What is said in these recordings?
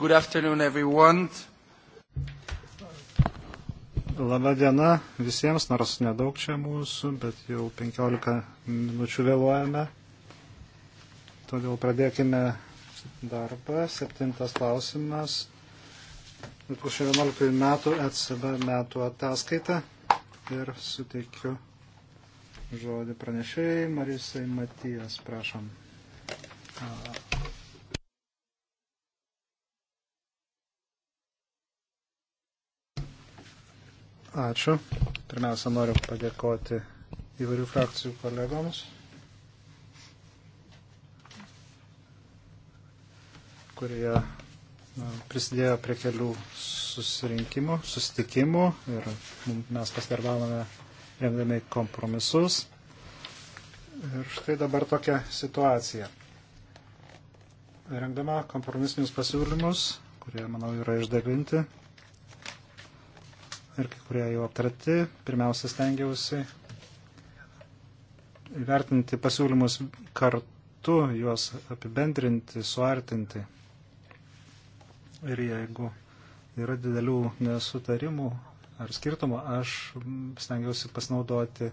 Good afternoon, everyone. Labą dieną visiems, nors nedaug čia mūsų, bet jau 15 minučių vėluojame. Todėl pradėkime darbą. Septintas klausimas. 2011 metų ECB metų ataskaita. Ir suteikiu žodį pranešėjai Marisai Matijas, prašom. Uh. Ačiū. Pirmiausia, noriu padėkoti įvairių frakcijų kolegoms, kurie prisidėjo prie kelių susirinkimų, susitikimų ir mes pasidarbavome rengdami kompromisus. Ir štai dabar tokia situacija. Rengdama kompromisinius pasiūlymus, kurie, manau, yra išdalinti, ir kai kurie jau aptarti. Pirmiausia, stengiausi įvertinti pasiūlymus kartu, juos apibendrinti, suartinti. Ir jeigu yra didelių nesutarimų ar skirtumų, aš stengiausi pasinaudoti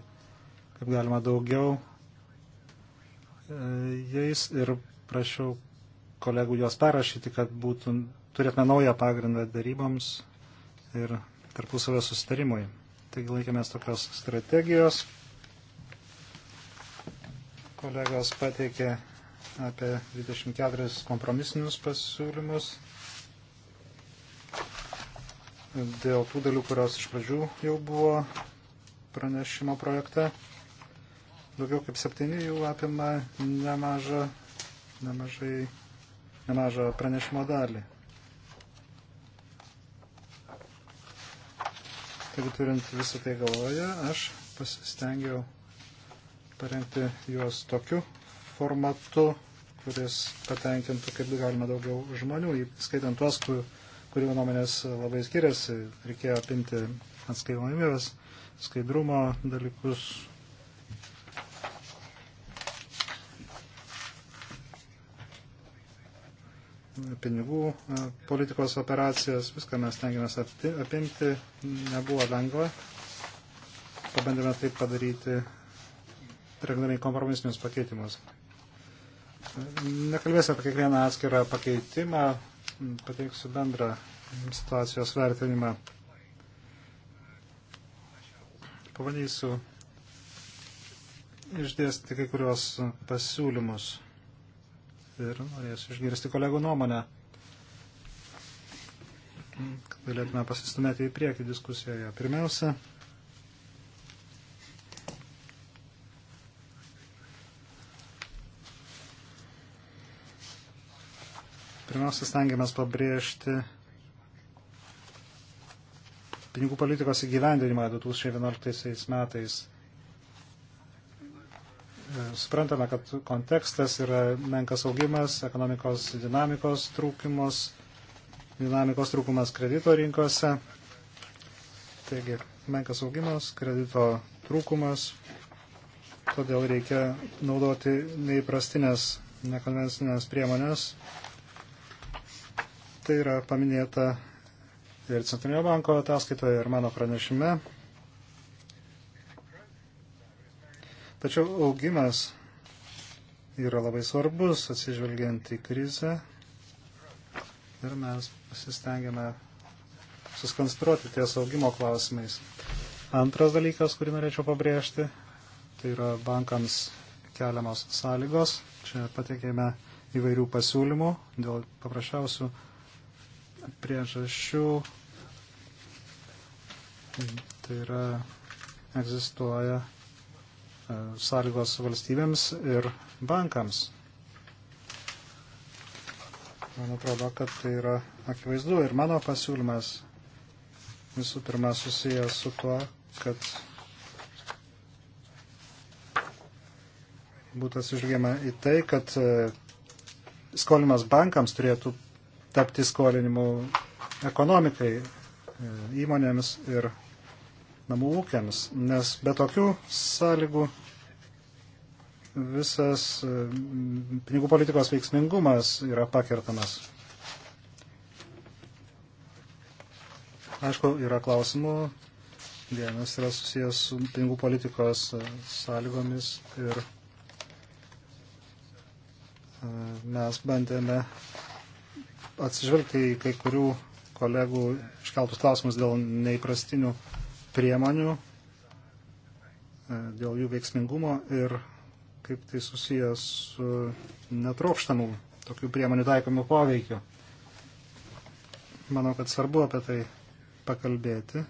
kaip galima daugiau e, jais ir prašiau kolegų juos perrašyti, kad būtų, turėtume naują pagrindą daryboms ir tarpusavio susitarimui. Taigi laikėmės tokios strategijos. Kolegos pateikė apie 24 kompromisinius pasiūlymus dėl tų dalių, kurios iš pradžių jau buvo pranešimo projekte. Daugiau kaip septyni jų apima nemažą, nemažai, nemažą pranešimo dalį. Taigi turint visą tai galvoje, aš pasistengiau parengti juos tokiu formatu, kuris patenkintų kaip galima daugiau žmonių, skaitant tuos, kur, kurių nuomonės labai skiriasi, reikėjo apimti atskaitomybės, skaidrumo dalykus, pinigų e, politikos operacijas, viską mes tengiamės apimti, nebuvo lengva. Pabandėme tai padaryti, rengdami kompromisinius pakeitimus. E, nekalbėsiu apie kiekvieną atskirą pakeitimą, pateiksiu bendrą situacijos vertinimą. Pabandysiu išdėstyti kai kurios pasiūlymus ir norėsiu išgirsti kolegų nuomonę, kad galėtume pasistumėti į priekį diskusijoje. Pirmiausia, pirmiausia, stengiamės pabrėžti pinigų politikos įgyvendinimą 2011 metais suprantame, kad kontekstas yra menkas augimas, ekonomikos dinamikos trūkumos, dinamikos trūkumas kredito rinkose. Taigi, menkas augimas, kredito trūkumas, todėl reikia naudoti neįprastinės, nekonvencinės priemonės. Tai yra paminėta ir Centrinio banko ataskaitoje, ir mano pranešime. Tačiau augimas yra labai svarbus atsižvelgiant į krizę ir mes pasistengiame suskonstruoti ties augimo klausimais. Antras dalykas, kurį norėčiau pabrėžti, tai yra bankams keliamos sąlygos. Čia pateikėme įvairių pasiūlymų dėl paprasčiausių priežasčių. Tai yra egzistuoja E, sąlygos valstybėms ir bankams. Man atrodo, kad tai yra akivaizdu ir mano pasiūlymas visų pirma susijęs su tuo, kad būtų atsižvelgiama į tai, kad e, skolimas bankams turėtų tapti skolinimu ekonomikai, e, įmonėms ir namų ūkiams, nes be tokių sąlygų visas mm, pinigų politikos veiksmingumas yra pakirtamas. Aišku, yra klausimų. Vienas yra susijęs su pinigų politikos e, sąlygomis ir e, mes bandėme atsižvelgti į kai kurių kolegų iškeltus klausimus dėl neįprastinių priemonių, e, dėl jų veiksmingumo ir kaip tai susijęs su netrokštamų tokių priemonių taikomų poveikiu. Manau, kad svarbu apie tai pakalbėti.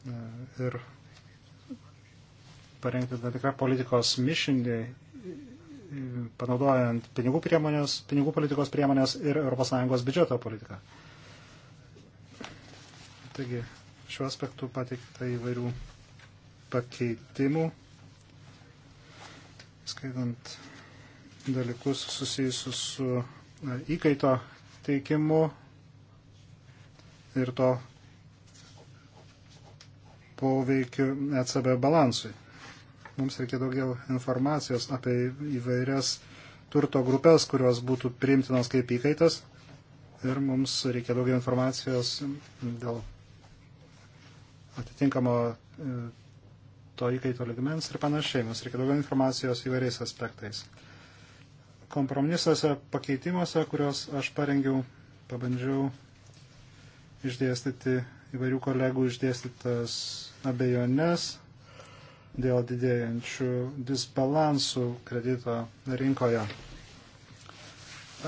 E, ir parengti tam tikrą politikos mišinį, e, panaudojant pinigų, pinigų politikos priemonės ir ES biudžeto politiką. Taigi, šiuo aspektu pateikta įvairių pakeitimų, skaitant dalykus susijusius su įkaito teikimu ir to poveikiu ECB balansui. Mums reikia daugiau informacijos apie įvairias turto grupės, kurios būtų priimtinos kaip įkaitas. Ir mums reikia daugiau informacijos dėl atitinkamo e, to įkaito ligmens ir panašiai. Mums reikia daugiau informacijos įvairiais aspektais. Kompromisuose, pakeitimuose, kuriuos aš parengiau, pabandžiau išdėstyti įvairių kolegų išdėstytas abejones dėl didėjančių disbalansų kredito rinkoje.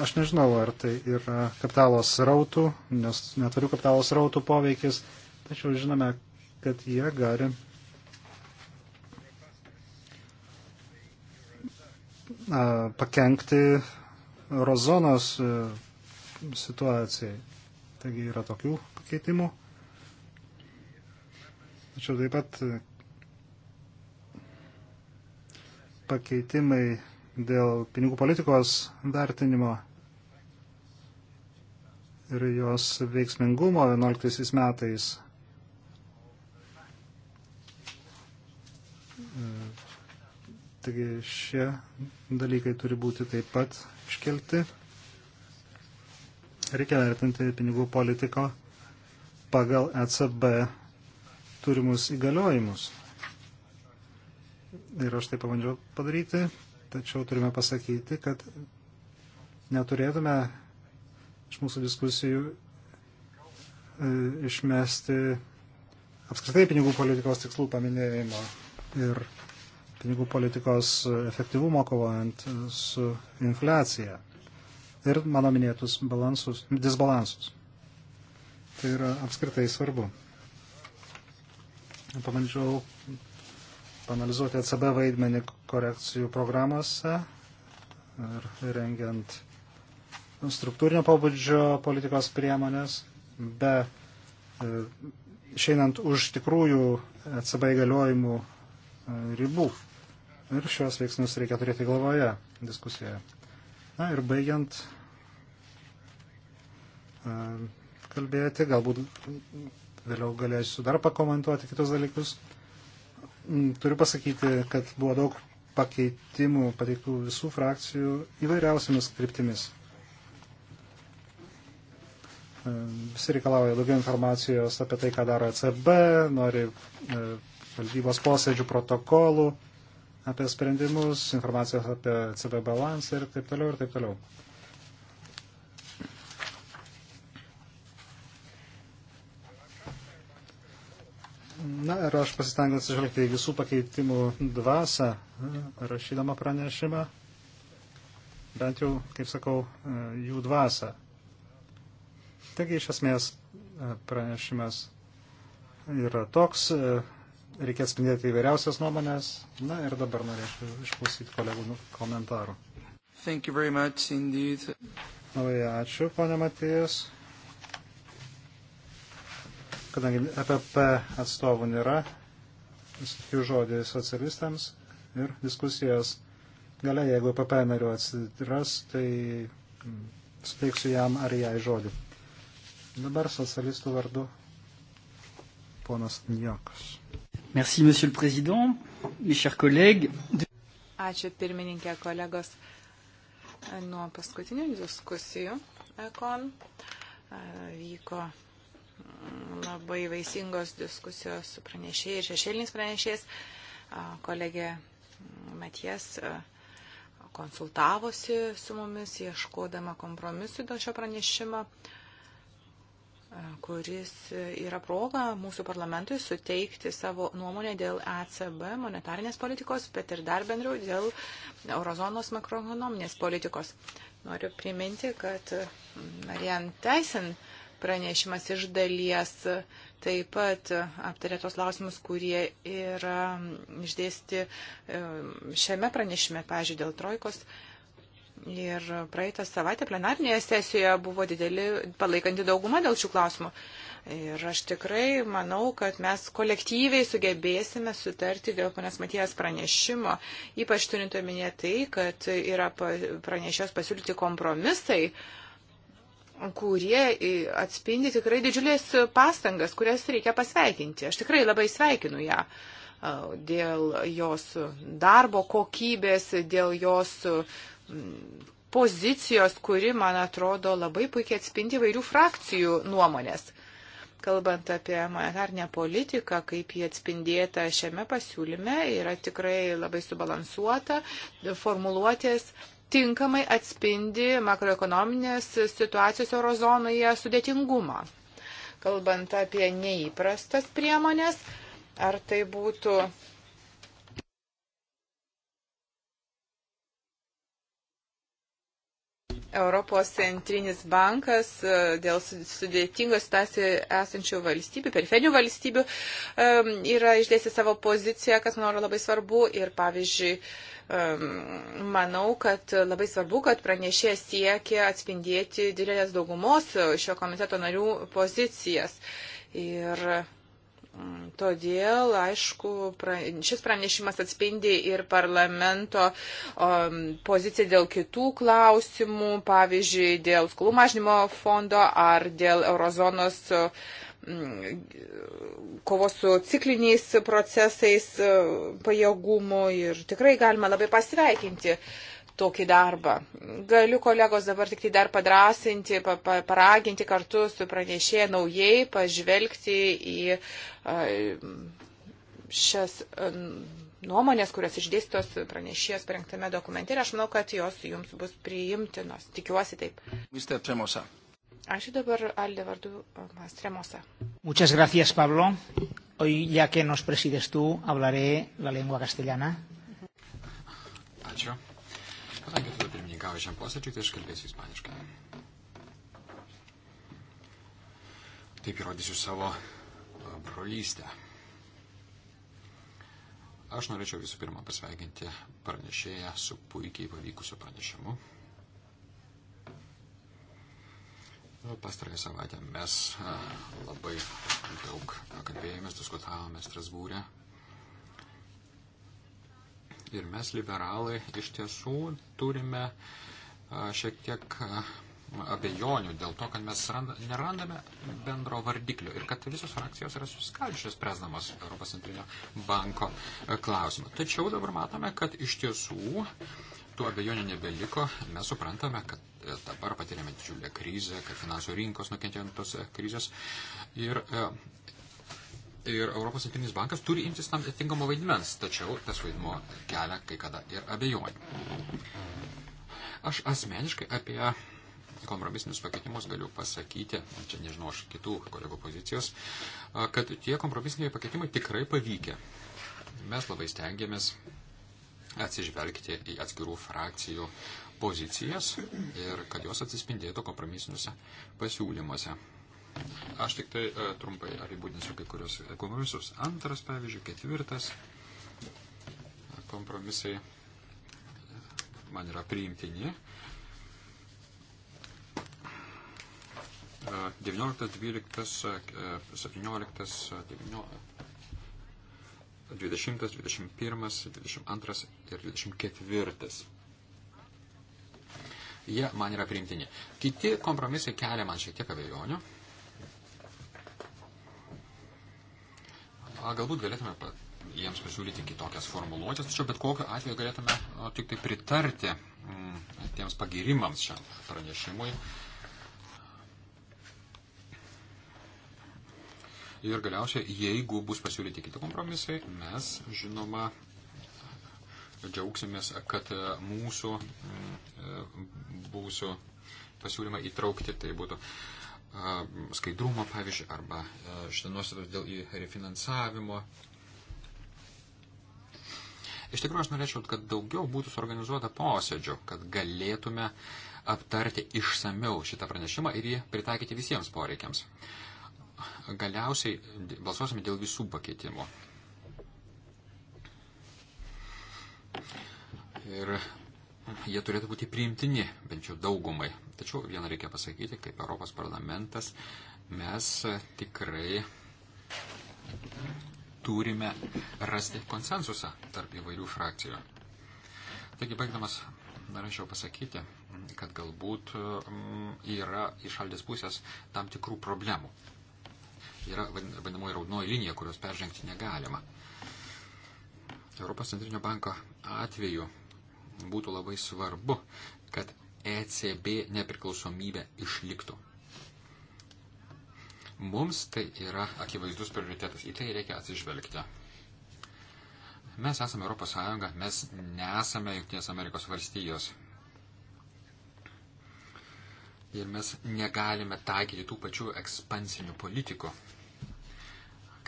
Aš nežinau, ar tai yra kapitalos rautų, nes neturiu kapitalos rautų poveikis, tačiau žinome, kad jie gali pakengti eurozonos e, situacijai. Taigi yra tokių pakeitimų. Tačiau taip pat e, pakeitimai dėl pinigų politikos vertinimo ir jos veiksmingumo 11 metais Taigi šie dalykai turi būti taip pat iškelti. Reikia vertinti pinigų politiko pagal ECB turimus įgaliojimus. Ir aš tai pabandžiau padaryti, tačiau turime pasakyti, kad neturėtume iš mūsų diskusijų e, išmesti apskritai pinigų politikos tikslų paminėjimo ir pinigų politikos efektyvumo kovojant su infliacija ir mano minėtus balansus, disbalansus. Tai yra apskritai svarbu. Pamandžiau panalizuoti ECB vaidmenį korekcijų programuose ir rengiant struktūrinio pobūdžio politikos priemonės, be e, išeinant už tikrųjų ECB įgaliojimų e, ribų. Ir šios veiksmus reikia turėti galvoje diskusijoje. Na ir baigiant kalbėti, galbūt vėliau galėsiu dar pakomentuoti kitus dalykus. Mm, turiu pasakyti, kad buvo daug pakeitimų pateiktų visų frakcijų įvairiausiamis kryptimis. Visi reikalauja daugiau informacijos apie tai, ką daro ECB, nori e, valdybos posėdžių protokolų, apie sprendimus, informacijos apie CB balansą ir taip toliau ir taip toliau. Na ir aš pasistengiu atsižvelgti į visų pakeitimų dvasę, rašydama pranešimą, bent jau, kaip sakau, jų dvasę. Taigi, iš esmės, pranešimas yra toks, reikės spindėti įvairiausias nuomonės. Na ir dabar norėčiau išklausyti kolegų nu, komentarų. Thank you very much indeed. Labai ačiū, ponė Matijas. Kadangi EPP atstovų nėra, suteikiu žodį socialistams ir diskusijos gale, jeigu EPP narių atsiras, tai mm, suteiksiu jam ar jai žodį. Dabar socialistų vardu ponas Njokas. Merci, Monsieur le Président, mes chers collègues. Ačiū pirmininkė kolegos nuo paskutinių diskusijų ekon. Vyko mm, labai vaisingos diskusijos su pranešėjais, šešėliniais pranešėjais. Kolegė Matijas konsultavosi su mumis, ieškodama kompromisų dėl šio pranešimo kuris yra proga mūsų parlamentui suteikti savo nuomonę dėl ECB monetarinės politikos, bet ir dar bendriau dėl eurozonos makroekonominės politikos. Noriu priminti, kad Marian Teisen pranešimas iš dalies taip pat aptarė tos lausimus, kurie yra išdėsti ehm, šiame pranešime, pažiūrėjau, dėl trojkos. Uh, Ir praeitą savaitę plenarnėje sesijoje buvo dideli palaikanti dauguma dėl šių klausimų. Ir aš tikrai manau, kad mes kolektyviai sugebėsime sutarti dėl ponės Matijas pranešimo, ypač turint omenyje tai, kad yra pranešios pasiūlyti kompromisai, kurie atspindi tikrai didžiulės pastangas, kurias reikia pasveikinti. Aš tikrai labai sveikinu ją dėl jos darbo kokybės, dėl jos uh, pozicijos, kuri, man atrodo, labai puikiai atspindi vairių frakcijų nuomonės. Kalbant apie monetarinę politiką, kaip jį atspindėta šiame pasiūlyme, yra tikrai labai subalansuota, formuluotės tinkamai atspindi makroekonominės situacijos eurozonoje sudėtingumą. Kalbant apie neįprastas priemonės, ar tai būtų Europos centrinis bankas e, dėl sudėtingos situacijos esančių valstybių, periferinių valstybių e, yra išdėsi savo poziciją, kas man yra labai svarbu. Ir pavyzdžiui, e, manau, kad labai svarbu, kad pranešėjas siekia atspindėti didelės daugumos šio komiteto narių pozicijas. Ir Todėl, aišku, šis pranešimas atspindi ir parlamento um, poziciją dėl kitų klausimų, pavyzdžiui, dėl skolų mažnymo fondo ar dėl eurozonos mm, kovos su cikliniais procesais e, pajėgumų ir tikrai galima labai pasveikinti uh, tokį darbą. Galiu kolegos dabar tik tai dar padrasinti, pa, pa, paraginti kartu su pranešėja naujai pažvelgti į a, šias a, nuomonės, kurios išdėstos pranešėjos parengtame dokumente ir aš manau, kad jos jums bus priimtinos. Tikiuosi taip. Mr. Tremosa. Ačiū dabar Alde vardu Mas Tremosa. Muchas gracias, Pablo. Hoy, ya que nos presides tú, hablaré la lengua castellana. Ačiū. Kadangi tada pirmininkavo šiam posėdžiui, tai aš kalbėsiu ispaniškai. Taip įrodysiu savo brolystę. Aš norėčiau visų pirma pasveikinti pranešėją su puikiai pavykusiu pranešimu. Pastarąją savaitę mes labai daug kalbėjomės, diskutavome Strasbūrė Ir mes, liberalai, iš tiesų turime šiek tiek abejonių dėl to, kad mes randa, nerandame bendro vardiklio ir kad visos frakcijos yra suskaldžiusios presdamos Europos centrinio banko klausimą. Tačiau dabar matome, kad iš tiesų tų abejonių nebeliko. Mes suprantame, kad e, dabar patiriame didžiulę krizę, kad finansų rinkos nukentėjo nuo tos krizės. Ir e, ir Europos centrinis bankas turi imtis tam atitinkamo vaidmens, tačiau tas vaidmuo kelia kai kada ir abejonių. Aš asmeniškai apie kompromisinius pakeitimus galiu pasakyti, čia nežinau aš kitų kolegų pozicijos, kad tie kompromisiniai pakeitimai tikrai pavykė. Mes labai stengiamės atsižvelgti į atskirų frakcijų pozicijas ir kad jos atsispindėtų kompromisiniuose pasiūlymuose. Aš tik tai e, trumpai apibūdinsiu kai kurios kompromisus. Antras, pavyzdžiui, ketvirtas kompromisai man yra priimtini. 19, 12, 17, 19, 20, 21, 22 ir 24. Jie man yra priimtini. Kiti kompromisai kelia man šiek tiek abejonių. Galbūt galėtume jiems pasiūlyti kitokias formuluotės, tačiau bet kokiu atveju galėtume tik tai pritarti m, mm, tiems pagirimams šiam pranešimui. Ir galiausiai, jeigu bus pasiūlyti kiti kompromisai, mes, žinoma, džiaugsimės, kad e, mūsų mm, e, būsų pasiūlymą įtraukti tai būtų skaidrumo, pavyzdžiui, arba e, šitą nuostatos dėl refinansavimo. Iš tikrųjų, aš norėčiau, kad daugiau būtų suorganizuota posėdžių, kad galėtume aptarti išsameu šitą pranešimą ir jį pritaikyti visiems poreikiams. Galiausiai balsuosime dėl visų pakeitimų. Ir jie turėtų būti priimtini, bent jau daugumai. Tačiau vieną reikia pasakyti, kaip Europos parlamentas, mes tikrai turime rasti konsensusą tarp įvairių frakcijų. Taigi, baigdamas, norėčiau pasakyti, kad galbūt mm, yra iš šaldės pusės tam tikrų problemų. Yra vadinamoji raudonoji linija, kurios peržengti negalima. Europos centrinio banko atveju būtų labai svarbu, kad ECB nepriklausomybė išliktų. Mums tai yra akivaizdus prioritetas, į tai reikia atsižvelgti. Mes esame Europos Sąjunga, mes nesame Junktinės Amerikos valstijos. Ir mes negalime taikyti tų pačių ekspansinių politikų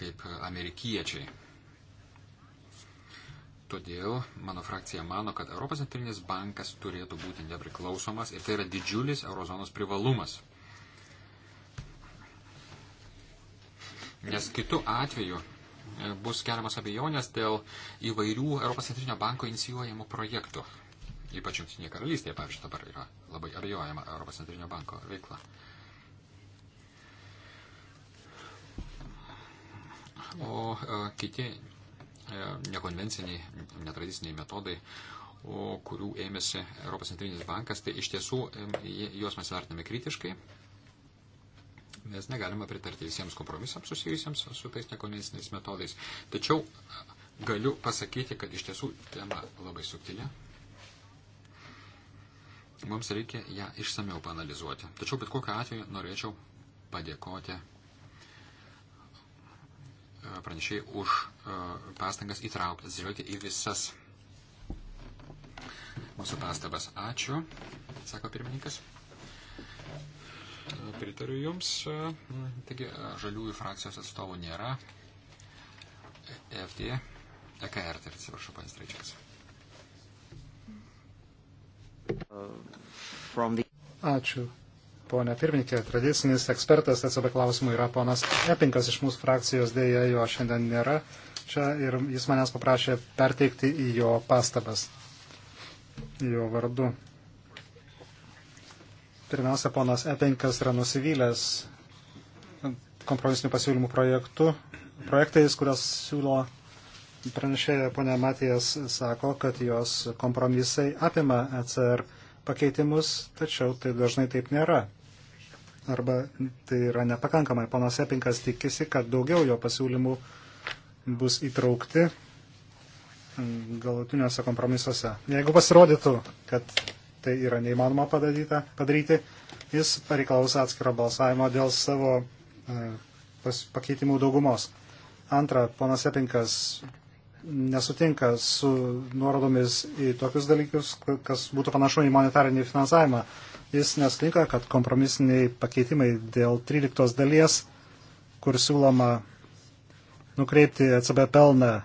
kaip amerikiečiai. Todėl mano frakcija mano, kad Europos centrinis bankas turėtų būti nepriklausomas ir tai yra didžiulis eurozonos privalumas. Nes kitų atveju e, bus keliamas abejonės dėl įvairių Europos centrinio banko inicijuojamų projektų. Ypač Junktinėje karalystėje, pavyzdžiui, dabar yra labai abejojama Europos centrinio banko veikla. O, o e, kiti E, nekonvenciniai, netradiciniai metodai, o kurių ėmėsi Europos centrinis bankas, tai iš tiesų e, juos mes vertiname kritiškai. Mes negalime pritarti visiems kompromisams susijusiems su tais nekonvenciniais metodais. Tačiau e, galiu pasakyti, kad iš tiesų tema labai subtilė. Mums reikia ją išsameu panalizuoti. Tačiau bet kokiu atveju norėčiau padėkoti pranešėjai už e, pastangas įtraukti, atsižvelgti į visas mūsų pastabas. Ačiū, sako pirmininkas. E, pritariu Jums. E, taigi, žaliųjų frakcijos atstovų nėra. FD, EKR, tai atsiprašau, panas Reičiakas. Ačiū ponė pirmininkė. Tradicinis ekspertas ECB klausimų yra ponas Epinkas iš mūsų frakcijos, dėja jo šiandien nėra čia ir jis manęs paprašė perteikti į jo pastabas, jo vardu. Pirmiausia, ponas Epinkas yra nusivylęs kompromisinių pasiūlymų projektu, projektais, kurias siūlo pranešėja ponia Matijas, sako, kad jos kompromisai apima ECR pakeitimus, tačiau tai dažnai taip nėra arba tai yra nepakankamai. Ponas Epinkas tikisi, kad daugiau jo pasiūlymų bus įtraukti galutiniuose kompromisuose. Jeigu pasirodytų, kad tai yra neįmanoma padaryta, padaryti, jis pareikalaus atskiro balsavimo dėl savo e, pas, pakeitimų daugumos. Antra, ponas Epinkas nesutinka su nuorodomis į tokius dalykus, kas būtų panašu į monetarinį finansavimą. Jis nesutinka, kad kompromisiniai pakeitimai dėl 13 dalies, kur siūloma nukreipti ECB pelną e,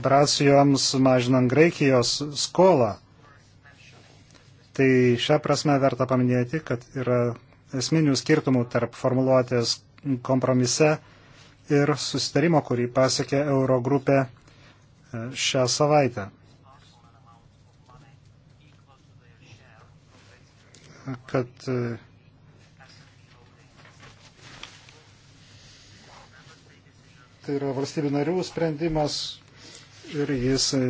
operacijoms mažinant Graikijos skolą. Tai šią prasme verta paminėti, kad yra esminių skirtumų tarp formuluotės kompromise ir susitarimo, kurį pasiekė Eurogrupė e, šią savaitę. kad e, tai yra valstybių narių sprendimas ir jis e,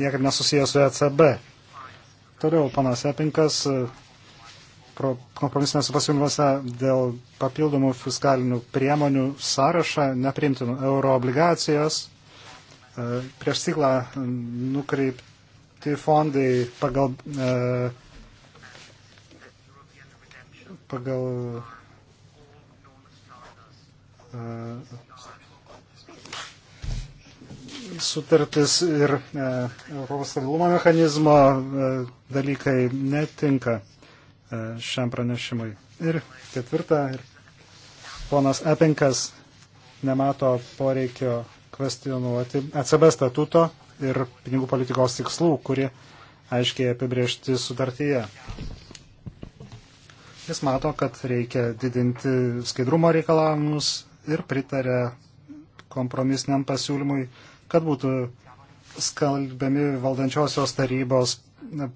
niekaip nesusijęs su ECB. Toliau panas Epinkas e, kompromisinėse pasiūlymuose dėl papildomų fiskalinių priemonių sąrašą nepriimtinų euro obligacijos prieš ciklą nukreipti fondai pagal e, pagal e, sutartis ir e, Europos stabilumo mechanizmo e, dalykai netinka šiam pranešimui. Ir ketvirta, ir ponas Epinkas nemato poreikio kvestionuoti ECB statuto ir pinigų politikos tikslų, kuri aiškiai apibriežti sutartyje. Jis mato, kad reikia didinti skaidrumo reikalavimus ir pritarė kompromisiniam pasiūlymui, kad būtų skalbiami valdančiosios tarybos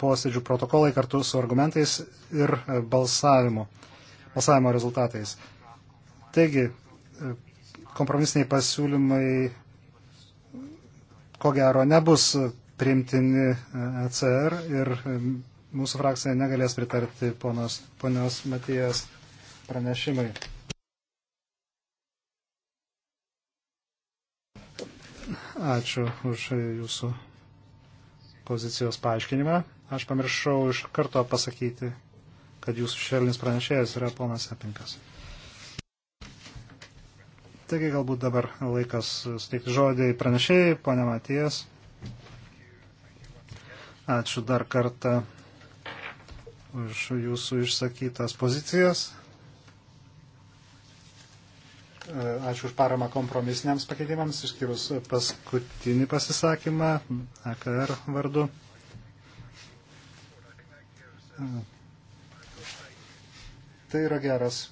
posėdžių protokolai kartu su argumentais ir balsavimu, balsavimo rezultatais. Taigi, kompromisiniai pasiūlymai ko gero nebus priimtini ECR ir mūsų frakcija negalės pritarti ponos, ponios Matijas pranešimai. Ačiū už jūsų pozicijos paaiškinimą. Aš pamiršau iš karto pasakyti, kad jūsų šelnis pranešėjas yra ponas Epinkas. Taigi galbūt dabar laikas suteikti žodį pranešėjai, ponia Matijas. Ačiū dar kartą už jūsų išsakytas pozicijas. E, ačiū už paramą kompromisiniams pakeitimams, išskyrus paskutinį pasisakymą AKR vardu. E, tai yra geras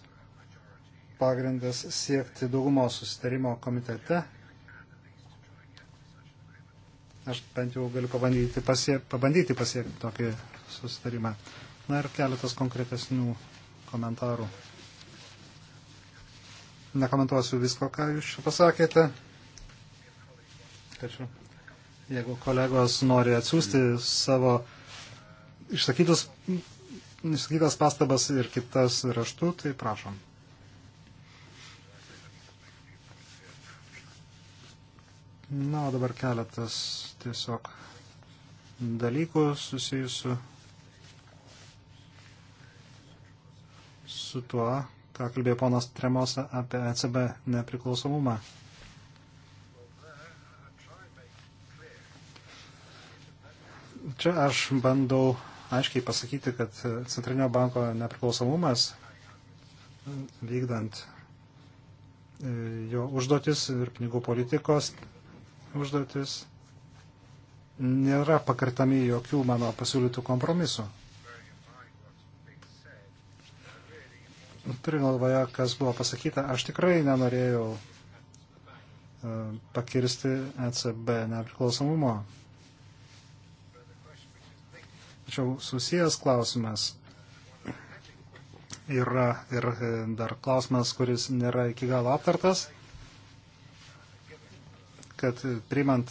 pagrindas siekti daugumos susitarimo komitete. Aš bent jau galiu pabandyti, pasie, pabandyti pasiekti tokį susitarimą. Na ir keletas konkretesnių komentarų. Nekomentuosiu visko, ką jūs čia pasakėte. Tačiau, jeigu kolegos nori atsiųsti savo išsakytus, išsakytas pastabas ir kitas raštu, tai prašom. Na, o dabar keletas tiesiog dalykų susijusių su su tuo, ką kalbėjo ponas Tremosa apie ECB nepriklausomumą. Čia aš bandau aiškiai pasakyti, kad Centrinio banko nepriklausomumas vykdant e, jo užduotis ir pinigų politikos užduotis nėra pakartami jokių mano pasiūlytų kompromisų. turint galvoje, kas buvo pasakyta, aš tikrai nenorėjau e, pakirsti ECB nepriklausomumo. Tačiau susijęs klausimas yra ir e, dar klausimas, kuris nėra iki galo aptartas, kad priimant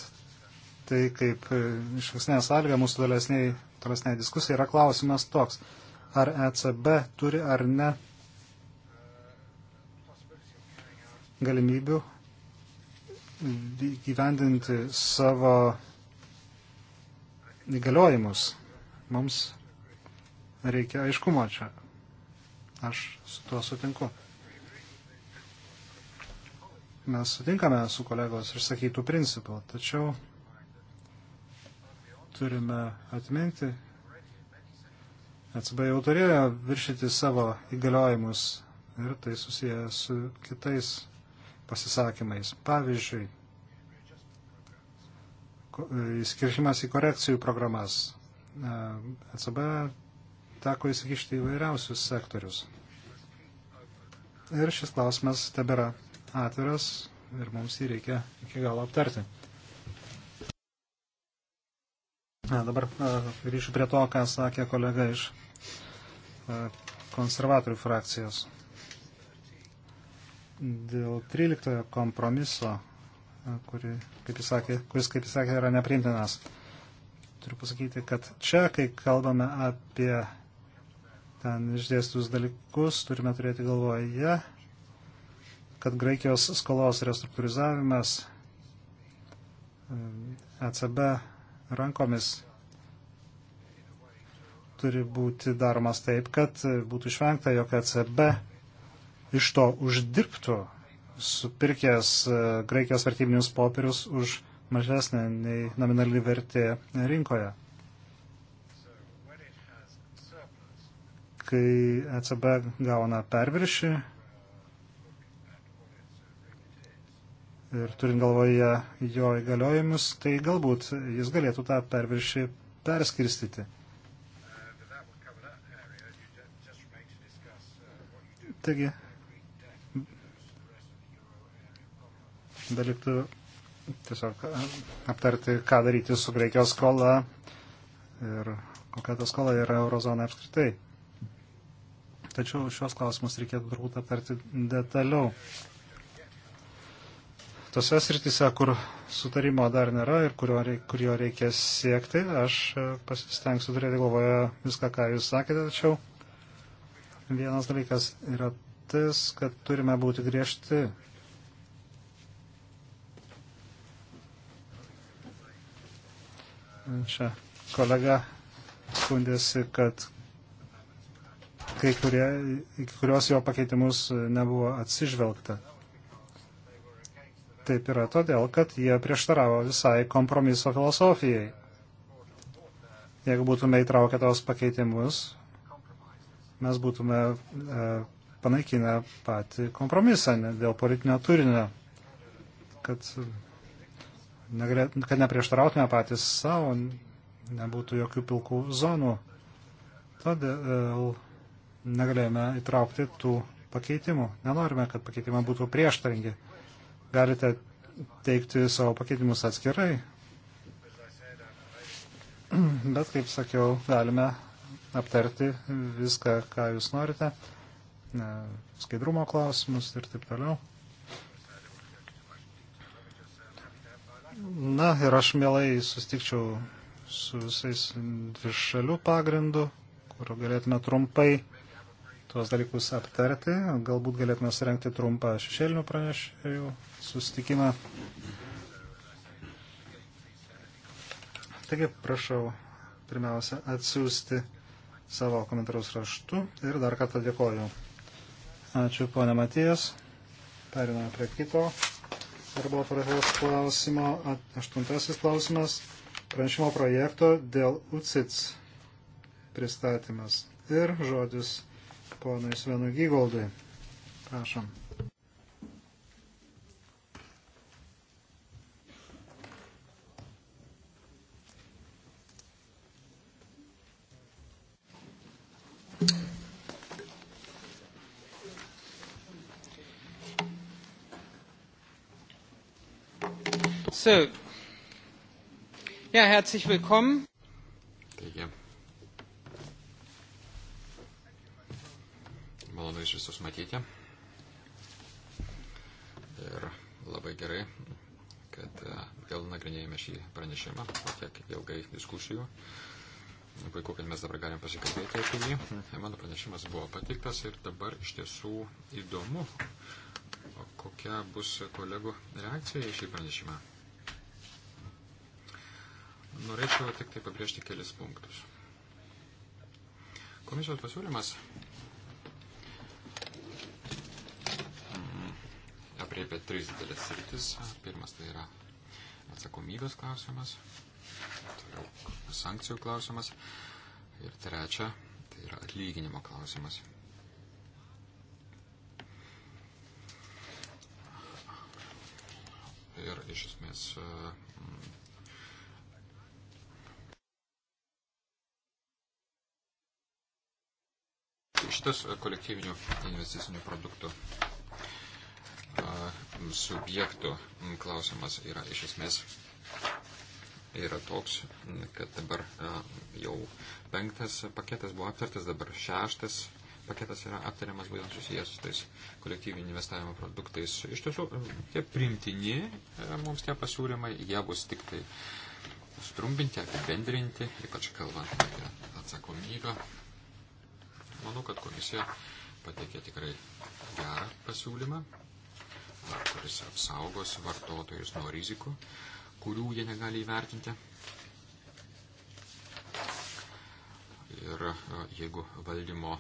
tai kaip e, išvesnė sąlyga mūsų tolesniai diskusijai yra klausimas toks, ar ECB turi ar ne galimybių gyvendinti savo įgaliojimus. Mums reikia aiškumo čia. Aš su tuo sutinku. Mes sutinkame su kolegos išsakytų principų, tačiau turime atminti, ECB jau turėjo viršyti savo įgaliojimus ir tai susiję su kitais pasisakymais. Pavyzdžiui, e, įskiršimas į korekcijų programas. E, ECB teko įsikišti įvairiausius sektorius. Ir šis klausimas tebėra atviras ir mums jį reikia iki galo aptarti. Na, dabar e, grįšiu prie to, ką sakė kolega iš konservatorių frakcijos dėl 13 kompromiso, kuri, kaip jis sakė, kuris, kaip jis sakė, yra neprimtinas. Turiu pasakyti, kad čia, kai kalbame apie ten išdėstus dalykus, turime turėti galvoje, kad Graikijos skolos restruktūrizavimas ECB e rankomis turi būti daromas taip, kad būtų išvengta, jog ECB iš to uždirbtų, supirkęs e, Graikijos vertybinius popierius už mažesnę nei nominali vertė rinkoje. Kai ECB gauna perviršį ir turint galvoje jo įgaliojimus, tai galbūt jis galėtų tą perviršį perskirstyti. Taigi, dalykų tiesiog e, aptarti, ką daryti su Graikijos skola ir kokia ta skola yra eurozona apskritai. Tačiau šios klausimus reikėtų turbūt aptarti detaliau. Tose sritise, kur sutarimo dar nėra ir kurio, kurio reikia siekti, aš e, pasistengsiu turėti galvoje viską, ką jūs sakėte, tačiau vienas dalykas yra tas, kad turime būti griežti Čia kolega skundėsi, kad kai kurie, į kurios jo pakeitimus nebuvo atsižvelgta. Taip yra todėl, kad jie prieštaravo visai kompromiso filosofijai. Jeigu būtume įtraukę tos pakeitimus, mes būtume e, panaikinę patį kompromisą ne, dėl politinio turinio, kad kad neprieštarautume patys savo, nebūtų jokių pilkų zonų. Todėl negalėjome įtraukti tų pakeitimų. Nenorime, kad pakeitimai būtų prieštaringi. Galite teikti savo pakeitimus atskirai. Bet, kaip sakiau, galime aptarti viską, ką jūs norite, skaidrumo klausimus ir taip toliau. Na ir aš mielai sustikčiau su visais dvišalių pagrindų, kurio galėtume trumpai tuos dalykus aptarti. Galbūt galėtume surenkti trumpą šešėlinių pranešėjų sustikimą. Taigi prašau pirmiausia atsiųsti savo komentarus raštu ir dar kartą dėkoju. Ačiū, ponė Matijas. Periname prie kito darbo tvarkos klausimo. Aštuntasis klausimas - pranešimo projekto dėl UCITS pristatymas. Ir žodis ponui Svenui Gygoldui. Prašom. So. Ja, herzlich willkommen. Taigi. Malonu iš visus matyti. Ir labai gerai, kad e, vėl nagrinėjame šį pranešimą po tiek ilgai diskusijų. Puiku, kad mes dabar galim pasikalbėti apie jį. E, mano pranešimas buvo patiktas ir dabar iš tiesų įdomu, kokia bus kolegų reakcija į šį pranešimą. Norėčiau tik tai pabrėžti kelis punktus. Komisijos pasiūlymas mm, apriepia tris didelės sritis. Pirmas tai yra atsakomybės klausimas, toliau sankcijų klausimas ir trečia tai yra atlyginimo klausimas. Ir iš esmės mm, Šitas e, kolektyvinių investicinių produktų subjektų klausimas yra iš esmės yra toks, kad dabar jau penktas paketas buvo aptartas, dabar šeštas paketas yra aptariamas būtent susijęs su tais kolektyviniu investavimo produktais. Iš tiesų, tie primtini e, mums tie pasiūlymai, jie bus tik tai strumbinti, apibendrinti, ypač kalbant apie atsakomybę manau, kad komisija pateikė tikrai gerą pasiūlymą, kuris apsaugos vartotojus nuo rizikų, kurių jie negali įvertinti. Ir e, jeigu valdymo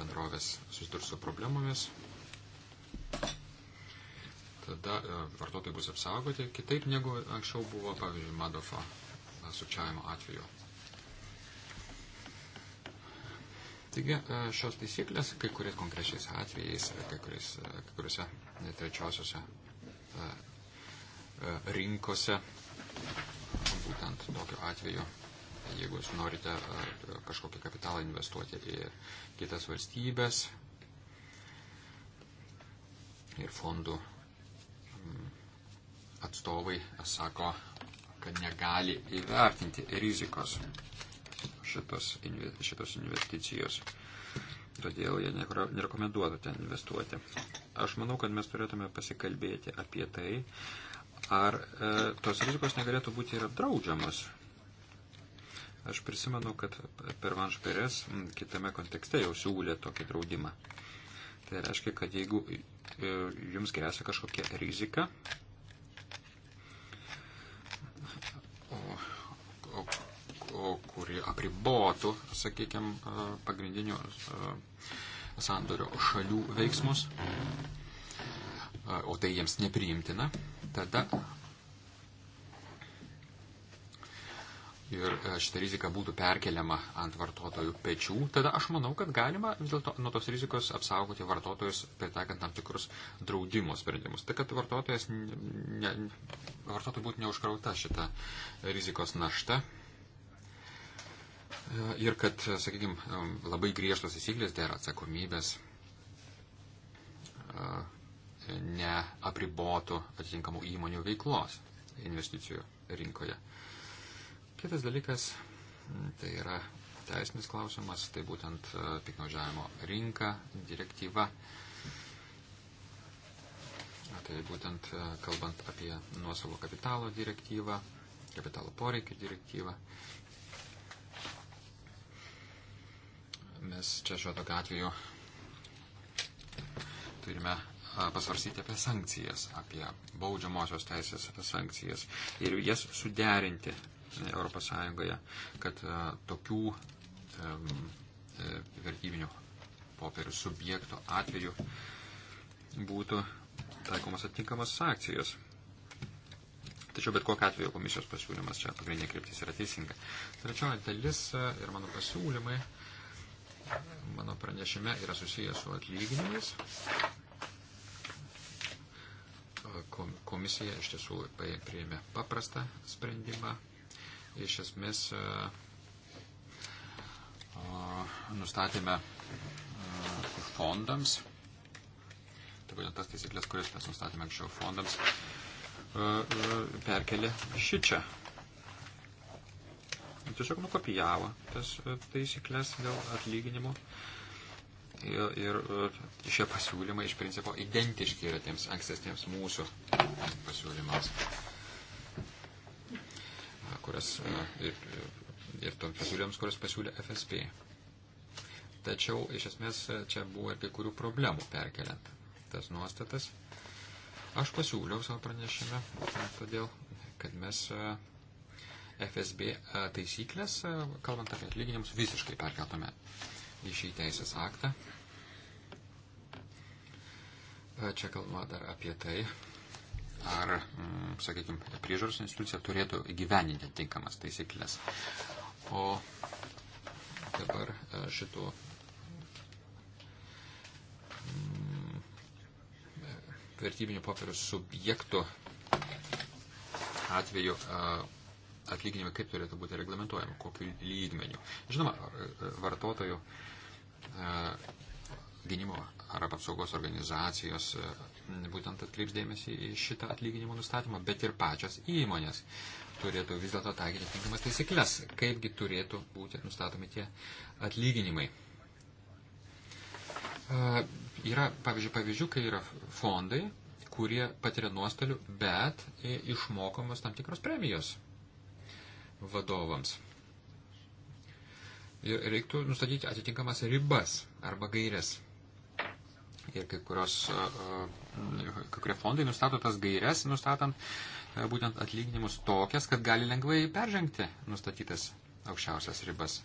bendrovės susidurs su problemomis, tada e, vartotojai bus apsaugoti kitaip negu anksčiau buvo, pavyzdžiui, Madofo sukčiavimo atveju. Taigi e, šios taisyklės kai kuriais konkrečiais atvejais, e, kai, kuriais, e, kai kuriuose trečiosiuose rinkose, būtent tokiu atveju, jeigu jūs norite kažkokį kapitalą investuoti į kitas valstybės ir fondų mm, atstovai sako, kad negali įvertinti rizikos šitos, šitos investicijos. Todėl jie nerekomenduotų ten investuoti. Aš manau, kad mes turėtume pasikalbėti apie tai, ar e, tos rizikos negalėtų būti ir apdraudžiamas. Aš prisimenu, kad per Vanšperės kitame kontekste jau siūlė tokį draudimą. Tai reiškia, kad jeigu e, jums grėsia kažkokia rizika, o, o kuri apribotų, sakykime, pagrindinių e, sandorio šalių veiksmus, e, o tai jiems nepriimtina, tada ir e, šita rizika būtų perkeliama ant vartotojų pečių, tada aš manau, kad galima vis dėlto nuo tos rizikos apsaugoti vartotojus, pritaikant tam tikrus draudimo sprendimus. Tai kad vartotojas, ne, vartotojų būtų neužkrauta šita rizikos našta, E, ir kad, sakykime, labai griežtos įsiklės dėl tai atsakomybės e, neapribotų atitinkamų įmonių veiklos investicijų rinkoje. Kitas dalykas tai yra teisinis klausimas, tai būtent e, piknaudžiavimo rinka, direktyva. Tai būtent kalbant apie nuosavo kapitalo direktyvą, kapitalo poreikio direktyvą mes čia šiuo tokiu atveju turime pasvarsyti apie sankcijas, apie baudžiamosios teisės, apie sankcijas ir jas suderinti ES, kad tokių e, vertybinių popierių subjektų atveju būtų taikomas atitinkamas sankcijos. Tačiau bet kokia atveju komisijos pasiūlymas čia pagrindinė kryptis yra teisinga. Trečioji dalis ir mano pasiūlymai mano pranešime yra susijęs su atlyginimais. Komisija iš tiesų priėmė paprastą sprendimą. Iš esmės nustatėme fondams, tai būtent tas taisyklės, kurias mes nustatėme anksčiau fondams, perkelė šį čia tiesiog nukopijavo tas e, taisyklės dėl atlyginimo. Ir, ir e, šie pasiūlymai iš principo identiški yra tiems ankstesniems mūsų pasiūlymams, e, kurias ir, ir toms pasiūlymams, kurias pasiūlė FSP. Tačiau iš esmės čia buvo ir kai kurių problemų perkeliant tas nuostatas. Aš pasiūliau savo pranešime, todėl, kad mes FSB e, taisyklės, e, kalbant apie atlyginimus, visiškai perkeltume į šį teisės aktą. E, čia kalbama dar apie tai, ar, mm, sakykime, priežaros institucija turėtų įgyveninti tinkamas taisyklės. O dabar šitų mm, vertybinių popierių subjektų atveju. A, atlyginimai kaip turėtų būti reglamentuojami, kokiu lygmeniu. Žinoma, vartotojų e, gynimo ar apsaugos organizacijos e, būtent atkreips dėmesį į šitą atlyginimo nustatymą, bet ir pačios įmonės turėtų vis dėlto taikyti tinkamas taisyklės, kaipgi turėtų būti nustatomi tie atlyginimai. E, yra, pavyzdžiui, pavyzdžių, kai yra fondai, kurie patiria nuostolių, bet išmokamos tam tikros premijos vadovams. Ir reiktų nustatyti atitinkamas ribas arba gairias. Ir kai, kurios, kai kurie fondai nustato tas gairias, nustatant būtent atlyginimus tokias, kad gali lengvai peržengti nustatytas aukščiausias ribas.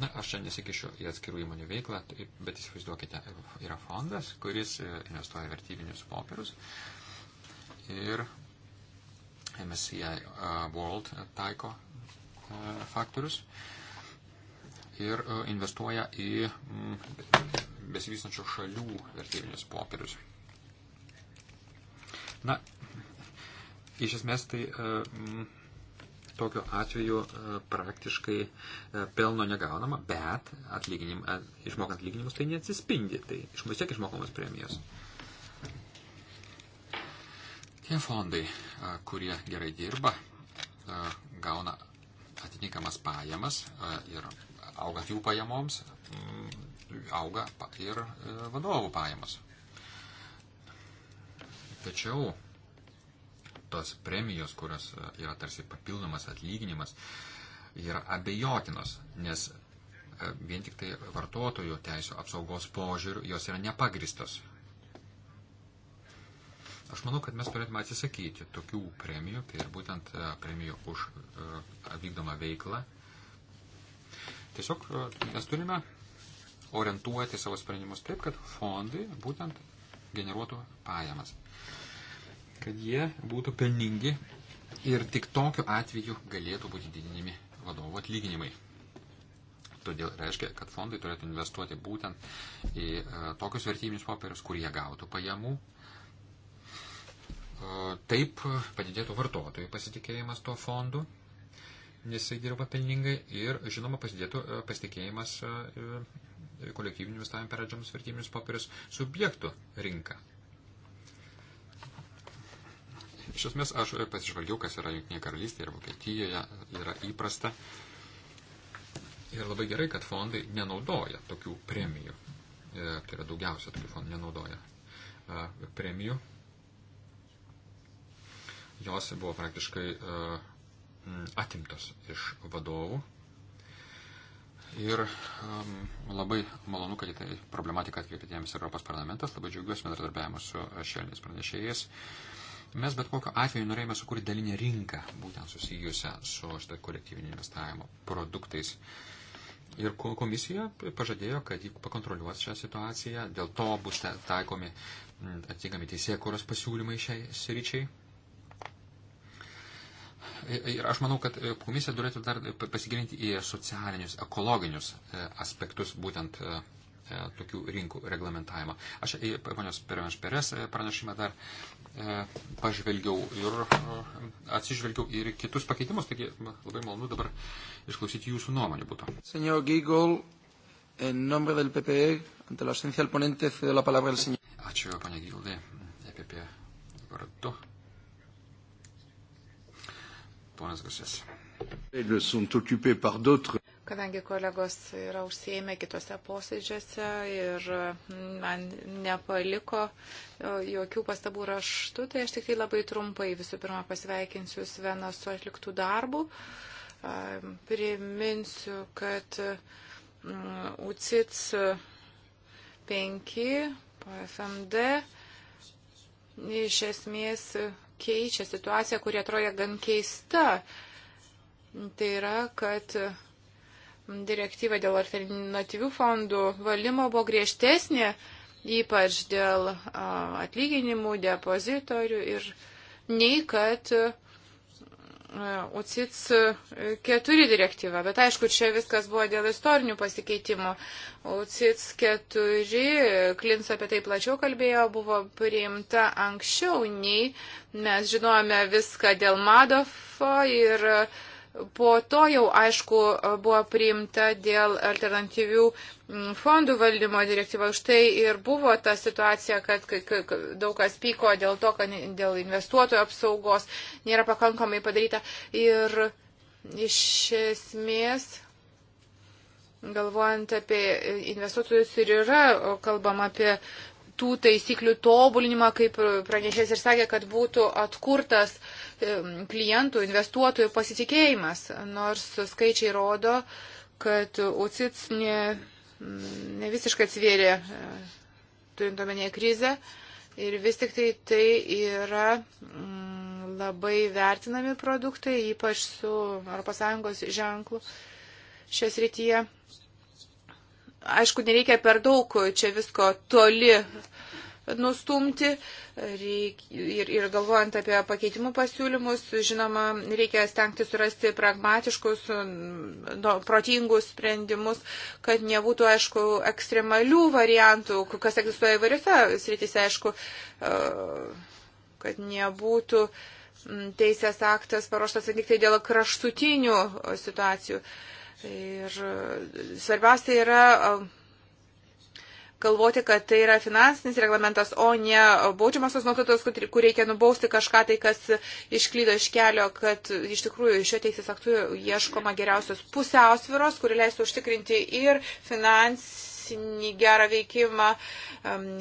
Na, aš čia nesikišiu į atskirų įmonių veiklą, tai, bet įsivaizduokite, yra fondas, kuris e, investuoja vertybinius popierus ir MSCI uh, World taiko uh, faktorius ir uh, investuoja į mm, besivystančių šalių vertybinius popierius. Na, iš esmės tai mm, tokiu atveju praktiškai pelno negaunama, bet atlyginim, išmokant atlyginimus tai neatsispindi, tai iš vis tiek išmokamos premijos. Mhm. Tie fondai, kurie gerai dirba, gauna atitinkamas pajamas ir augant jų pajamoms, mm, auga ir e, vadovų pajamos. Tačiau tos premijos, kurios e, yra tarsi papildomas atlyginimas, yra abejotinos, nes e, vien tik tai vartotojų teisų apsaugos požiūrių jos yra nepagristos. Aš manau, kad mes turėtume atsisakyti tokių premijų, tai ir būtent e, premijų už e, vykdomą veiklą. Tiesiog e, mes turime orientuoti savo sprendimus taip, kad fondai būtent generuotų pajamas. Kad jie būtų pelningi ir tik tokiu atveju galėtų būti didinimi vadovų atlyginimai. Todėl reiškia, kad fondai turėtų investuoti būtent į tokius vertybinius popierius, kurie gautų pajamų, uh, Taip padidėtų vartotojų pasitikėjimas tuo fondu, nes jisai dirba pelningai ir, žinoma, pasidėtų e, pasitikėjimas e, e, kolektyvinių investavimų peradžiamus vertybinius popierius subjektų rinka. Iš esmės aš pasižvalgiau, kas yra Junktinėje karalystėje ir Vokietijoje yra įprasta. Ir labai gerai, kad fondai nenaudoja tokių premijų. Tai yra daugiausia tokių fondų nenaudoja premijų jos buvo praktiškai e, atimtos iš vadovų. Ir um, labai malonu, kad į tai problematiką atkreipė dėmesį Europos parlamentas, labai džiaugiuosi bendradarbiavimu su šelniais pranešėjais. Mes bet kokiu atveju norėjome sukurti dalinę rinką, būtent susijusią su šitą kolektyvinį investavimo produktais. Ir komisija pažadėjo, kad jį pakontroliuos šią situaciją, dėl to bus taikomi atitinkami teisėkuros pasiūlymai šiai sričiai ir aš manau, kad e, komisija turėtų dar e, pasigilinti į socialinius, ekologinius e, aspektus būtent tokių rinkų reglamentavimą. Aš į ponios Peres pranešimą dar pažvelgiau ir atsižvelgiau ir kitus pakeitimus, taigi labai malonu dabar išklausyti jūsų nuomonę būtų. Senor Gigol, en nombre del PPE, ante la ausencia del ponente, cedo la palabra al señor. Ačiū, ponia Gildai, EPP vardu ponas Gusės. Kadangi kolegos yra užsieimę kitose posėdžiuose ir man nepaliko jokių pastabų raštų, tai aš tik tai labai trumpai visų pirma pasveikinsiu Sveną su atliktų darbų. Priminsiu, kad mm, UCITS 5 PFMD iš esmės keičia situaciją, kuri atrodo gan keista. Tai yra, kad direktyva dėl alternatyvių fondų valymo buvo griežtesnė, ypač dėl atlyginimų, depozitorių ir nei kad uh, UCITS e, 4 direktyva, bet aišku, čia viskas buvo dėl istorinių pasikeitimų. UCITS 4, Klins apie tai plačiau kalbėjo, buvo priimta anksčiau nei mes žinojame viską dėl Madofo ir uh, Po to jau, aišku, buvo priimta dėl alternatyvių mm, fondų valdymo direktyva. Už tai ir buvo ta situacija, kad daug kas pyko dėl to, kad dėl investuotojų apsaugos nėra pakankamai padaryta. Ir iš esmės galvojant apie investuotojus ir yra kalbama apie tų taisyklių tobulinimą, kaip pranešės ir sakė, kad būtų atkurtas klientų, investuotojų pasitikėjimas, nors skaičiai rodo, kad UCITS ne, ne visiškai atsvėrė e, turint omenyje krizę ir vis tik tai tai yra m, mm, labai vertinami produktai, ypač su ES ženklu šias rytyje aišku, nereikia per daug čia visko toli nustumti reik, ir, ir galvojant apie pakeitimų pasiūlymus, žinoma, reikia stengti surasti pragmatiškus, no, nu, protingus sprendimus, kad nebūtų, aišku, ekstremalių variantų, kas egzistuoja įvairiose srityse, aišku, e, kad nebūtų teisės aktas paruoštas tik tai dėl kraštutinių situacijų. Uh, Ir e, svarbiausia yra e, galvoti, kad tai yra finansinis reglamentas, o ne baudžiamasios nuotatos, kur reikia nubausti kažką tai, kas išklydo iš kelio, kad iš tikrųjų šio teisės aktų ieškoma geriausios pusiausviros, kuri leistų užtikrinti ir finansinį finansinį gerą veikimą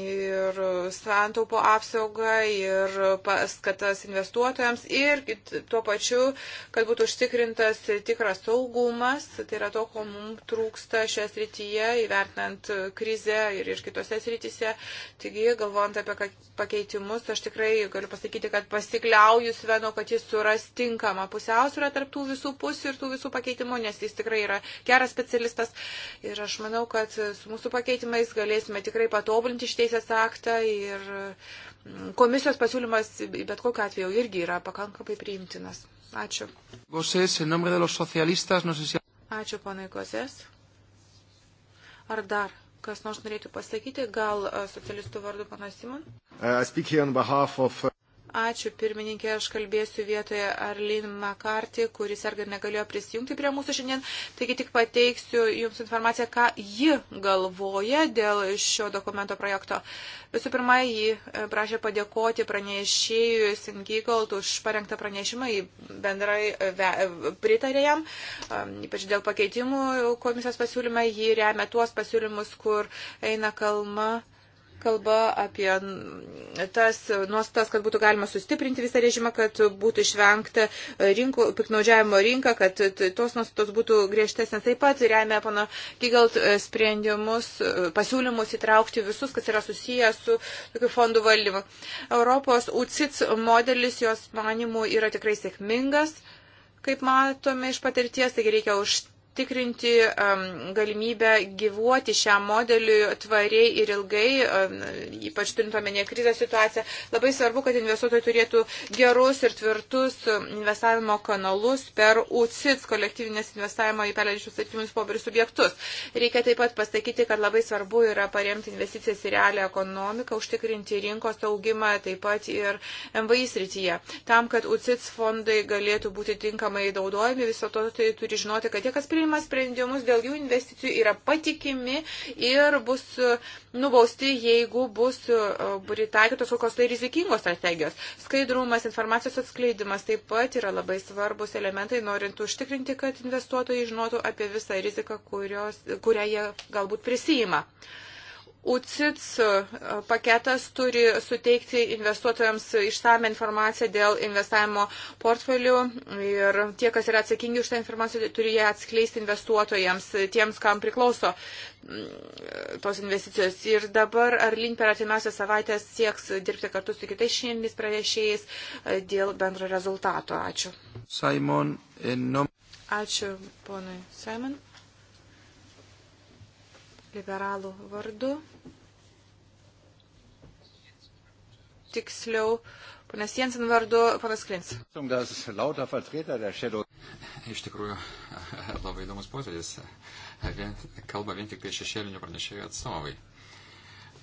ir santaupo apsaugą ir paskatas investuotojams ir tuo pačiu, kad būtų užtikrintas tikras saugumas, tai yra to, ko mums trūksta šią srityje įvertinant krizę ir, ir kitose srityse. Taigi, galvojant apie pakeitimus, aš tikrai galiu pasakyti, kad pasikliauju Sveno, kad jis suras tinkamą pusiausvyrą tarptų visų pusių ir tų visų pakeitimų, nes jis tikrai yra geras specialistas. Ir aš manau, kad su mūsų su pakeitimais galėsime tikrai patobulinti iš teisės aktą ir mm, komisijos pasiūlymas bet kokiu atveju irgi yra pakankamai priimtinas. Ačiū. Ačiū, ponai Kozės. Ar dar kas nors norėtų pasakyti, gal e, socialistų vardu panas Simon? Uh, of... Uh, Ačiū pirmininkė, aš kalbėsiu vietoje Arlin Makarti, kuris argi negalėjo prisijungti prie mūsų šiandien. Taigi tik pateiksiu Jums informaciją, ką ji galvoja dėl šio dokumento projekto. Visų pirma, ji e, prašė padėkoti pranešėjui Singigold už parengtą pranešimą, ji bendrai e, ve, e, pritarė jam, ypač dėl pakeitimų komisijos pasiūlymą, ji remia tuos pasiūlymus, kur eina kalba kalba apie tas nuostas, kad būtų galima sustiprinti visą režimą, kad būtų išvengta rinkų, piknaudžiavimo rinka, kad tos nuostatos būtų griežtesnės. Taip pat remia pana Gigalt e, sprendimus, e, pasiūlymus įtraukti visus, kas yra susiję su tokiu fondų valdymu. Europos UCITS modelis jos manimų yra tikrai sėkmingas, kaip matome iš patirties, taigi reikia užtikrinti užtikrinti um, galimybę gyvuoti šiam modeliui tvariai ir ilgai, um, ypač turintuomenė krizės situaciją. Labai svarbu, kad investuotojai turėtų gerus ir tvirtus um, investavimo kanalus per UCITS kolektyvinės investavimo į perleidžius atvinius popierius subjektus. Reikia taip pat pasakyti, kad labai svarbu yra paremti investicijas į realią ekonomiką, užtikrinti rinkos augimą taip pat ir MVI srityje. Tam, kad UCITS fondai galėtų būti tinkamai naudojami, viso to tai turi žinoti, kad tie, kas priima priima sprendimus dėl jų investicijų, yra patikimi ir bus e, nubausti, jeigu bus e, pritaikytos kokios tai rizikingos strategijos. Skaidrumas, informacijos atskleidimas taip pat yra labai svarbus elementai, norint užtikrinti, kad investuotojai žinotų apie visą riziką, kurios, kurią jie galbūt prisijima. Thank you. UCITS e, paketas turi suteikti investuotojams išsame informaciją dėl investavimo portfelių ir tie, kas yra atsakingi už tą informaciją, turi ją atskleisti investuotojams, e, tiems, kam priklauso e, tos investicijos. Ir dabar Arlin per atimiausią savaitę sieks dirbti kartu su kitais šiandienis pranešėjais dėl bendro rezultato. Ačiū. Simon, nom... Ačiū, ponui Simon liberalų vardu. Tiksliau, panas Jensen vardu, panas Klins. Iš tikrųjų, labai įdomus posėdis. Kalba vien tik tai šešėlinių pranešėjų atstovai.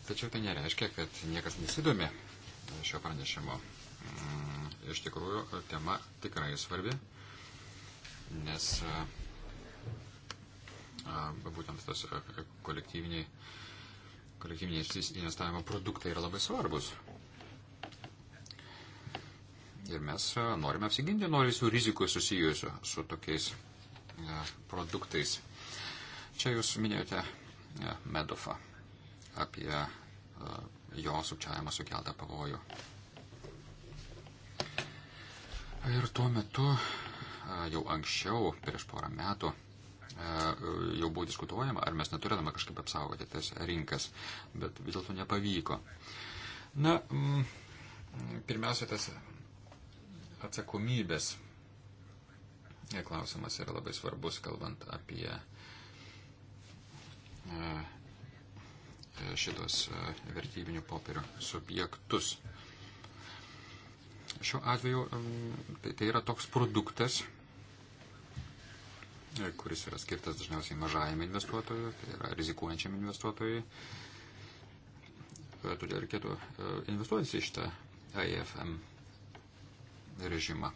Tačiau tai nereiškia, kad niekas nesidomi šio pranešimo. Mm, iš tikrųjų, tema tikrai svarbi, nes būtent tas e, e, kolektyviniai, kolektyviniai investavimo produktai yra labai svarbus. Ir mes e, norime apsiginti nuo visų rizikų susijusių su tokiais ja, produktais. Čia jūs minėjote ja, Medofą apie ja, jo sukčiavimą sukeltą pavojų. Ir tuo metu, jau anksčiau, prieš porą metų, jau buvo diskutuojama, ar mes neturėtume kažkaip apsaugoti tas rinkas, bet vis dėlto nepavyko. Na, pirmiausia, tas atsakomybės klausimas yra labai svarbus, kalbant apie šitos vertybinių popierių subjektus. Šiuo atveju tai, tai yra toks produktas, E, kuris yra skirtas dažniausiai mažajam investuotojui, tai yra rizikuojančiam investuotojui. E, todėl reikėtų e, investuoti į šitą AFM režimą.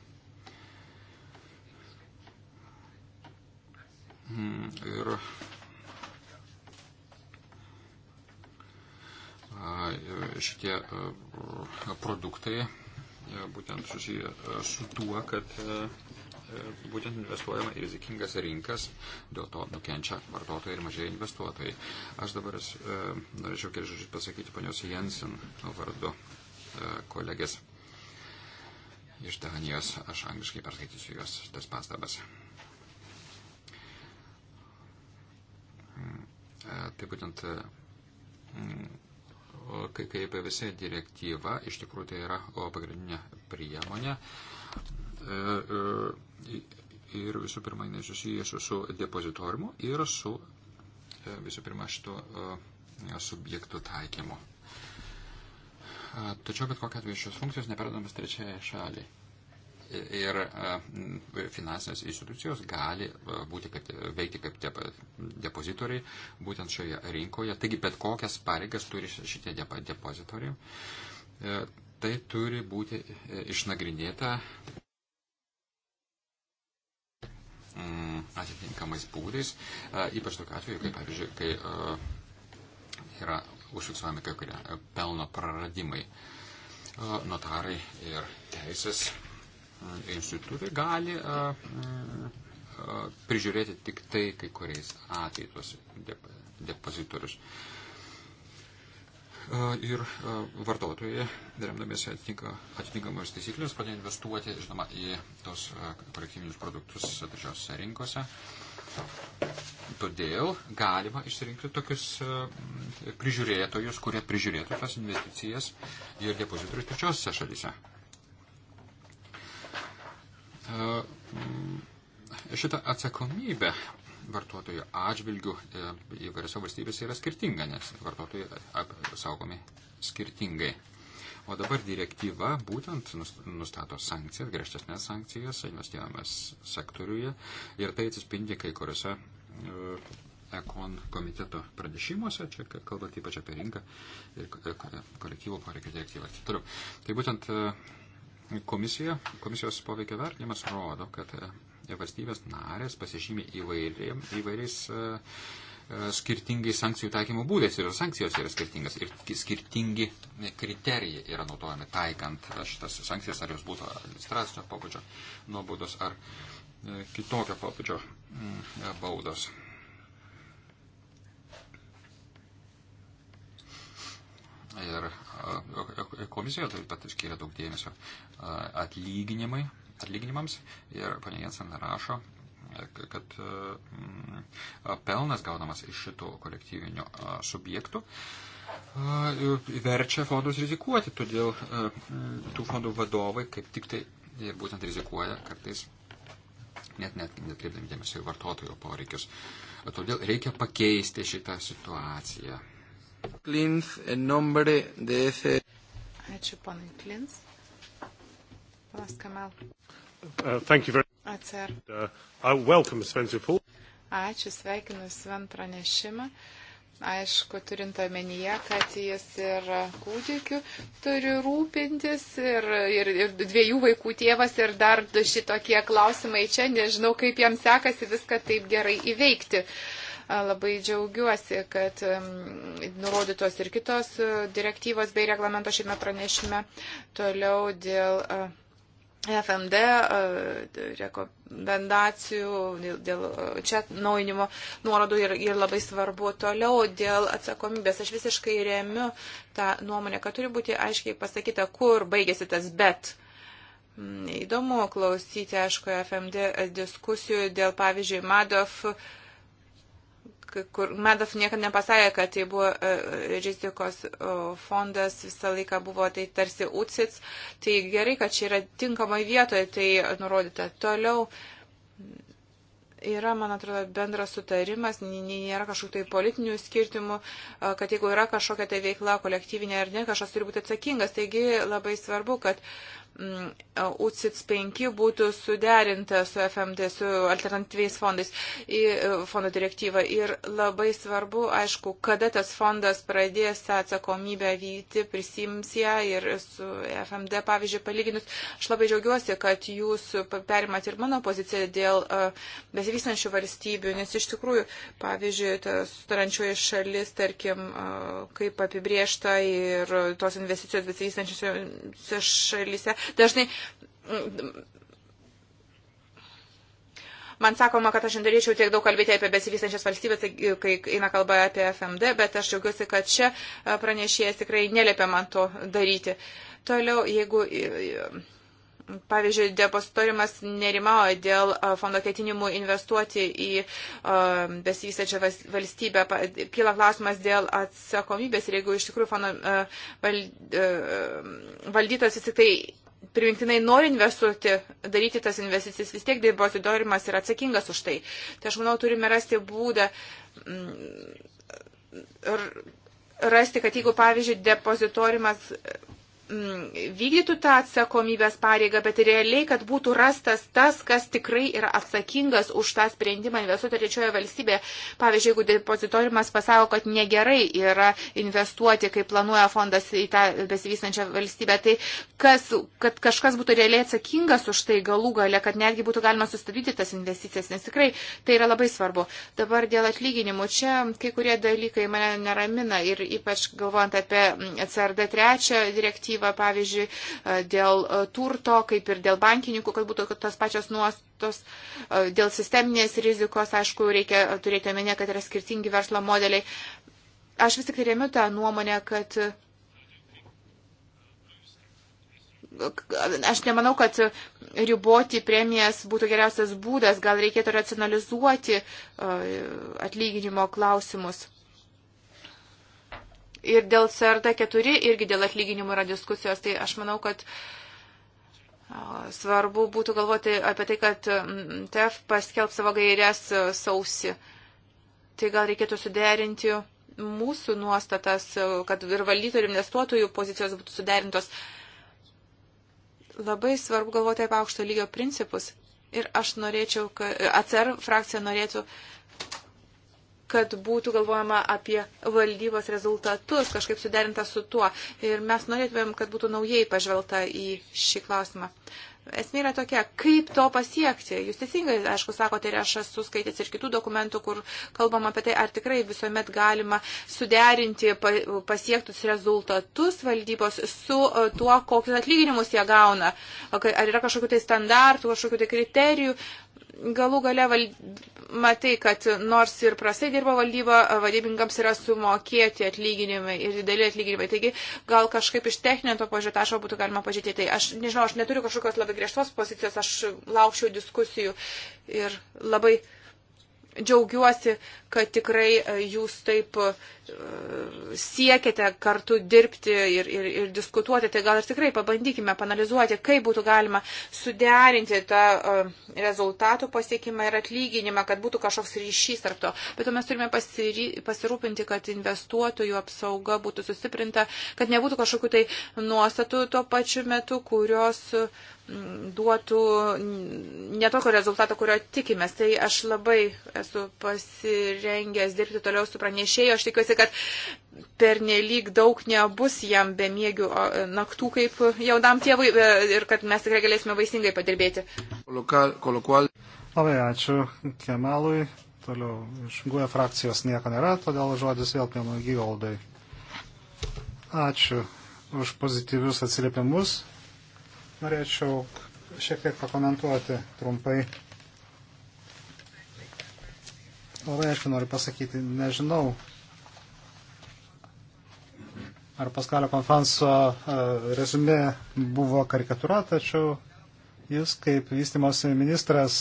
Hmm, ir šitie produktai būtent susiję su tuo, kad būtent investuojama į rizikingas rinkas, dėl to nukenčia vartotojai ir mažiai investuotojai. Aš dabar e, norėčiau keli žodžius pasakyti ponios Jensen vardu e, kolegės iš Danijos. Aš angliškai perskaitysiu jos tas pastabas. E, tai būtent. E, Kaip PVC direktyva, iš tikrųjų tai yra pagrindinė priemonė, e, E, e, ir visų pirma jinai susiję su, su depozitoriumu ir su e, visų pirma šito subjektų taikymu. Tačiau bet kokia atveju šios funkcijos neperdodamas trečiajai šaliai. Ir finansinės institucijos gali būti, kad, veikti kaip depozitoriai būtent šioje rinkoje. Taigi bet kokias pareigas turi šitie depozitoriai. Tai turi būti išnagrinėta Mm, atitinkamais būdais, e, ypač tokiu atveju, kai, pavyzdžiui, kai e, yra užfiksuojami kai kurie e, pelno praradimai. Notarai ir teisės mm, institutai gali mm, prižiūrėti tik tai kai kuriais atvejais tuos depozitorius. Dep ir vartotojai, remdamiesi atitinkamomis taisyklėmis, pradėjo investuoti, žinoma, į tos kolektyvinius produktus trečiosiose rinkose. Todėl galima išsirinkti tokius prižiūrėtojus, kurie prižiūrėtų tas investicijas ir depozitorius trečiosiose šalyse. Šitą atsakomybę vartotojų atžvilgių e, įvairiose valstybėse yra skirtinga, nes vartotojai saugomi skirtingai. O dabar direktyva būtent nustato sankcijas, griežtesnės sankcijas investivimas sektoriuje ir tai atsispindi kai kuriuose ekon komiteto pranešimuose, čia kalbant ypač apie rinką ir e, e, kolektyvų poreikio direktyvą ir taip toliau. Tai būtent komisija, komisijos poveikio vertinimas rodo, kad valstybės narės pasižymė įvairiai, įvairiais e, e, skirtingais sankcijų taikymo būdais ir sankcijos yra skirtingas ir skirtingi kriterijai yra naudojami taikant šitas sankcijas, ar jos būtų administracinio pobūdžio nuobaudos ar e, kitokio pobūdžio mm, baudos. Ir komisija taip pat skiria daug dėmesio atlyginimai atlyginimams. Ir ponė Jensen rašo, kad mm, pelnas gaunamas iš šitų kolektyvinių subjektų verčia fondus rizikuoti, todėl mm, tų fondų vadovai kaip tik tai ir būtent rizikuoja kartais net, net nekreipdami dėmesio į vartotojo poreikius. Todėl reikia pakeisti šitą situaciją. Klins, en nombre de ese. Ačiū, panai Klins. Panas Kamal. Uh, Atsir. E uh, Ačiū, sveikinu Sven pranešimą. Aišku, turint omenyje, kad jis ir kūdikiu turi rūpintis ir, ir, ir dviejų vaikų tėvas ir dar šitokie klausimai čia, nežinau, kaip jam sekasi viską taip gerai įveikti labai džiaugiuosi, kad um, nurodytos ir kitos uh, direktyvos bei reglamento šiame pranešime toliau dėl FMD e, rekomendacijų dėl e, čia naujinimo nuorodų ir, ir labai svarbu toliau dėl atsakomybės. Aš visiškai remiu tą nuomonę, kad turi būti aiškiai pasakyta, kur baigėsi tas bet. Mm, įdomu klausyti, aišku, FMD diskusijų dėl, pavyzdžiui, Madov uh, kur Medov niekada nepasakė, kad tai buvo rizikos e, e, fondas, visą laiką buvo tai tarsi UCITS. Tai gerai, kad čia yra tinkamoje vietoje tai nurodyta. Toliau yra, man atrodo, bendras sutarimas, nėra kažkokių tai politinių skirtimų, e, kad jeigu yra kažkokia tai veikla kolektyvinė ar ne, kažkas turi būti atsakingas. Taigi labai svarbu, kad uh, Mm, UCITS 5 būtų suderinta su FMT, su alternatyviais fondais į e, fondo direktyvą. Ir labai svarbu, aišku, kada tas fondas pradės tą atsakomybę vykti, prisims ją ir su FMD, pavyzdžiui, palyginus. Aš labai džiaugiuosi, kad jūs perimat ir mano poziciją dėl uh, besivystančių valstybių, nes iš tikrųjų, pavyzdžiui, sutarančioji šalis, tarkim, uh, kaip apibriešta ir tos investicijos besivystančiose šalise Dažnai man sakoma, kad aš norėčiau tiek daug kalbėti apie besivystančias valstybės, kai eina kalba apie FMD, bet aš džiaugiuosi, kad čia e, pranešėjas tikrai nelėpia man to daryti. Toliau, jeigu. E, pavyzdžiui, depozitoriumas nerimauja dėl e, fondo ketinimų investuoti į besivystačią valstybę. Kyla klausimas dėl atsakomybės ir jeigu iš tikrųjų fondo valdytas vis tik tai primiktinai nori investuoti, daryti tas investicijas, vis tiek depozitoriumas yra atsakingas už tai. Tai aš manau, turime rasti būdą ir mm, rasti, kad jeigu, pavyzdžiui, depozitoriumas Mm, vykdytų tą atsakomybės pareigą, bet ir realiai, kad būtų rastas tas, kas tikrai yra atsakingas už tą sprendimą investuoti trečioje valstybėje. Pavyzdžiui, jeigu depozitoriumas pasako, kad negerai yra investuoti, kaip planuoja fondas į tą besivystančią valstybę, tai kas, kad kažkas būtų realiai atsakingas už tai galų gale, kad netgi būtų galima sustabdyti tas investicijas, nes tikrai tai yra labai svarbu. Dabar dėl atlyginimų. Čia kai kurie dalykai mane neramina ir ypač galvojant apie mm, CRD trečią direktyvą direktyva, pavyzdžiui, e, dėl e, turto, kaip ir dėl bankininkų, kad būtų tos pačios nuostos. E, dėl sisteminės rizikos, aišku, reikia turėti omenyje, kad yra skirtingi verslo modeliai. Aš vis tik tai remiu tą nuomonę, kad aš nemanau, kad riboti premijas būtų geriausias būdas, gal reikėtų racionalizuoti atlyginimo klausimus ir dėl CRD 4, irgi dėl atlyginimų yra diskusijos. Tai aš manau, kad svarbu būtų galvoti apie tai, kad mm, TEF paskelb savo gairias e, sausi. Tai gal reikėtų suderinti mūsų nuostatas, e, kad ir valdytojų ir investuotojų pozicijos būtų suderintos. Labai svarbu galvoti apie aukšto lygio principus. Ir aš norėčiau, kad e, ACR frakcija norėtų, kad būtų galvojama apie valdybos rezultatus, kažkaip suderinta su tuo. Ir mes norėtumėm, kad būtų naujai pažvelgta į šį klausimą. Esmė yra tokia, kaip to pasiekti. Jūs teisingai, aišku, sakote, ir aš esu skaitęs ir kitų dokumentų, kur kalbam apie tai, ar tikrai visuomet galima suderinti pasiektus rezultatus valdybos su e, tuo, kokius atlyginimus jie gauna. Ar yra kažkokiu tai standartų, kažkokiu tai kriterijų galų gale val... matai, kad nors ir prastai dirba valdyba, vadybininkams yra sumokėti atlyginimai ir dideli atlyginimai. Taigi gal kažkaip iš techninio to požiūrio taško būtų galima pažiūrėti. Tai aš nežinau, aš neturiu kažkokios labai griežtos pozicijos, aš laukčiau diskusijų ir labai džiaugiuosi, kad tikrai e, jūs taip e, siekiate kartu dirbti ir, ir, ir diskutuoti, tai gal ir tikrai pabandykime panalizuoti, kaip būtų galima suderinti tą e, rezultatų pasiekimą ir atlyginimą, kad būtų kažkoks ryšys tarp to. Bet to mes turime pasirūpinti, kad investuotojų apsauga būtų sustiprinta, kad nebūtų kažkokių tai nuostatų tuo pačiu metu, kurios mm, duotų netokio rezultato, kurio tikimės. Tai aš labai esu pasirūpinti pasirengęs dirbti toliau su pranešėjo. Aš tikiuosi, kad per nelik daug nebus jam bemiegių e, naktų kaip jaunam tėvui e, ir kad mes tikrai galėsime vaisingai padirbėti. Kolokual. Labai ačiū Kemalui. Toliau iš GUE frakcijos nieko nėra, todėl žodis vėl pieno gyvaldai. Ačiū už pozityvius atsiliepimus. Norėčiau šiek tiek pakomentuoti trumpai Labai aiškiai noriu pasakyti, nežinau, ar Paskalio konfanso e, rezume buvo karikatūra, tačiau jis kaip vystimosi ministras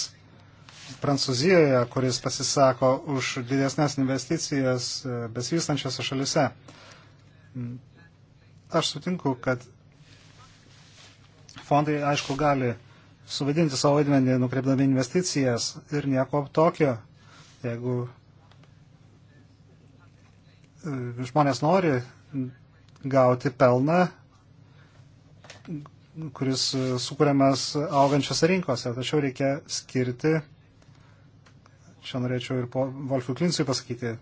Prancūzijoje, kuris pasisako už didesnės investicijas e, besivystančiose šalise. Aš sutinku, kad fondai, aišku, gali suvaidinti savo vaidmenį, nukreipdami investicijas ir nieko tokio. Jeigu e, žmonės nori gauti pelną, kuris e, sukūriamas augančiose rinkose, tačiau reikia skirti, čia norėčiau ir po Wolfui Klinsui pasakyti,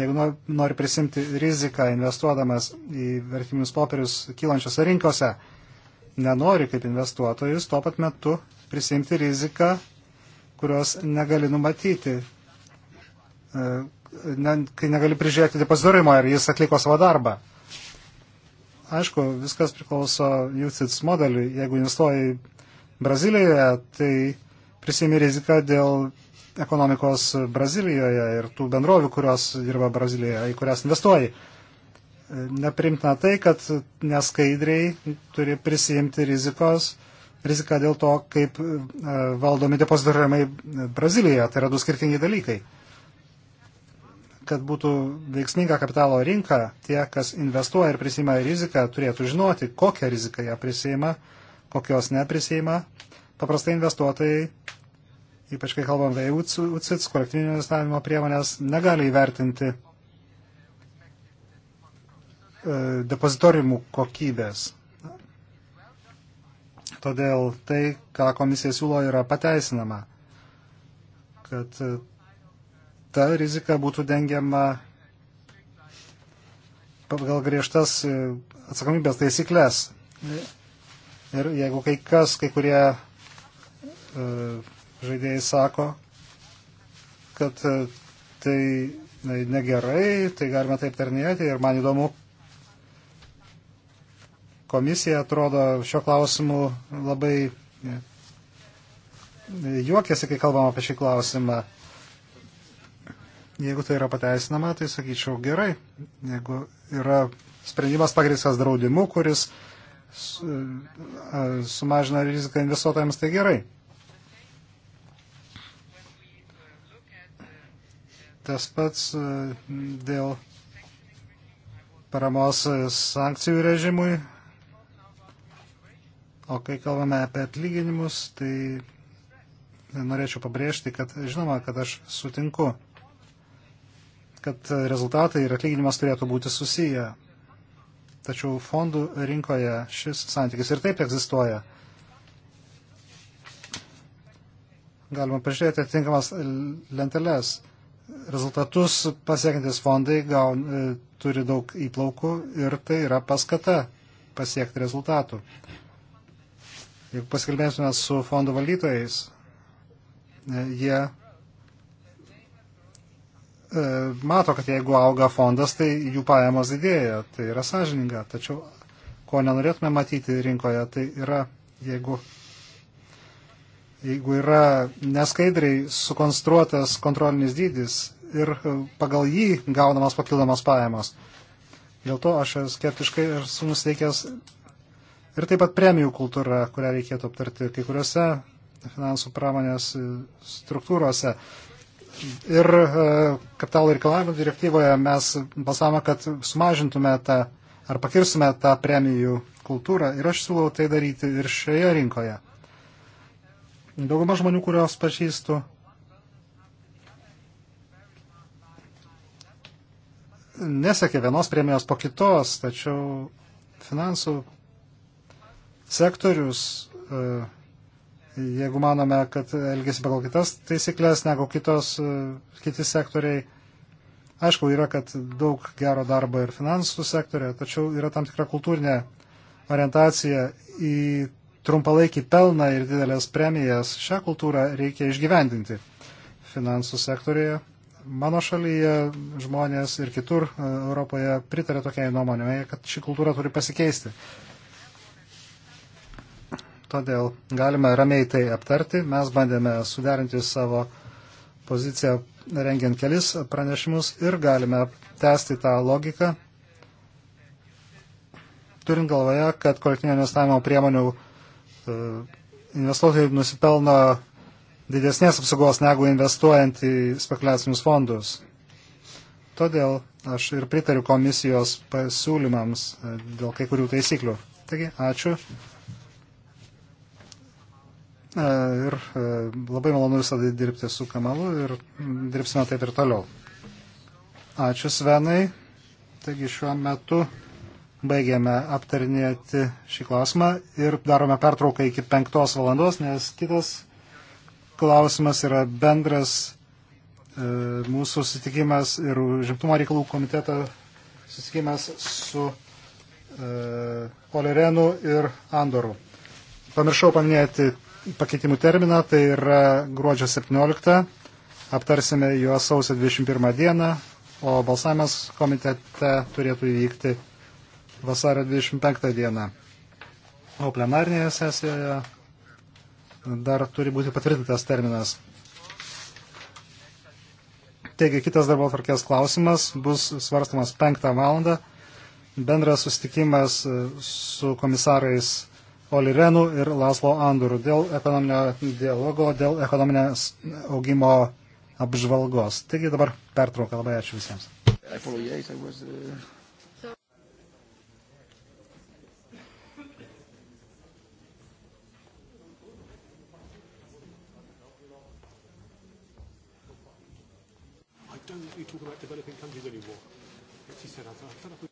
jeigu nori prisimti riziką investuodamas į vertiminius popierius kylančiose rinkose, nenori kaip investuotojus tuo pat metu prisimti riziką kurios negali numatyti, e, ne, kai negali prižiūrėti depozitorimo, ar jis atliko savo darbą. Aišku, viskas priklauso UCITS modeliui. Jeigu investuoji Brazilijoje, tai prisimi riziką dėl ekonomikos Brazilijoje ir tų bendrovių, kurios dirba Brazilijoje, į kurias investuoji. E, neprimtina tai, kad neskaidriai turi prisijimti rizikos rizika dėl to, kaip e, valdomi depozitoriamai Brazilijoje. Tai yra du skirtingi dalykai. Kad būtų veiksminga kapitalo rinka, tie, kas investuoja ir prisima riziką, turėtų žinoti, kokią riziką jie prisima, kokios neprisima. Paprastai investuotojai, ypač kai kalbam apie UCITS, kolektyvinio investavimo priemonės, negali įvertinti e, depozitoriumų kokybės. Todėl tai, ką komisija siūlo, yra pateisinama, kad e, ta rizika būtų dengiama pagal griežtas e, atsakomybės taisyklės. Ir jeigu kai kas, kai kurie e, žaidėjai sako, kad tai, tai negerai, tai galima taip tarnėti ir man įdomu, Komisija atrodo šio klausimu labai e, juokiasi, kai kalbam apie šį klausimą. Jeigu tai yra pateisinama, tai sakyčiau gerai. Jeigu yra sprendimas pagrįstas draudimu, kuris e, sumažina riziką investuotojams, tai gerai. Tas pats e, dėl paramos sankcijų režimui O kai kalbame apie atlyginimus, tai norėčiau pabrėžti, kad žinoma, kad aš sutinku, kad rezultatai ir atlyginimas turėtų būti susiję. Tačiau fondų rinkoje šis santykis ir taip egzistuoja. Galima pažiūrėti atitinkamas lenteles. Rezultatus pasiekintis fondai gaun, e, turi daug įplaukų ir tai yra paskata pasiekti rezultatų. Jeigu pasikalbėsime su fondo valdytojais, e, jie e, mato, kad jeigu auga fondas, tai jų pajamos didėja. Tai yra sąžininga. Tačiau ko nenorėtume matyti rinkoje, tai yra, jeigu, jeigu yra neskaidriai sukonstruotas kontrolinis dydis ir e, pagal jį gaunamas papildomas pajamos. Dėl to aš skeptiškai ir sunusiteikęs Ir taip pat premijų kultūra, kurią reikėtų aptarti kai kuriuose finansų pramonės struktūrose. Ir e, kapitalo reikalavimo direktyvoje mes balsavome, kad sumažintume tą ar pakirsime tą premijų kultūrą ir aš siūlau tai daryti ir šioje rinkoje. Dauguma žmonių, kurios pažįstu, nesekė vienos premijos po kitos, tačiau finansų sektorius, e, jeigu manome, kad elgesi pagal kitas taisyklės negu kitos, e, kiti sektoriai, aišku, yra, kad daug gero darbo ir finansų sektorė, tačiau yra tam tikra kultūrinė orientacija į trumpalaikį pelną ir didelės premijas. Šią kultūrą reikia išgyvendinti finansų sektorėje. Mano šalyje žmonės ir kitur e, Europoje pritarė tokiai nuomonėje, kad ši kultūra turi pasikeisti todėl galime ramiai tai aptarti. Mes bandėme suderinti savo poziciją rengiant kelis pranešimus ir galime tęsti tą logiką, turint galvoje, kad kolektyvinio investavimo priemonių e, investuotojai nusipelno didesnės apsaugos negu investuojant į spekuliacinius fondus. Todėl aš ir pritariu komisijos pasiūlymams e, dėl kai kurių taisyklių. Taigi, ačiū. E, ir e, labai malonu visada dirbti su Kamalu ir dirbsime taip ir toliau. Ačiū Svenai. Taigi šiuo metu baigėme aptarinėti šį klausimą ir darome pertrauką iki penktos valandos, nes kitas klausimas yra bendras e, mūsų susitikimas ir žimtumo reikalų komiteto susitikimas su e, Olerenu ir Andoru. Pamiršau paminėti pakeitimų terminą, tai yra gruodžio 17, aptarsime juos sausio 21 dieną, o balsavimas komitete turėtų įvykti vasario 25 dieną. O plenarnėje sesijoje dar turi būti patvirtintas terminas. Taigi, kitas darbo tvarkės klausimas bus svarstamas 5 valandą. Bendras susitikimas su komisarais Olirenu ir Laslo Anduru dėl ekonominio dialogo, dėl ekonominės augimo apžvalgos. Taigi dabar pertrauka. Labai ačiū visiems. I don't really talk about developing countries anymore. She said, I thought, I thought I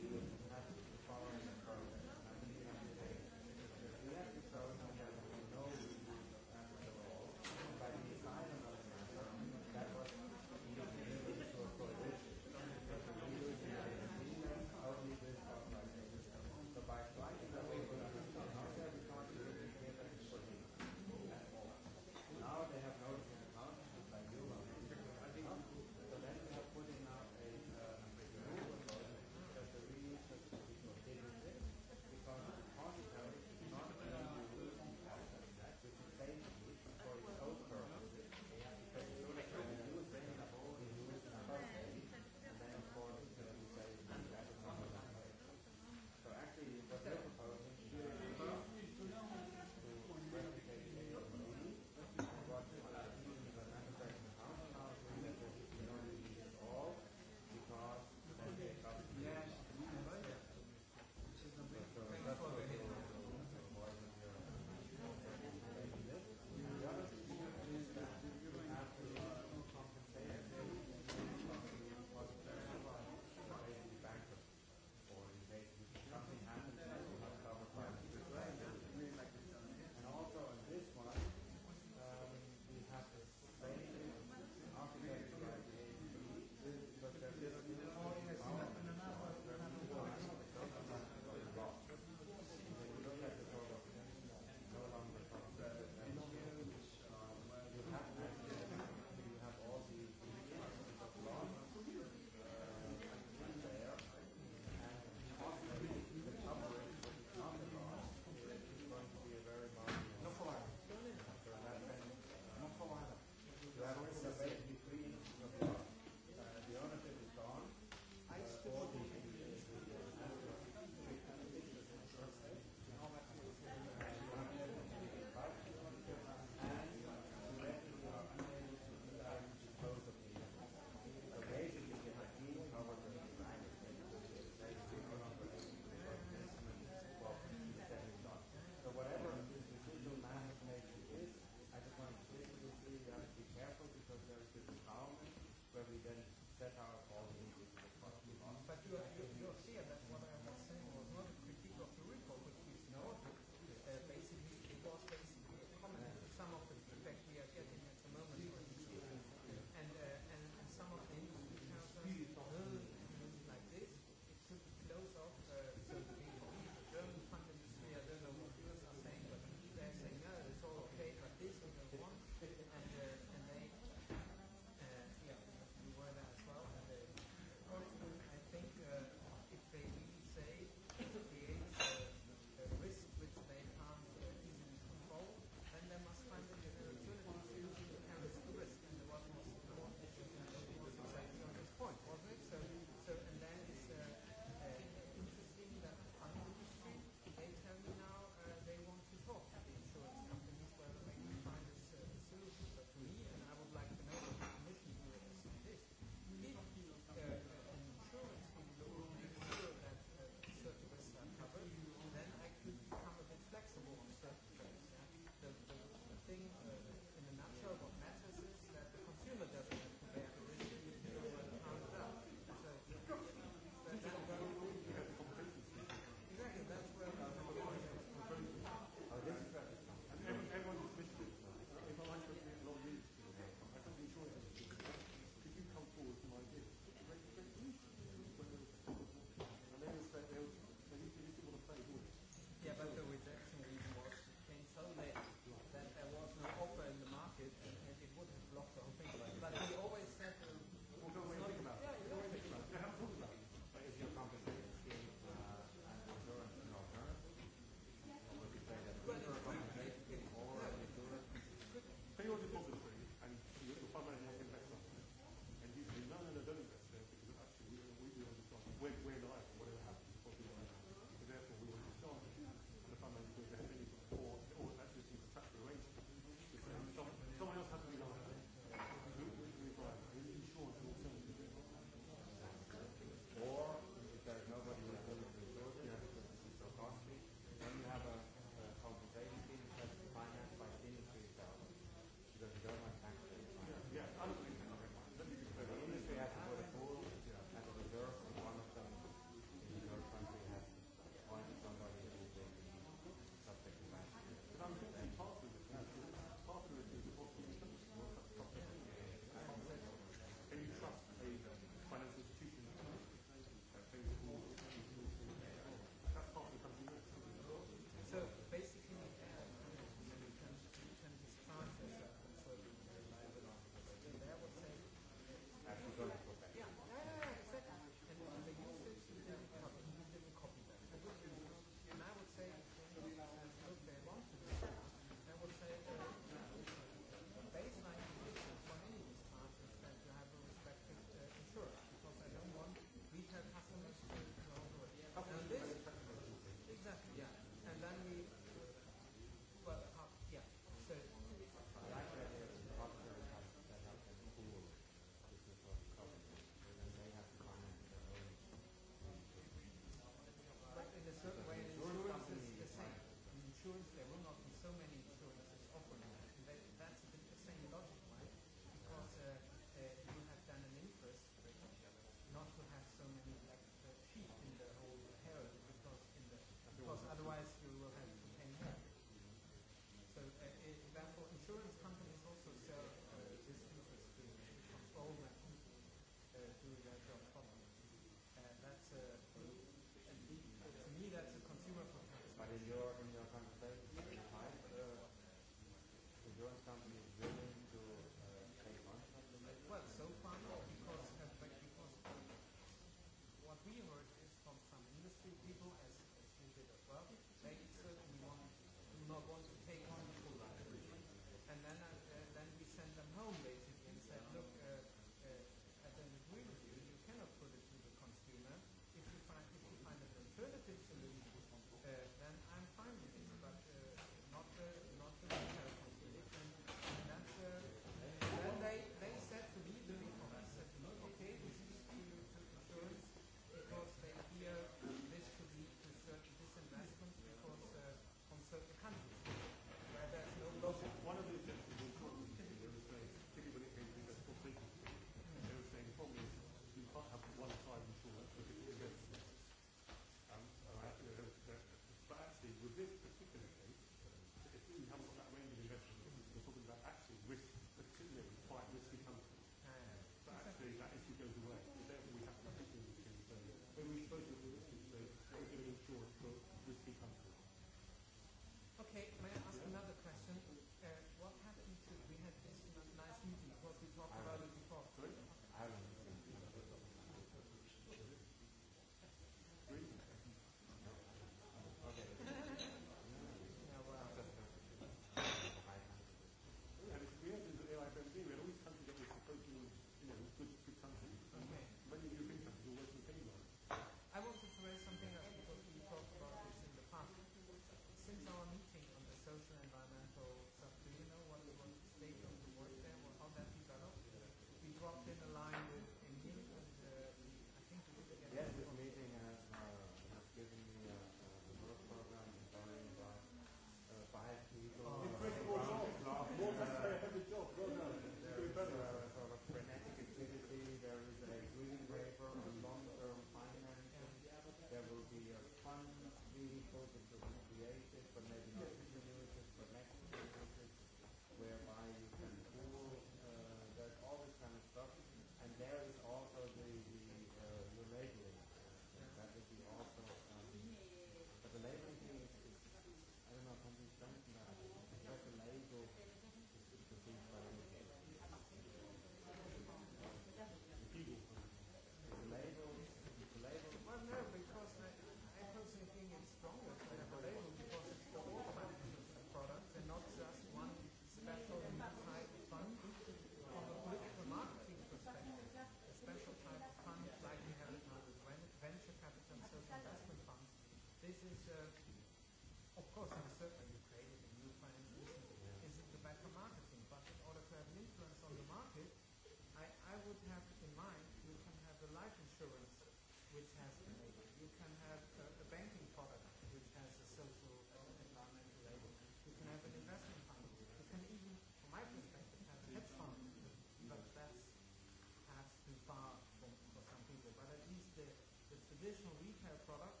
traditional retail products,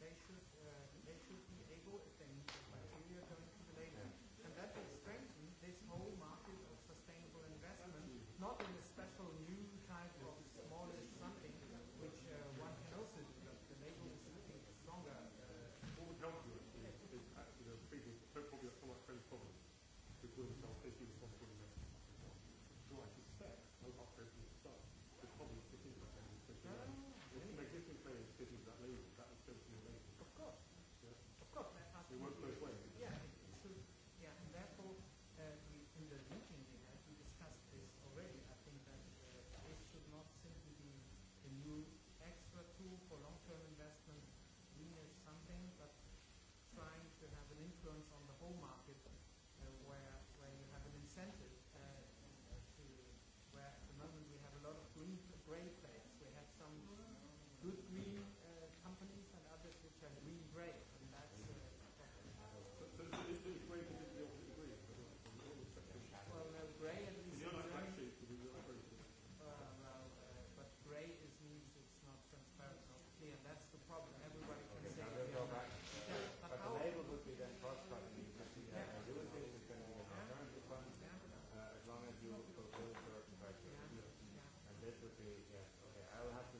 they should, uh, they should be able, if they meet the criteria, going to the label. And that will strengthen this whole market of sustainable investment, not in a special new type of smallish something, which uh, one can also do. The label is looking stronger. Uh, what would help you is, is actually the biggest, probably that's so much friend's problem, because they'll take you responsible investment. So I think We work both ways. Yeah, it's true. Yeah, and therefore, uh, we, in the meeting we had, we discussed this already. I think that uh, this should not simply be a new extra tool for long-term investment. Lean is something, but trying to have an influence on the whole market uh, where, where you have an incentive uh, to where at the moment we have a lot of green gray play Okay, yeah. Okay, I will have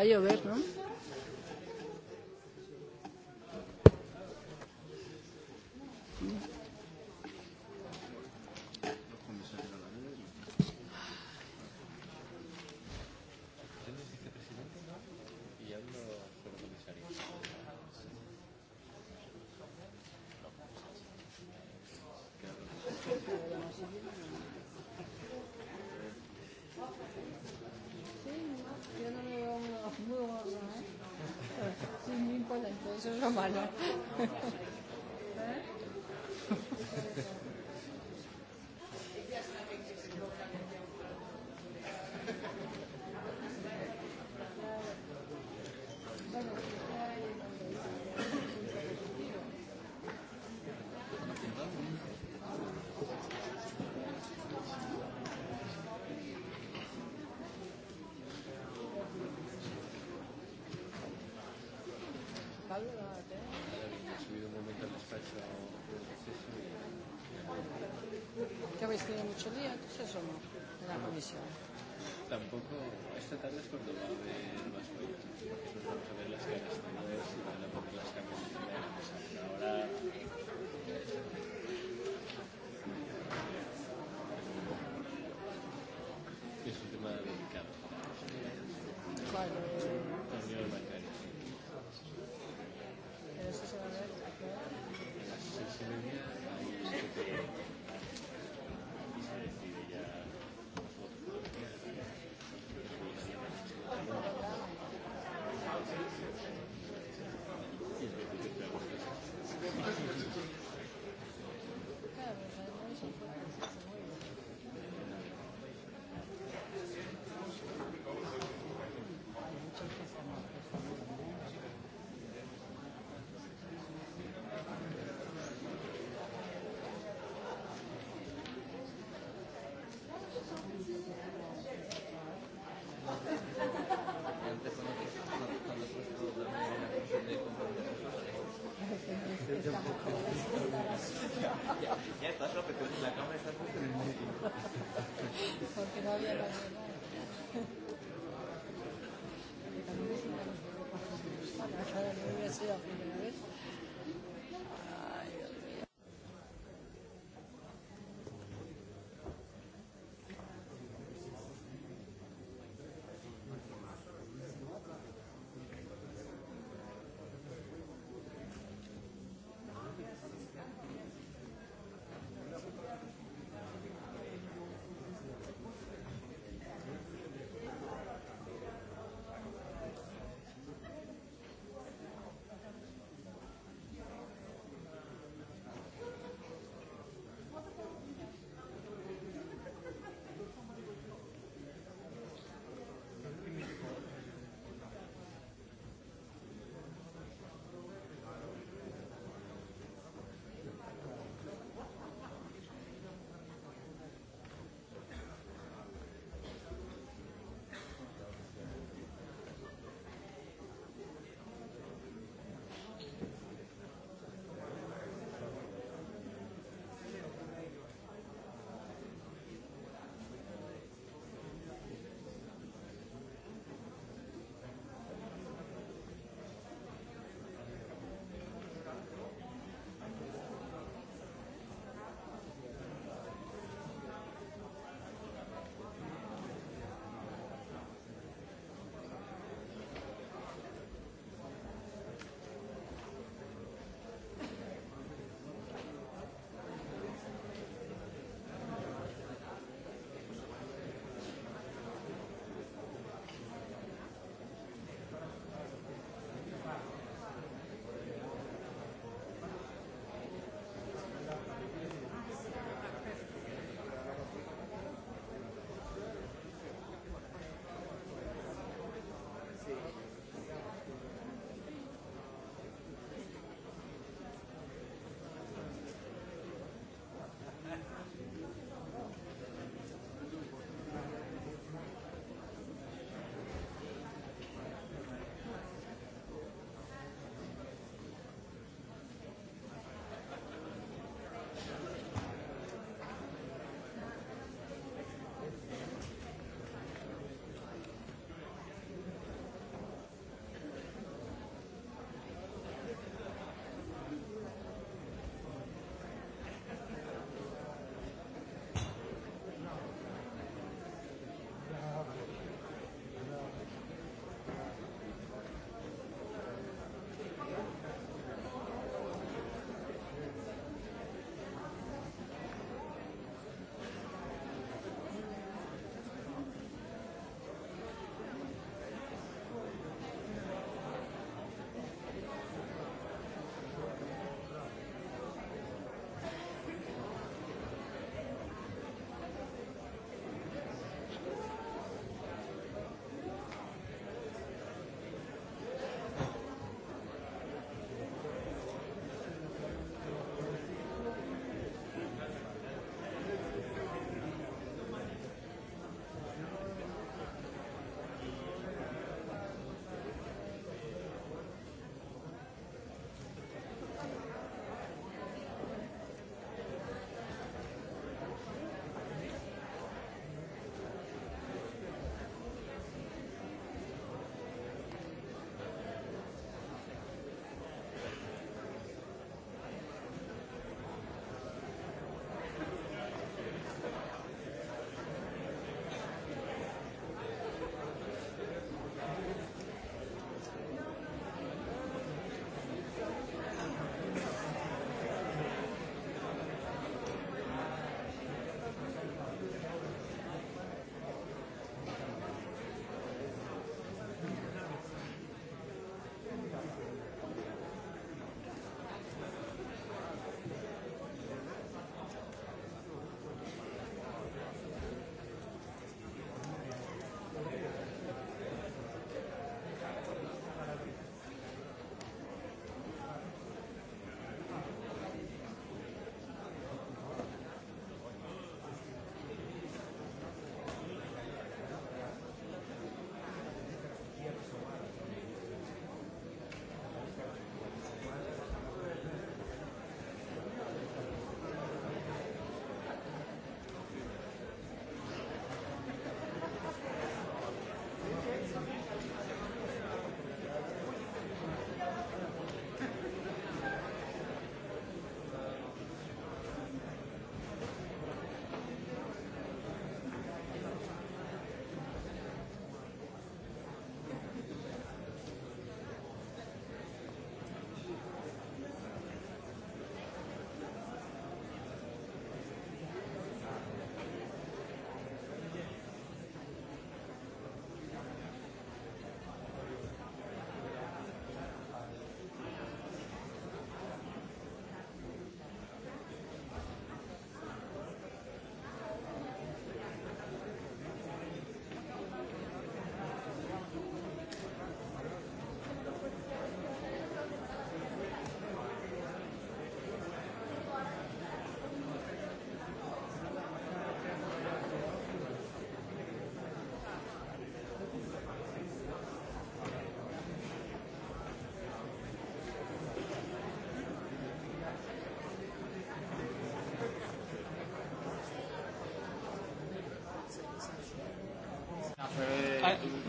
va a llover, ¿no? habéis tenido mucho lío, entonces, o no, en la comisión. Tampoco, esta tarde es cuando va a haber más huellas, porque nos vamos a ver las caras tomadas y van a poner las camisetas. Ahora es un tema delicado. Claro. Cambio bancario. Pero eso se va a ver a qué hora. A las seis y media. Porque no había más Ahora no hubiera sido a final.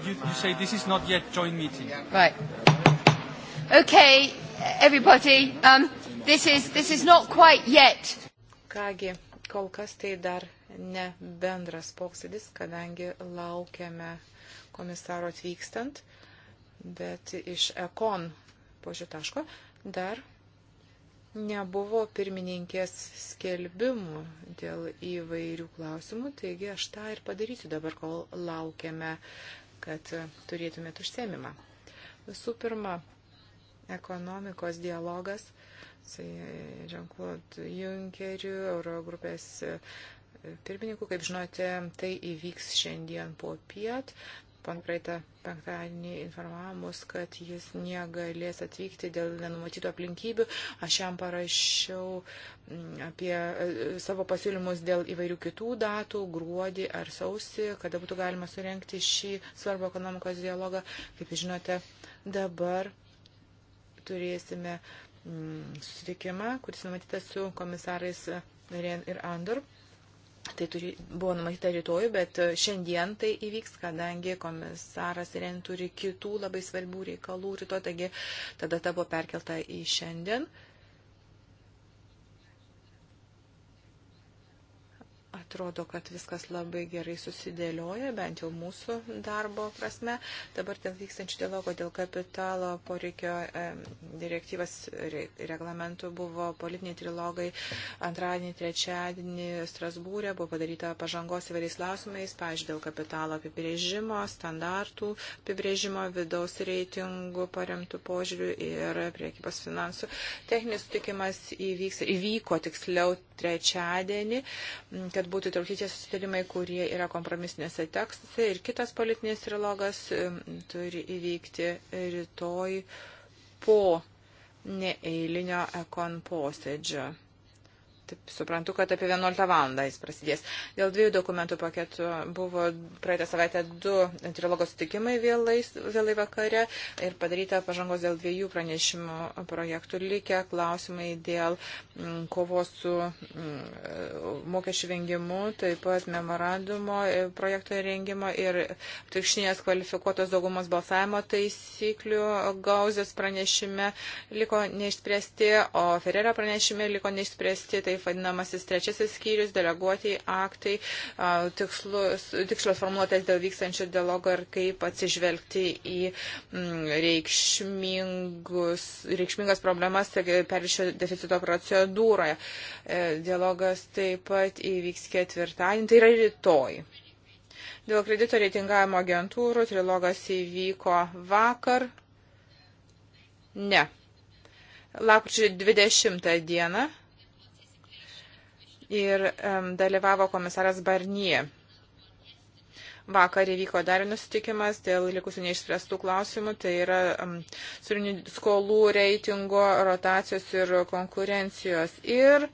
you, you say this is not yet joint meeting. Right. Okay, everybody, um, this is this is not quite yet. Kągi, kol kas tai dar ne bendras posėdis, kadangi laukiame komisaro atvykstant, bet iš ekon požiūtaško dar nebuvo pirmininkės skelbimų dėl įvairių klausimų, taigi aš tą ir padarysiu dabar, kol laukiame kad turėtumėt užsiemimą. Visų pirma, ekonomikos dialogas su Jean-Claude Junkeriu, Eurogrupės e, pirmininku, kaip žinote, tai įvyks šiandien po piet. Pan praeitą penktadienį informavo mus, kad jis negalės atvykti dėl nenumatytų aplinkybių. Aš jam parašiau mm, apie e, e, savo pasiūlymus dėl įvairių kitų datų, gruodį ar sausį, kada būtų galima surenkti šį svarbų ekonomikos dialogą. Kaip žinote, dabar turėsime mm, susitikimą, kuris numatytas su komisarais Ren ir Andor. Tai turi, buvo numatyta rytoj, bet e, šiandien tai įvyks, kadangi komisaras Ren turi kitų labai svarbių reikalų rytoj, taigi tada ta buvo perkelta į šiandien. Uh, atrodo, kad viskas labai gerai susidėlioja, bent jau mūsų darbo prasme. Dabar dėl vykstančių dialogo, dėl kapitalo poreikio e, direktyvas re, reglamentų buvo politiniai trilogai antradienį, trečiadienį Strasbūrė, buvo padaryta pažangos įvairiais klausimais, pažiūrėjau, dėl kapitalo apibrėžimo, standartų apibrėžimo, vidaus reitingų paremtų požiūrių ir priekybos finansų. Techninis sutikimas įvyks, įvyko tiksliau trečiadienį, kad būtų būtų įtraukti tie susitarimai, kurie yra kompromisinėse tekstuose ir kitas politinės trilogas turi įvykti rytoj po neeilinio ekon posėdžio. Taip, suprantu, kad apie 11 valandą jis prasidės. Dėl dviejų dokumentų paketų buvo praeitą savaitę du trilogo sutikimai vėlai, vėlai vakare ir padaryta pažangos dėl dviejų pranešimų projektų. Likę klausimai dėl mm, kovos su mm, mokesčių vengimu, taip pat memorandumo e, projekto rengimo ir atvirkštinės kvalifikuotos daugumos balsavimo taisyklių gauzės pranešime liko neišspręsti, o Ferrero pranešime liko neišspręsti. Tai taip vadinamasis trečiasis skyrius, deleguotieji aktai, tikslus, tikslios formuotės dėl vykstančio dialogo ir kaip atsižvelgti į mm, reikšmingas problemas tai pervišio deficito procedūroje. E, dialogas taip pat įvyks ketvirtadienį, tai yra rytoj. Dėl kredito reitingavimo agentūrų trilogas įvyko vakar. Ne. Lapkričio 20 dieną ir um, dalyvavo komisaras Barnie. Vakar įvyko dar nusitikimas dėl likusių neišspręstų klausimų, tai yra um, surinių skolų reitingo, rotacijos ir konkurencijos. Ir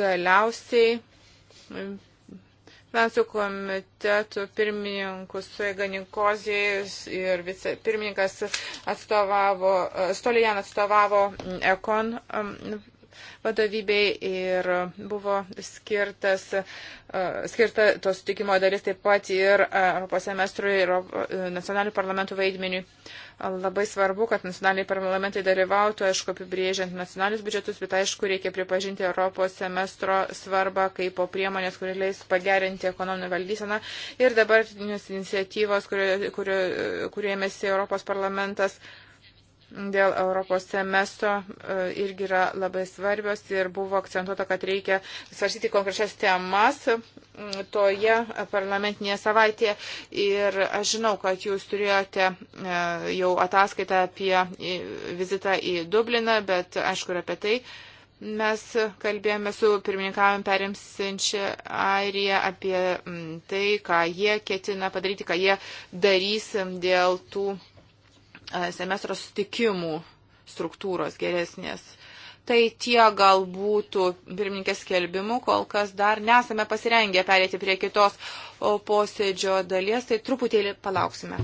galiausiai um, finansų komitetų pirmininkus Sueganikozijas ir vicepirmininkas atstovavo, Stolijan atstovavo Ekon vadovybei ir buvo skirtas, skirta to sutikimo dalis taip pat ir Europos semestrui ir nacionalinių parlamentų vaidmeniui. Labai svarbu, kad nacionaliniai parlamentai dalyvautų, aišku, apibrėžiant nacionalinius biudžetus, bet aišku, reikia pripažinti Europos semestro svarbą kaip po priemonės, kuri leis pagerinti ekonominę valdyseną ir dabartinės iniciatyvos, kurio, kurio, kurio ėmėsi Europos parlamentas. Uh, dėl Europos semestro e, irgi yra labai svarbios ir buvo akcentuota, kad reikia svarstyti konkrečias temas toje parlamentinėje savaitėje. Ir aš žinau, kad jūs turėjote e, jau ataskaitą apie vizitą į Dubliną, bet aišku ir apie tai. Mes kalbėjome su pirmininkavim perimsinčia Airija apie tai, ką jie ketina padaryti, ką jie darys dėl tų semestro sustikimų struktūros geresnės. Tai tie gal būtų pirmininkės skelbimų, kol kas dar nesame pasirengę perėti prie kitos posėdžio dalies, tai truputėlį palauksime.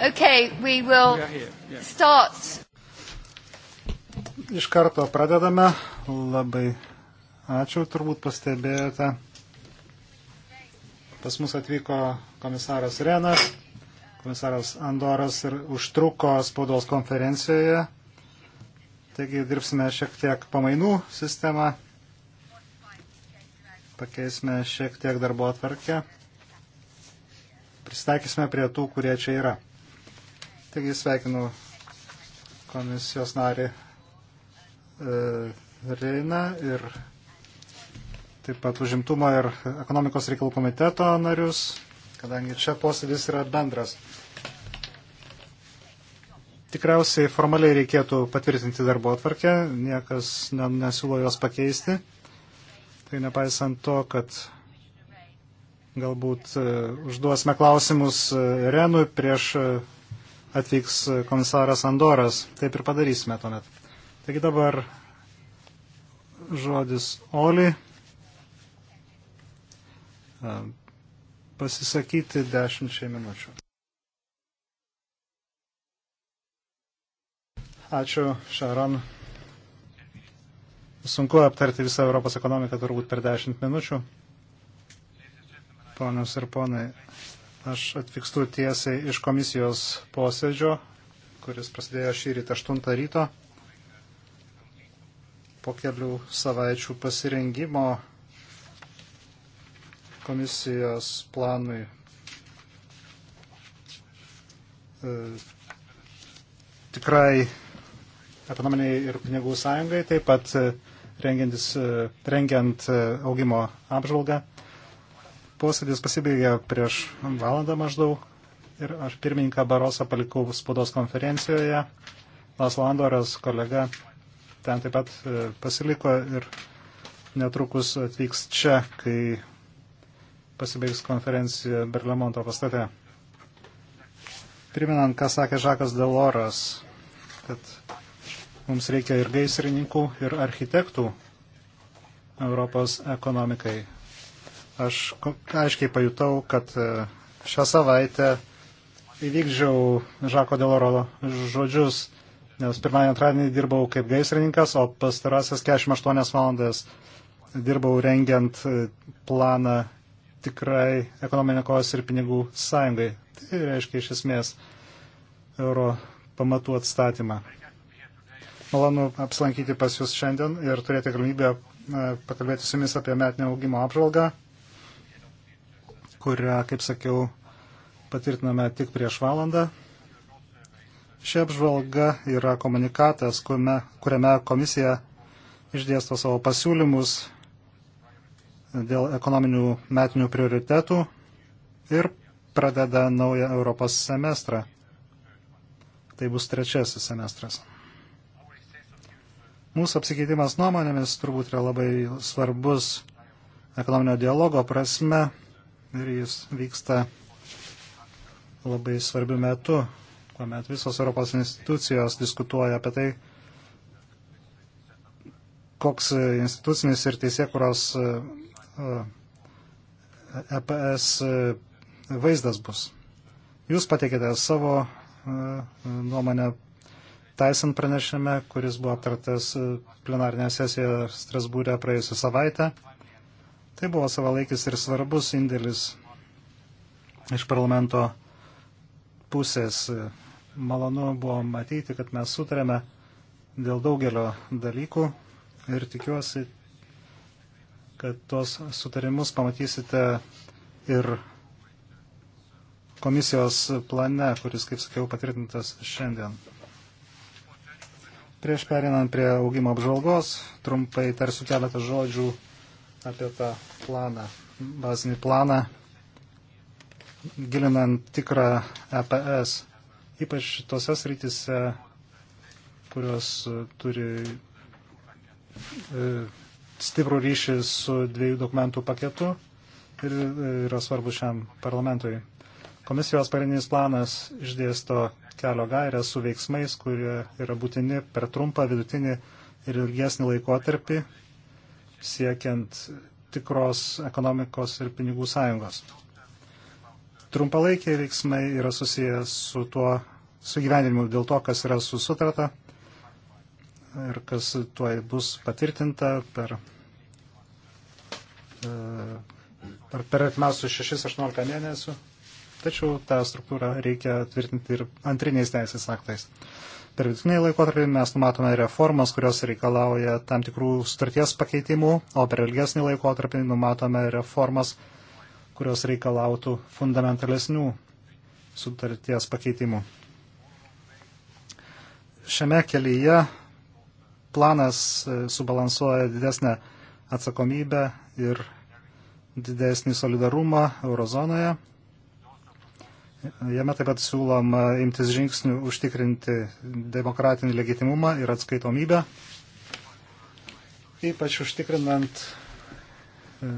Okay, we will start. Iš karto pradedame. Labai ačiū, turbūt pastebėjote. Pas mus atvyko komisaras Renas, komisaras Andoras ir užtruko spaudos konferencijoje. Taigi dirbsime šiek tiek pamainų sistemą. Pakeisime šiek tiek darbo atvarkę. Pristaikysime prie tų, kurie čia yra. Taigi sveikinu komisijos narį e, Reina ir taip pat užimtumo ir ekonomikos reikalų komiteto narius, kadangi čia posėdis yra bendras. Tikriausiai formaliai reikėtų patvirtinti darbo atvarkę, niekas nesiūlo jos pakeisti. Tai nepaisant to, kad galbūt e, užduosime klausimus e, Renui prieš atvyks komisaras Andoras. Taip ir padarysime tuomet. Taigi dabar žodis Oli. Pasisakyti dešimčiai minučių. Ačiū, Šaron. Sunku aptarti visą Europos ekonomiką turbūt per dešimt minučių. Ponios ir ponai, Aš atvykstu tiesiai iš komisijos posėdžio, kuris prasidėjo šį rytą 8 ryto. Po kelių savaičių pasirengimo komisijos planui e, tikrai ekonominiai ir pinigų sąjungai, taip pat e, e, rengiant e, augimo apžvalgą posėdis pasibaigė prieš valandą maždaug ir aš pirmininką Barosą palikau spaudos konferencijoje. Las Landoras kolega ten taip pat e, pasiliko ir netrukus atvyks čia, kai pasibaigs konferencija Berlemonto pastate. Priminant, ką sakė Žakas Deloras, kad mums reikia ir gaisrininkų, ir architektų Europos ekonomikai. Aš aiškiai pajutau, kad e, šią savaitę įvykdžiau Žako Deloro žodžius, nes pirmąjį antradienį dirbau kaip gaisrininkas, o pastarasias 48 valandas dirbau rengiant e, planą tikrai ekonomikos ir pinigų sąjungai. Tai reiškia iš esmės euro pamatų atstatymą. Malonu apsilankyti pas Jūs šiandien ir turėti galimybę e, pakalbėti su Jumis apie metinę augimo apžvalgą kurią, kaip sakiau, patvirtiname tik prieš valandą. Ši apžvalga yra komunikatas, kuriame, kuriame komisija išdėsto savo pasiūlymus dėl ekonominių metinių prioritetų ir pradeda naują Europos semestrą. Tai bus trečiasis semestras. Mūsų apsikeitimas nuomonėmis turbūt yra labai svarbus ekonominio dialogo prasme ir jis vyksta labai svarbiu metu, kuomet visos Europos institucijos diskutuoja apie tai, koks institucinis ir teisėkuros EPS e vaizdas bus. Jūs pateikėte savo e, nuomonę Tyson pranešime, kuris buvo aptartas e, plenarinė sesija Strasbūrė praėjusią savaitę. Tai buvo savalaikis ir svarbus indėlis iš parlamento pusės. Malonu buvo matyti, kad mes sutarėme dėl daugelio dalykų ir tikiuosi, kad tos sutarimus pamatysite ir komisijos plane, kuris, kaip sakiau, patvirtintas šiandien. Prieš perinant prie augimo apžvalgos, trumpai tarsiu keletą žodžių apie tą planą, bazinį planą, gilinant tikrą EPS, ypač tose srityse, kurios e, turi e, stiprų ryšį su dviejų dokumentų paketu ir e, yra svarbu šiam parlamentui. Komisijos parinis planas išdėsto kelio gairę su veiksmais, kurie yra būtini per trumpą, vidutinį ir ilgesnį laikotarpį siekiant tikros ekonomikos ir pinigų sąjungos. Trumpalaikiai veiksmai yra susiję su tuo sugyvenimu dėl to, kas yra susutarta ir kas tuo bus patvirtinta per, e, per, per atmesius 6-18 mėnesių. Tačiau tą struktūrą reikia tvirtinti ir antriniais teisės aktais per vidutinį laikotarpį mes numatome reformas, kurios reikalauja tam tikrų sutarties pakeitimų, o per ilgesnį laikotarpį numatome reformas, kurios reikalautų fundamentalesnių sutarties pakeitimų. Šiame kelyje planas e, subalansuoja didesnę atsakomybę ir didesnį solidarumą eurozonoje Jame taip pat siūlom e, imtis žingsnių užtikrinti demokratinį legitimumą ir atskaitomybę, ypač užtikrinant e,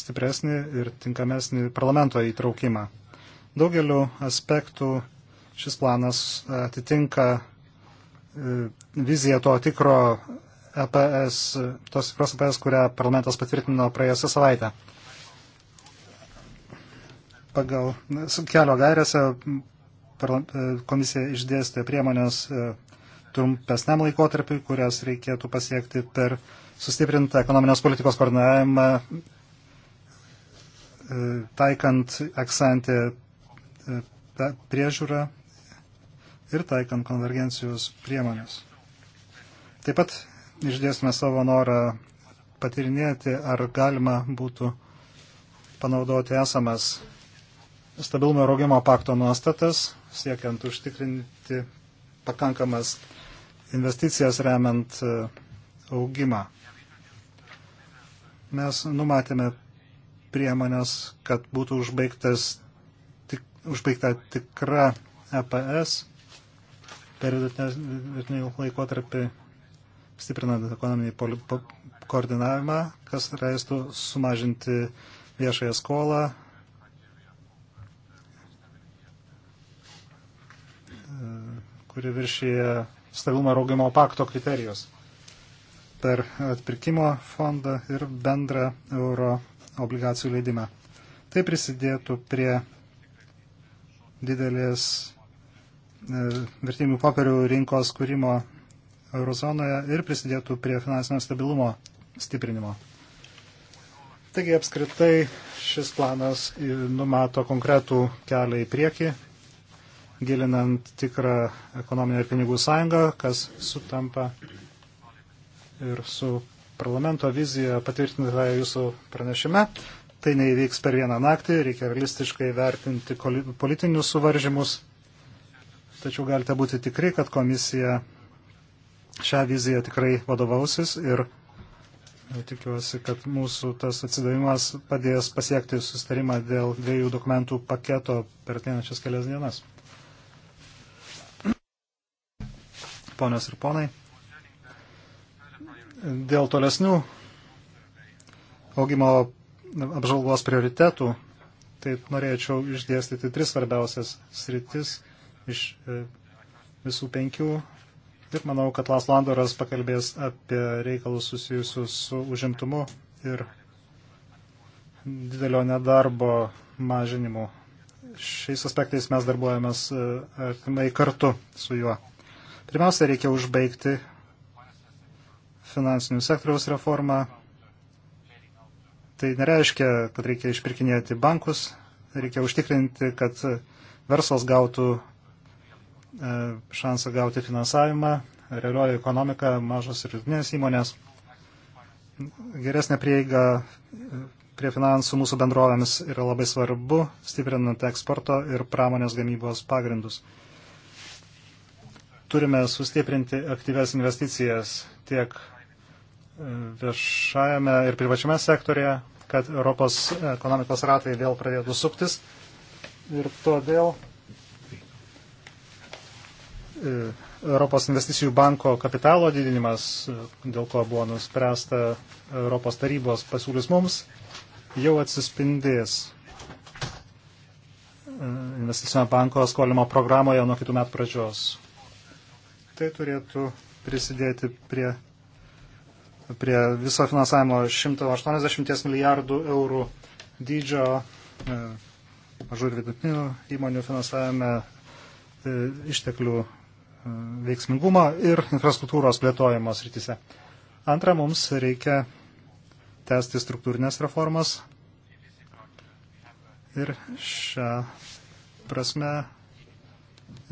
stipresnį ir tinkamesnį parlamento įtraukimą. Daugeliu aspektų šis planas atitinka e, viziją to tikro EPS, tos tikros EPS, kurią parlamentas patvirtino praėjusią savaitę pagal kelio gairėse komisija išdėstė priemonės e, trumpesniam laikotarpiu, kurias reikėtų pasiekti per sustiprintą ekonominės politikos koordinavimą, e, taikant eksantį e, priežiūrą ir taikant konvergencijos priemonės. Taip pat išdėstume savo norą patirinėti, ar galima būtų panaudoti esamas stabilumo ir augimo pakto nuostatas, siekiant užtikrinti pakankamas investicijas remiant e, augimą. Mes numatėme priemonės, kad būtų užbaigtas, tik, užbaigta tikra EPS per vidutinį laikotarpį stiprinant ekonominį koordinavimą, kas leistų sumažinti viešąją skolą, kuri viršyje stabilumo ir augimo pakto kriterijus per atpirkimo fondą ir bendrą euro obligacijų leidimą. Tai prisidėtų prie didelės e, vertimių popierių rinkos kūrimo eurozonoje ir prisidėtų prie finansinio stabilumo stiprinimo. Taigi apskritai šis planas numato konkretų kelią į priekį gilinant tikrą ekonominę ir pinigų sąjungą, kas sutampa ir su parlamento vizija patvirtinta jūsų pranešime. Tai neįvyks per vieną naktį, reikia realistiškai vertinti politinius suvaržymus, tačiau galite būti tikri, kad komisija šią viziją tikrai vadovausis ir tikiuosi, kad mūsų tas atsidavimas padės pasiekti sustarimą dėl dviejų dokumentų paketo per ateinančias kelias dienas. ponios ir ponai. Dėl tolesnių augimo apžalgos prioritetų, tai norėčiau išdėstyti tris svarbiausias sritis iš e, visų penkių. Ir manau, kad Las Landoras pakalbės apie reikalus susijusius su užimtumu ir didelio nedarbo mažinimu. Šiais aspektais mes darbuojamės e, artimai kartu su juo. Pirmiausia, reikia užbaigti finansinių sektoriaus reformą. Tai nereiškia, kad reikia išpirkinėti bankus, reikia užtikrinti, kad verslas gautų e, šansą gauti finansavimą, realioji ekonomika, mažos ir vidutinės įmonės, geresnė prieiga e, prie finansų mūsų bendrovėmis yra labai svarbu, stiprinant eksporto ir pramonės gamybos pagrindus turime sustiprinti aktyves investicijas tiek e, viešajame ir privačiame sektorėje, kad Europos ekonomikos ratai vėl pradėtų suktis. Ir todėl e, Europos investicijų banko kapitalo didinimas, e, dėl ko buvo nuspręsta Europos tarybos pasiūlys mums, jau atsispindės investicinio banko skolimo programoje nuo kitų metų pradžios tai turėtų prisidėti prie, prie viso finansavimo 180 milijardų eurų dydžio e, mažų ir vidutinių įmonių finansavime e, išteklių e, veiksmingumo ir infrastruktūros plėtojimo srityse. Antra, mums reikia tęsti struktūrinės reformas ir šią prasme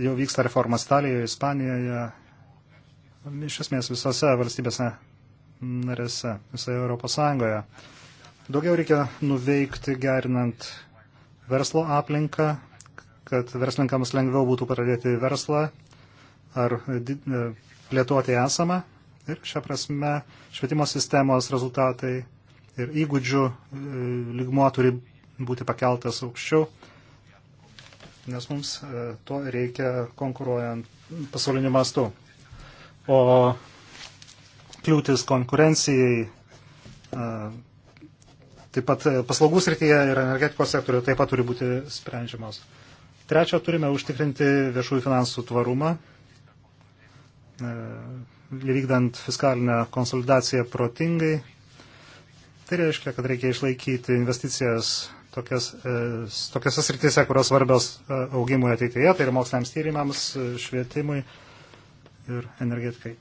jau vyksta reformas Italijoje, Ispanijoje, iš esmės visose valstybėse narėse, visoje Europos Sąjungoje. Daugiau reikia nuveikti gerinant verslo aplinką, kad verslininkams lengviau būtų pradėti verslą ar e, plėtoti esamą. Ir šią prasme švietimo sistemos rezultatai ir įgūdžių e, lygmuo turi būti pakeltas aukščiau, nes mums e, to reikia konkuruojant pasauliniu mastu o kliūtis konkurencijai e, taip pat e, paslaugų srityje ir energetikos sektoriuje taip pat turi būti sprendžiamos. Trečia, turime užtikrinti viešųjų finansų tvarumą, e, vykdant fiskalinę konsolidaciją protingai. Tai reiškia, kad reikia išlaikyti investicijas tokias, tokias srityse, kurios svarbios augimui ateityje, tai yra moksliniams tyrimams, švietimui, ir energetikai.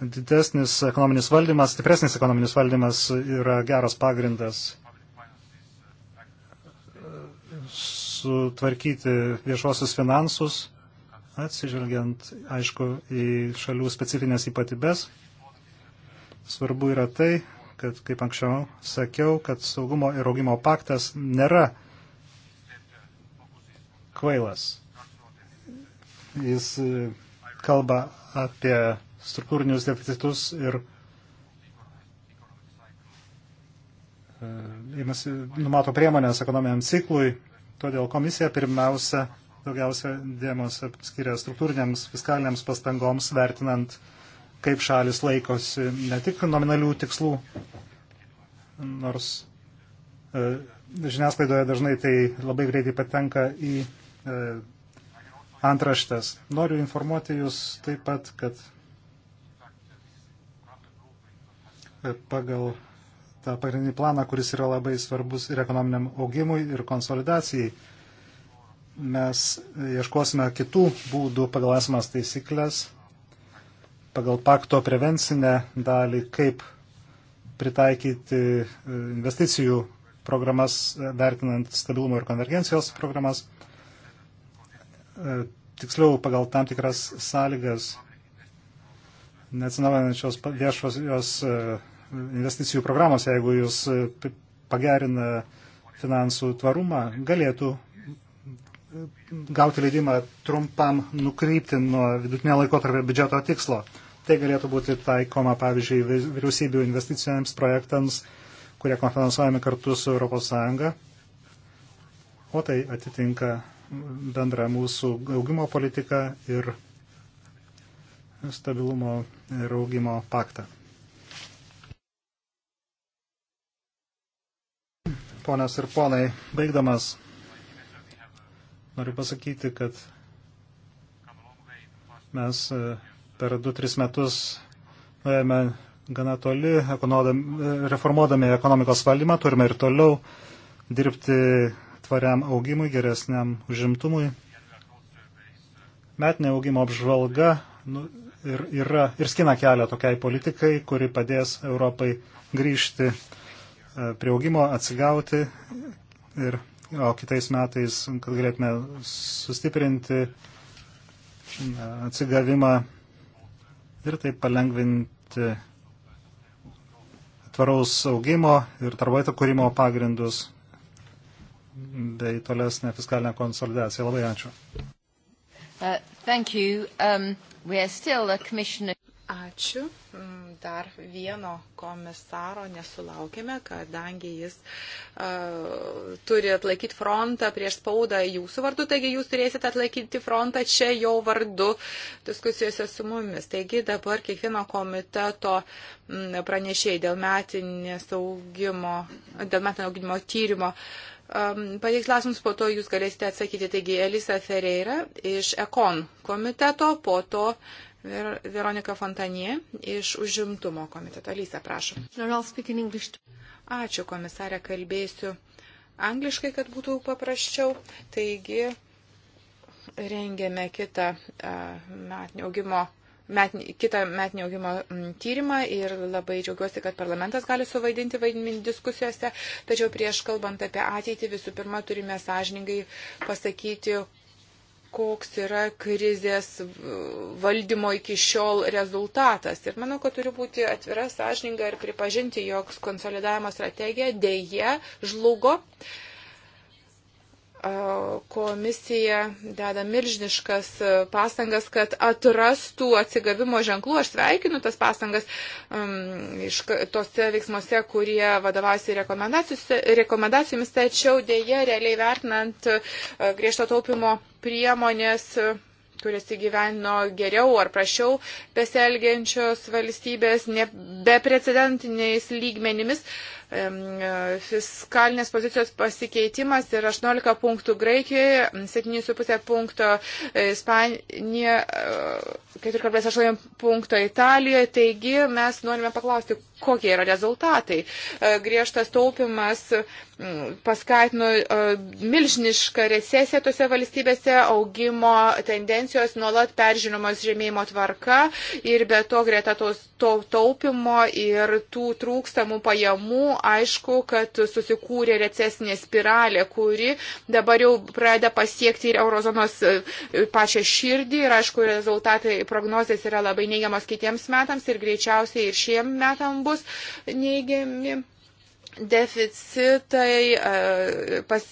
Didesnis ekonominis valdymas, stipresnis ekonominis valdymas yra geras pagrindas sutvarkyti viešuosius finansus, atsižvelgiant, aišku, į šalių specifinės ypatybės. Svarbu yra tai, kad, kaip anksčiau sakiau, kad saugumo ir augimo paktas nėra kvailas. Jis e, kalba apie struktūrinius deficitus ir įmasi, e, numato priemonės ekonominiam ciklui, todėl komisija pirmiausia daugiausia dėmesio skiria struktūriniams fiskaliniams pastangoms, vertinant, kaip šalis laikosi ne tik nominalių tikslų, nors e, žiniasklaidoje dažnai tai labai greitai patenka į antraštės. Noriu informuoti Jūs taip pat, kad pagal tą pagrindinį planą, kuris yra labai svarbus ir ekonominiam augimui, ir konsolidacijai. Mes ieškosime kitų būdų pagal esamas taisyklės, pagal pakto prevencinę dalį, kaip pritaikyti e, investicijų programas, vertinant stabilumo ir konvergencijos programas. E, tiksliau pagal tam tikras sąlygas neatsinaujančios viešos e, investicijų programos, jeigu jūs e, pagerina finansų tvarumą, galėtų gauti leidimą trumpam nukrypti nuo vidutinio laikotarpio biudžeto tikslo. Tai galėtų būti taikoma, pavyzdžiui, vyriausybių investicijams, projektams, kurie konfinansuojami kartu su ES. O tai atitinka bendrą mūsų augimo politiką ir stabilumo ir augimo paktą. Ponas ir ponai, baigdamas, noriu pasakyti, kad mes e, per 2-3 metus nuėjome gana toli, reformuodami ekonomikos valdymą, turime ir toliau dirbti tvariam augimui, geresniam užimtumui. Metinė augimo apžvalga nu, ir, yra, ir skina kelią tokiai politikai, kuri padės Europai grįžti e, prie augimo, atsigauti ir o kitais metais, kad galėtume sustiprinti e, atsigavimą ir taip palengvinti tvaraus augimo ir tarvaito kūrimo pagrindus bei tolesnę fiskalinę konsolidaciją. Labai ačiū. Uh, um, commissioner... Ačiū. Mm, dar vieno komisaro nesulaukėme, kadangi jis uh, turi atlaikyti frontą prieš spaudą jūsų vardu, taigi jūs turėsite atlaikyti frontą čia jo vardu diskusijose su mumis. Taigi dabar kiekvieno komiteto mm, pranešėjai dėl metinės augimo, dėl metinio augimo tyrimo. Uh, um, pateiks klausimus, po to jūs galėsite atsakyti. Taigi Elisa Ferreira iš Ekon komiteto, po to Ver Veronika Fontanie iš užimtumo komiteto. Elisa, prašom. Ačiū, komisarė, kalbėsiu angliškai, kad būtų paprasčiau. Taigi, rengėme kitą uh, metinio augimo metinį, kitą metinį augimo mm, tyrimą ir labai džiaugiuosi, kad parlamentas gali suvaidinti vaidmenį diskusijose, tačiau prieš kalbant apie ateitį visų pirma turime sąžiningai pasakyti, koks yra krizės valdymo iki šiol rezultatas. Ir manau, kad turi būti atvira, sąžininga ir pripažinti, jog konsolidavimo strategija dėje žlugo. Uh, komisija deda milžiniškas pastangas, kad atrastų atsigavimo ženklų. Aš sveikinu tas pastangas um, iš tose veiksmuose, kurie vadovaujasi rekomendacijomis, tačiau dėje realiai vertinant griežto taupimo priemonės kuris įgyveno geriau ar prašiau besielgiančios valstybės, ne, beprecedentiniais lygmenimis. Uh, fiskalinės pozicijos pasikeitimas ir 18 punktų Graikijoje, 7,5 punkto Ispanija, 4,8 punkto Italijoje. Taigi mes norime paklausti, kokie yra rezultatai. E, griežtas taupimas paskatino e, milžinišką recesiją tose valstybėse, augimo tendencijos nuolat peržinomos žemėjimo tvarka ir be to greta tos to taupimo ir tų trūkstamų pajamų aišku, kad susikūrė recesinė spiralė, kuri dabar jau pradeda pasiekti ir eurozonos e, pačią širdį ir aišku, rezultatai prognozijas yra labai neigiamas kitiems metams ir greičiausiai ir šiem metam bus neigiami deficitai e, pas,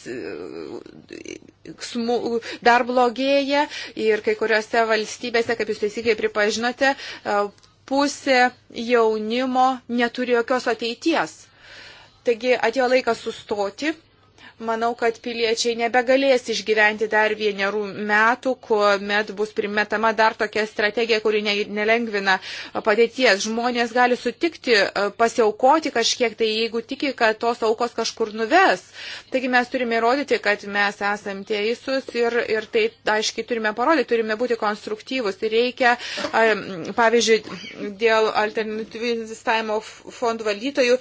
smu, dar blogėja ir kai kuriuose valstybėse, kaip jūs teisingai pripažinote, e, pusė jaunimo neturi jokios ateities. Taigi atėjo laikas sustoti manau, kad piliečiai nebegalės išgyventi dar vienerų metų, kuomet bus primetama dar tokia strategija, kuri ne, nelengvina padėties. Žmonės gali sutikti e, pasiaukoti kažkiek, tai jeigu tiki, kad tos aukos kažkur nuves. Taigi mes turime įrodyti, kad mes esam teisūs ir, ir tai aiškiai turime parodyti, turime būti konstruktyvus. Ir reikia, pavyzdžiui, dėl alternatyvių investavimo fondų valdytojų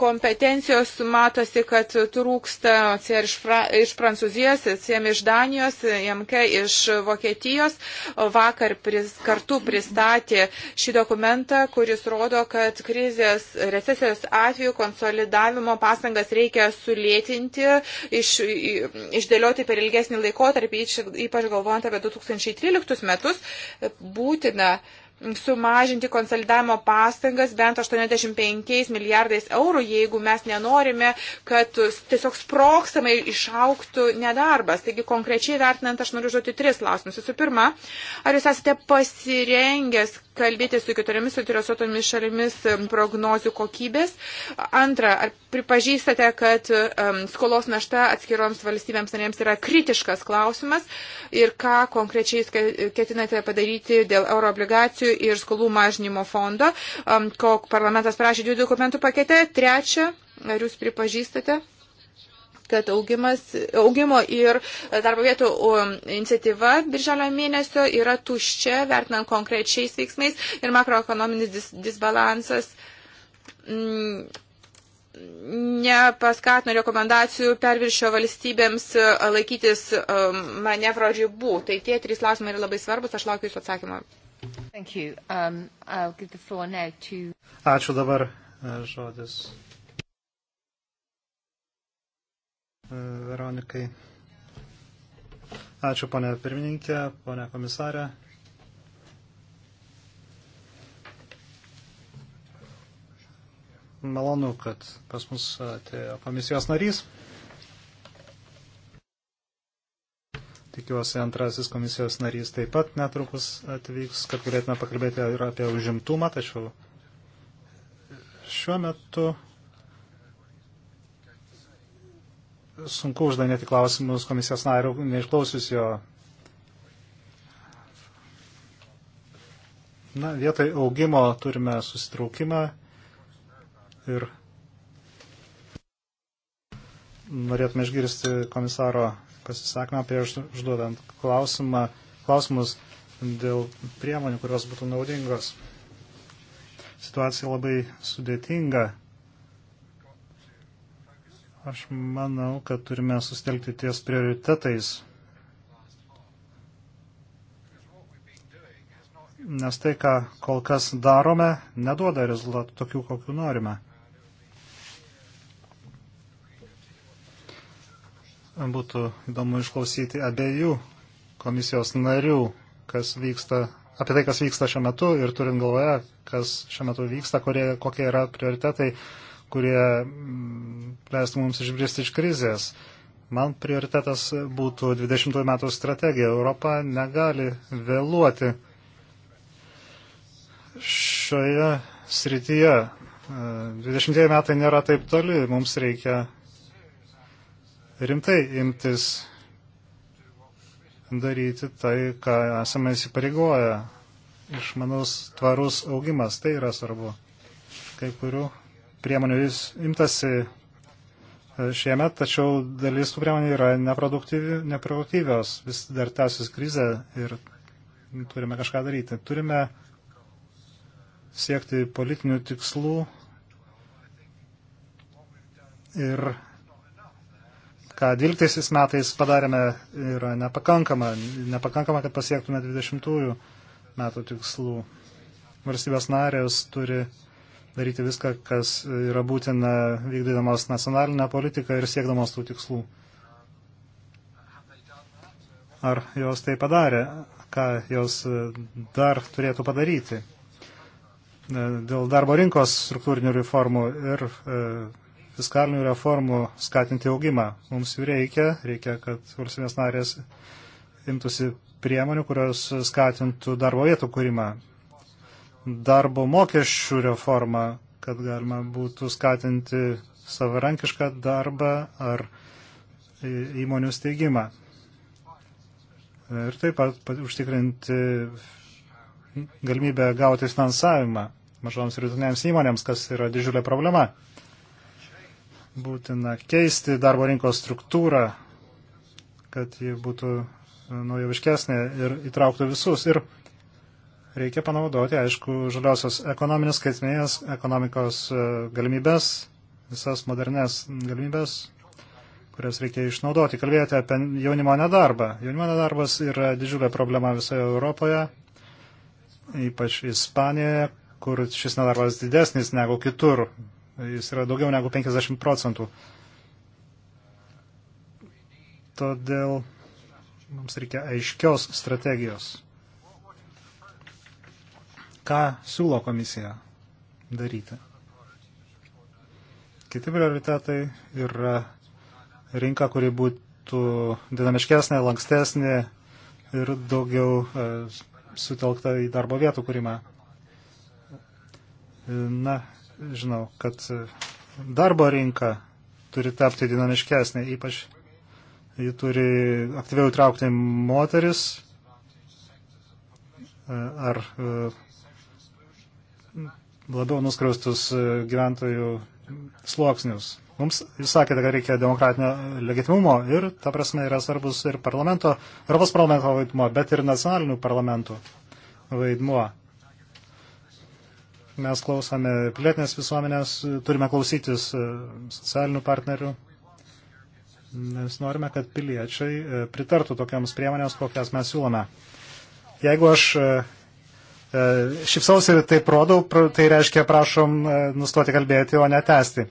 kompetencijos matosi, kad trūksta OCR iš, Fra, iš Prancūzijos, CM iš Danijos, MK iš Vokietijos vakar pris, kartu pristatė šį dokumentą, kuris rodo, kad krizės recesijos atveju konsolidavimo pastangas reikia sulėtinti, iš, išdėlioti per ilgesnį laikotarpį, ypač galvojant apie 2013 metus, būtina sumažinti konsolidavimo pastangas bent 85 milijardais eurų, jeigu mes nenorime, kad tiesiog sproksamai išauktų nedarbas. Taigi konkrečiai vertinant, aš noriu žodžiu tris klausimus. Visų pirma, ar jūs esate pasirengęs kalbėti su kitomis suinteresuotomis šalimis um, prognozių kokybės? Antra, ar pripažįstate, kad um, skolos našta atskiroms valstybėms narėms yra kritiškas klausimas ir ką konkrečiai ketinate padaryti dėl euroobligacijų? investicijų ir skolų mažinimo fondo, um, ko parlamentas prašė dviejų dokumentų pakete. Trečia, ar jūs pripažįstate? kad augimas, augimo ir darbo vietų um, iniciatyva birželio mėnesio yra tuščia, vertinant konkrečiais veiksmais ir makroekonominis dis, disbalansas. Mm, nepaskatino rekomendacijų perviršio valstybėms uh, laikytis um, manevro ribų. Tai tie trys klausimai yra labai svarbus, aš laukiu jūsų atsakymą. Um, to... Ačiū dabar e, žodis e, Veronikai. Ačiū, ponė pirmininkė, ponė komisarė. Malonu, kad pas mus atėjo komisijos narys. Tikiuosi, antrasis komisijos narys taip pat netrukus atvyks, kad galėtume pakalbėti ir apie užimtumą, tačiau šiuo metu sunku uždavinėti klausimus komisijos narių, neišklausius jo. Na, vietoj augimo turime susitraukimą ir norėtume išgirsti komisaro pasisakymą prieš užduodant klausimą, klausimus dėl priemonių, kurios būtų naudingos. Situacija labai sudėtinga. Aš manau, kad turime sustelkti ties prioritetais. Nes tai, ką kol kas darome, neduoda rezultatų tokių, kokių norime. būtų įdomu išklausyti abiejų komisijos narių, kas vyksta, apie tai, kas vyksta šiuo metu ir turint galvoje, kas šiuo metu vyksta, kurie, kokie yra prioritetai, kurie mm, leistų mums išbristi iš krizės. Man prioritetas būtų 20 metų strategija. Europa negali vėluoti šioje srityje. 20 metai nėra taip toli, mums reikia rimtai imtis daryti tai, ką esame įsipareigoję. Išmanus tvarus augimas, tai yra svarbu. Kai kurių priemonių jis imtasi e, šiemet, tačiau dalis tų priemonių yra neproduktyvios, vis dar tęsis krize ir turime kažką daryti. Turime siekti politinių tikslų ir ką 12 metais padarėme, yra nepakankama. Nepakankama, kad pasiektume 20 metų tikslų. Valstybės narės turi daryti viską, kas yra būtina vykdydamos nacionalinę politiką ir siekdamos tų tikslų. Ar jos tai padarė? Ką jos dar turėtų padaryti? Dėl darbo rinkos struktūrinių reformų ir e, fiskalinių reformų skatinti augimą. Mums jų reikia, reikia, kad valstybės narės imtųsi priemonių, kurios skatintų darbo vietų kūrimą. Darbo mokesčių reforma, kad galima būtų skatinti savarankišką darbą ar įmonių steigimą. Ir taip pat, pat užtikrinti galimybę gauti finansavimą mažoms ir vidutinėms įmonėms, kas yra didžiulė problema būtina keisti darbo rinkos struktūrą, kad ji būtų e, naujoviškesnė ir įtrauktų visus. Ir reikia panaudoti, aišku, žaliosios ekonominės skaitmės, ekonomikos e, galimybės, visas modernės galimybės, kurias reikia išnaudoti. Kalbėjote apie jaunimo nedarbą. Jaunimo nedarbas yra didžiulė problema visoje Europoje, ypač Ispanijoje, kur šis nedarbas didesnis negu kitur jis yra daugiau negu 50 procentų. Todėl mums reikia aiškios strategijos. Ką siūlo komisija daryti? Kiti prioritetai yra rinka, kuri būtų dinamiškesnė, lankstesnė ir daugiau e, sutelkta į darbo vietų kūrimą. Na, žinau, kad e, darbo rinka turi tapti dinamiškesnė, ypač ji turi aktyviau traukti moteris e, ar e, labiau nuskriaustus gyventojų sluoksnius. Mums jūs sakėte, kad reikia demokratinio legitimumo ir ta prasme yra svarbus ir parlamento, Europos parlamento vaidmuo, bet ir nacionalinių parlamentų vaidmuo mes klausome pilietinės visuomenės, turime klausytis e, socialinių partnerių, nes norime, kad piliečiai e, pritartų tokiams priemonėms, kokias mes siūlome. Jeigu aš e, šipsaus ir taip rodau, tai reiškia prašom nustoti kalbėti, o ne tęsti.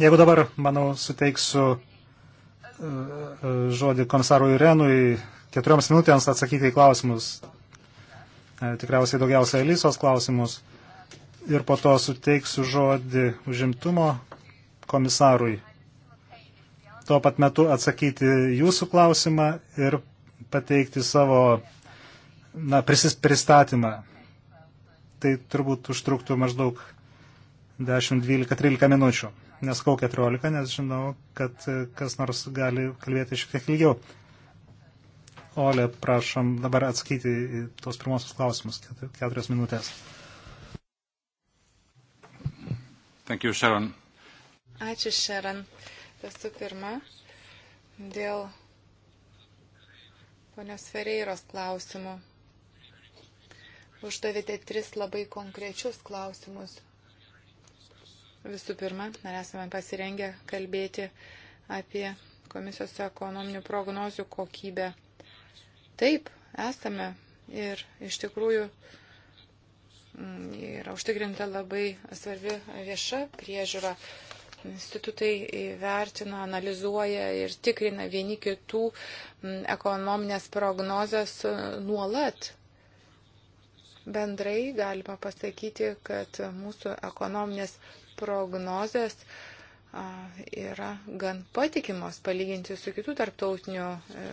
Jeigu dabar, manau, suteiksiu žodį komisarui Renui keturioms minutėms atsakyti į klausimus, E, tikriausiai daugiausia Elisos klausimus ir po to suteiksiu žodį užimtumo komisarui. Tuo pat metu atsakyti jūsų klausimą ir pateikti savo na, prisis, pristatymą. Tai turbūt užtruktų maždaug 10, 12, 13 minučių. Neskau 14, nes žinau, kad e, kas nors gali kalbėti šiek tiek ilgiau. Olė, prašom dabar atsakyti į tos pirmosius klausimus, keturias minutės. Thank you, Sharon. Ačiū, Sharon. Visų pirma, dėl ponios Ferreiros klausimų. Uždavėte tris labai konkrečius klausimus. Visų pirma, mes esame pasirengę kalbėti apie komisijos ekonominių prognozių kokybę Taip, esame ir iš tikrųjų mm, yra užtikrinta labai svarbi vieša priežiūra. Institutai vertina, analizuoja ir tikrina vieni kitų mm, ekonominės prognozes mm, nuolat. Bendrai galima pasakyti, kad mūsų ekonominės prognozes yra gan patikimos palyginti su kitų tarptautinių e,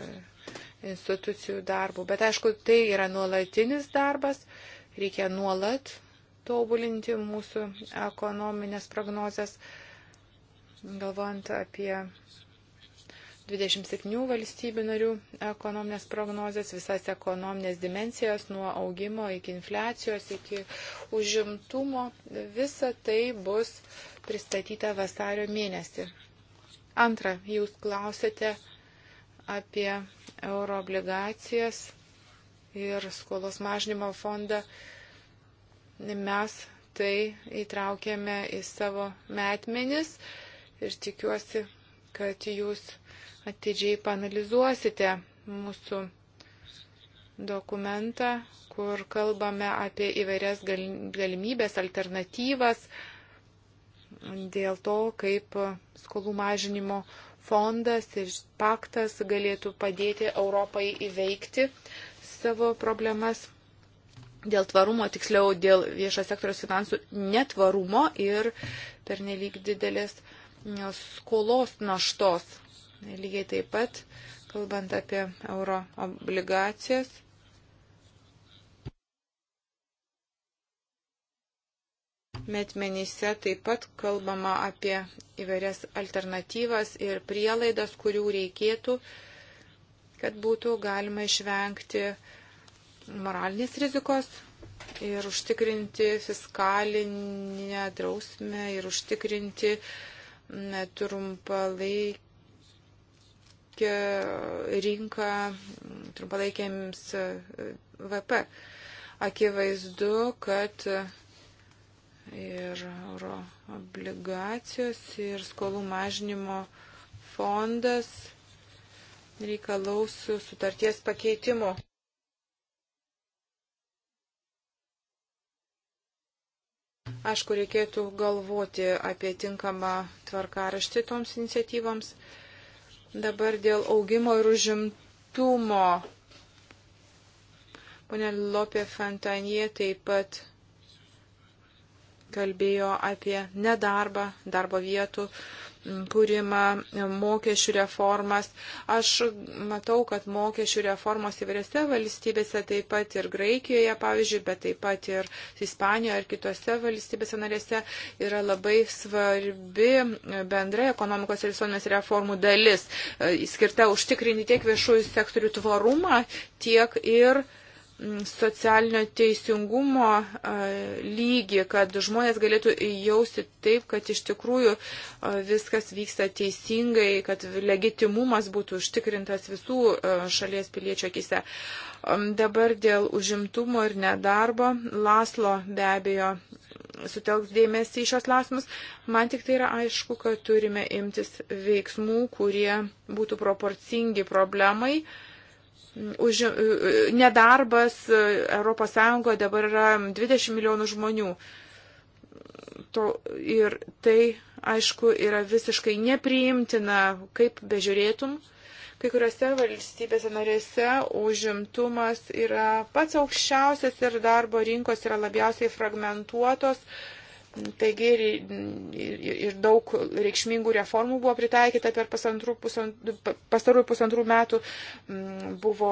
institucijų darbų. Bet aišku, tai yra nuolatinis darbas, reikia nuolat tobulinti mūsų ekonominės prognozes, galvojant apie 27 valstybių narių ekonominės prognozes, visas ekonominės dimensijas nuo augimo iki infliacijos, iki užimtumo. Visa tai bus pristatyta vasario mėnesį. Antra, jūs klausėte apie euro obligacijas ir skolos mažnymo fondą, mes tai įtraukėme į savo metmenis ir tikiuosi, kad jūs atidžiai panalizuosite mūsų dokumentą, kur kalbame apie įvairias galimybės, alternatyvas dėl to, kaip skolų mažinimo fondas ir paktas galėtų padėti Europai įveikti savo problemas dėl tvarumo, tiksliau dėl viešo sektoriaus finansų netvarumo ir pernelyg didelės mm, skolos naštos. Lygiai taip pat, kalbant apie euro obligacijas, metmenyse taip pat kalbama apie įvairias alternatyvas ir prielaidas, kurių reikėtų, kad būtų galima išvengti moralinės rizikos ir užtikrinti fiskalinę drausmę ir užtikrinti trumpalaikę rinką trumpalaikėms e, VP. Akivaizdu, kad ir euro obligacijos ir skolų mažinimo fondas reikalaus sutarties pakeitimo. Aišku, reikėtų galvoti apie tinkamą tvarkaraštį toms iniciatyvams. Dabar dėl augimo ir užimtumo. Pone Lopė Fantanie taip pat kalbėjo apie nedarbą, darbo vietų kūrimą, mokesčių reformas. Aš matau, kad mokesčių reformos įvairiose valstybėse, taip pat ir Graikijoje, pavyzdžiui, bet taip pat ir Ispanijoje ir kitose valstybėse narėse yra labai svarbi bendra ekonomikos ir visuomenės reformų dalis, e, skirta užtikrinti tiek viešųjų sektorių tvarumą, tiek ir uh, socialinio teisingumo lygį, kad žmonės galėtų jausti taip, kad iš tikrųjų viskas vyksta teisingai, kad legitimumas būtų užtikrintas visų šalies piliečio akise. Dabar dėl užimtumo ir nedarbo. Laslo be abejo sutelks dėmesį į šios klausimus. Man tik tai yra aišku, kad turime imtis veiksmų, kurie būtų proporcingi problemai. Uh, už, e, e, nedarbas ES dabar yra 20 milijonų žmonių. To, ir tai, aišku, yra visiškai nepriimtina, kaip bežiūrėtum. Kai kuriuose valstybėse narėse užimtumas yra pats aukščiausias ir darbo rinkos yra labiausiai fragmentuotos. Uh, Taigi ir, ir, ir daug reikšmingų reformų buvo pritaikyta per pasantrų, pusantrų, pastarųjų pusantrų metų. Mm, buvo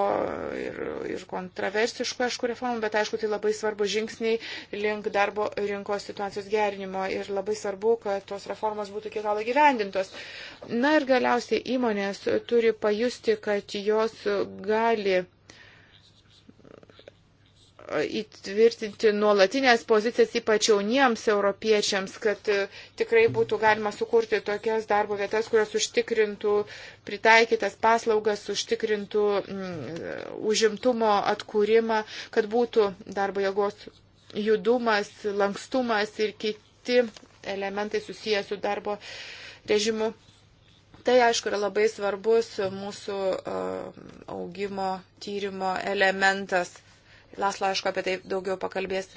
ir, ir kontroversiškų, aišku, reformų, bet aišku, tai labai svarbu žingsniai link darbo rinkos situacijos gerinimo ir labai svarbu, kad tos reformos būtų iki galo gyvendintos. Na ir galiausiai įmonės turi pajusti, kad jos gali įtvirtinti nuolatinės pozicijas ypač jauniems europiečiams, kad e, tikrai būtų galima sukurti tokias darbo vietas, kurios užtikrintų pritaikytas paslaugas, užtikrintų mm, užimtumo atkūrimą, kad būtų darbo jėgos judumas, lankstumas ir kiti elementai susijęs su darbo režimu. Tai, aišku, yra labai svarbus mūsų e, augimo tyrimo elementas. Laslo, aišku, apie tai daugiau pakalbės.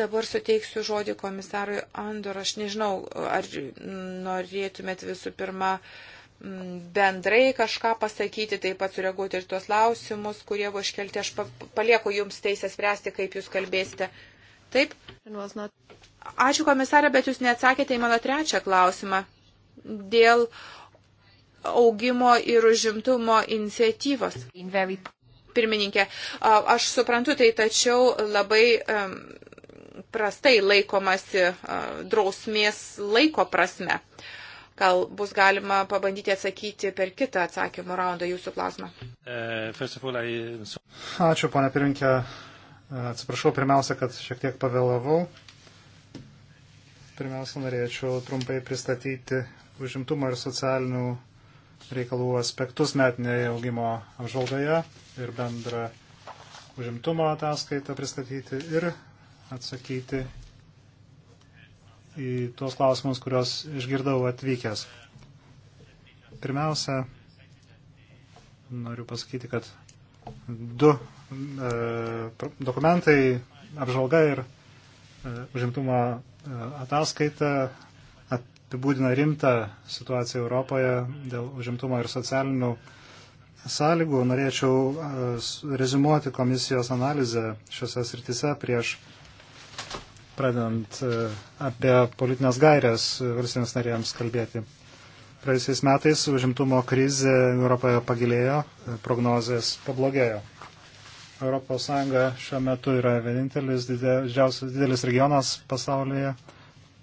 Dabar suteiksiu žodį komisarui Andor. Aš nežinau, ar norėtumėt visų pirma mm, bendrai kažką pasakyti, taip pat sureaguoti ir tuos klausimus, kurie buvo iškelti. Aš palieku jums teisę spręsti, kaip jūs kalbėsite. Taip? Ačiū komisarė, bet jūs neatsakėte į mano trečią klausimą dėl augimo ir užimtumo iniciatyvos pirmininkė. Aš suprantu tai, tačiau labai prastai laikomasi drausmės laiko prasme. Gal bus galima pabandyti atsakyti per kitą atsakymų raundą jūsų klausimą. Eh, Ačiū, ponia pirmininkė. Eh, atsiprašau pirmiausia, kad šiek tiek pavėlavau. Pirmiausia, norėčiau trumpai pristatyti užimtumo ir socialinių reikalų aspektus metinėje augimo apžvalgoje ir bendrą užimtumo ataskaitą pristatyti ir atsakyti į tuos klausimus, kuriuos išgirdau atvykęs. Pirmiausia, noriu pasakyti, kad du e, dokumentai, apžvalga ir e, užimtumo e, ataskaita apibūdina rimtą situaciją Europoje dėl užimtumo ir socialinių sąlygų. Norėčiau rezumuoti komisijos analizę šiuose srityse prieš pradedant apie politinės gairias valstybės narėms kalbėti. Praėjusiais metais užimtumo krizė Europoje pagilėjo, prognozijas pablogėjo. ES šiuo metu yra vienintelis didžiausias didelis regionas pasaulyje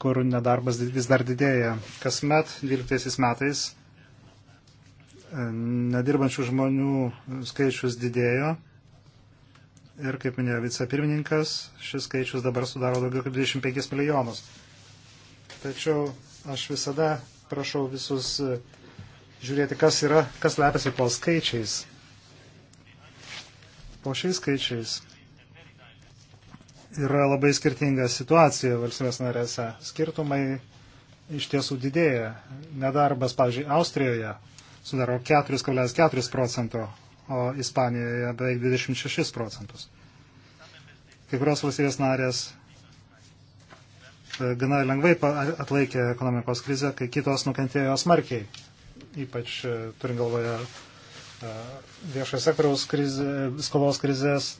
kur nedarbas vis dar didėja. Kasmet 12 metais e, nedirbančių žmonių skaičius didėjo ir, kaip minėjo vicepirmininkas, šis skaičius dabar sudaro daugiau kaip 25 milijonus. Tačiau aš visada prašau visus e, žiūrėti, kas yra, kas lepiasi po skaičiais. Po šiais skaičiais yra labai skirtinga situacija valstybės narėse. Skirtumai iš tiesų didėja. Nedarbas, pavyzdžiui, Austrijoje sudaro 4,4 procento, o Ispanijoje beveik 26 procentus. Kai kurios valstybės narės e, gana lengvai atlaikė ekonomikos krizę, kai kitos nukentėjo smarkiai, ypač e, turint galvoje e, viešojo sektoriaus krizė, skolos krizės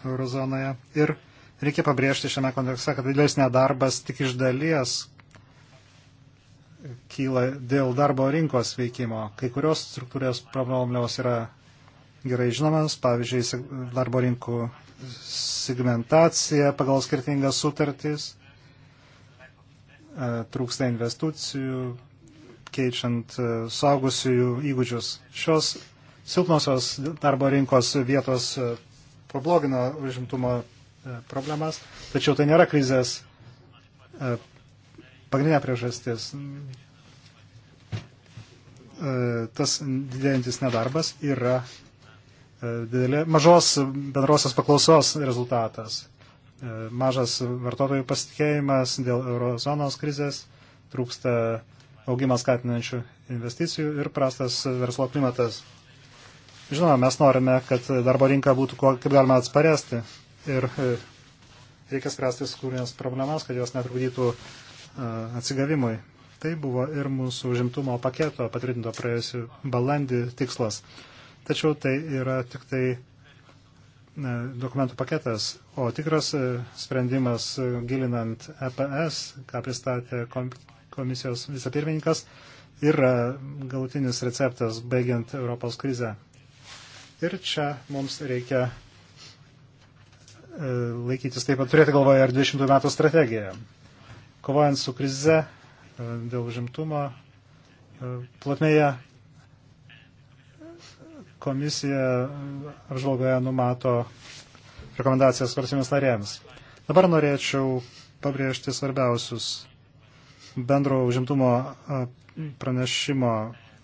eurozonoje. Ir Reikia pabrėžti šiame kontekste, kad didelis nedarbas tik iš dalies kyla dėl darbo rinkos veikimo. Kai kurios struktūrės problemos yra gerai žinomas, pavyzdžiui, darbo rinkų segmentacija pagal skirtingas sutartys, e, trūksta investicijų, keičiant e, saugusiųjų įgūdžius. Šios silpnosios darbo rinkos vietos e, pablogino užimtumo E, problemas, tačiau tai nėra krizės e, pagrindinė priežastis. E, tas didėjantis nedarbas yra didelė, mažos bendrosios paklausos rezultatas. Mažas vartotojų pasitikėjimas dėl eurozonos krizės, trūksta augimą skatinančių investicijų ir prastas verslo klimatas. Žinoma, mes norime, kad darbo rinka būtų kaip galima atsparesti, ir e, reikia spręsti skūrinės problemas, kad jos netrukdytų e, atsigavimui. Tai buvo ir mūsų užimtumo paketo patvirtinto praėjusiu balandį tikslas. Tačiau tai yra tik tai e, dokumentų paketas, o tikras sprendimas gilinant EPS, ką pristatė komisijos vicepirmininkas, yra galutinis receptas baigiant Europos krizę. Ir čia mums reikia E, laikytis taip pat turėti galvoje ir 20 metų strategiją. Kovojant su krize e, dėl užimtumo e, plotmėje komisija apžvalgoje numato rekomendacijas svarsimis narėms. Dabar norėčiau pabrėžti svarbiausius bendro užimtumo pranešimo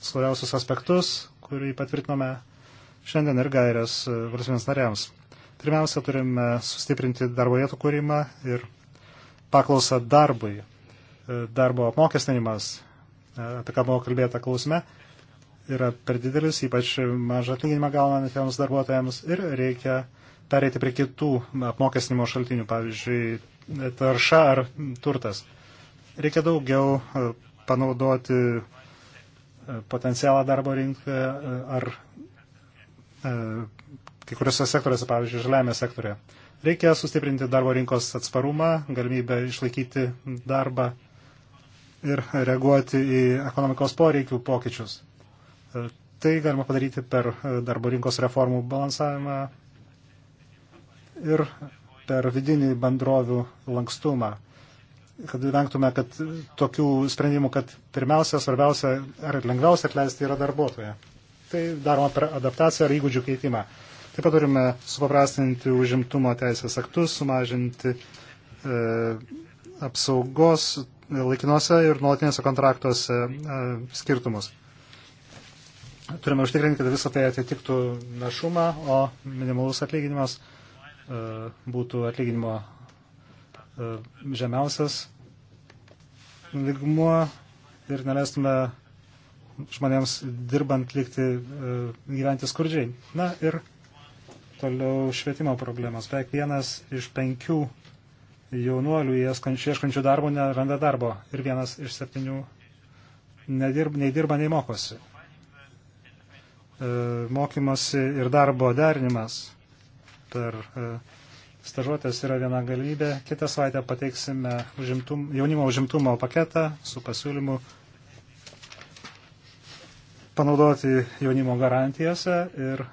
svarbiausius aspektus, kurį patvirtinome šiandien ir gairias valstybės narėms. Pirmiausia, turime sustiprinti darbo vietų kūrimą ir paklausą darbui. E, darbo apmokestinimas, e, apie ką buvo kalbėta klausime, yra per didelis, ypač mažą atlyginimą gaunantiems darbuotojams ir reikia pereiti prie kitų apmokestinimo šaltinių, pavyzdžiui, tarša ar turtas. Reikia daugiau e, panaudoti potencialą darbo rinkoje ar kai kuriuose sektoriuose, pavyzdžiui, žaliame sektorėje. Reikia sustiprinti darbo rinkos atsparumą, galimybę išlaikyti darbą ir reaguoti į ekonomikos poreikių pokyčius. E, tai galima padaryti per e, darbo rinkos reformų balansavimą ir per vidinį bendrovių lankstumą kad vengtume kad tokių sprendimų, kad pirmiausia, svarbiausia ar lengviausia atleisti yra darbuotoje. Tai daroma per adaptaciją ar įgūdžių keitimą. Taip pat turime supaprastinti užimtumo teisės aktus, sumažinti e, apsaugos laikinuose ir nuolatinėse kontraktuose e, skirtumus. Turime užtikrinti, kad visą tai atitiktų našumą, o minimalus atlyginimas e, būtų atlyginimo e, žemiausias lygmuo ir neleistume žmonėms dirbant likti, e, gyventi skurdžiai. Na ir Toliau švietimo problemas. Beveik vienas iš penkių jaunuolių ieškančių darbo neranda darbo ir vienas iš septynių nedirb, nei dirba, nei mokosi. E, mokymosi ir darbo derinimas per e, stažuotės yra viena galimybė. Kitą savaitę pateiksime užimtum, jaunimo užimtumo paketą su pasiūlymu panaudoti jaunimo garantijose ir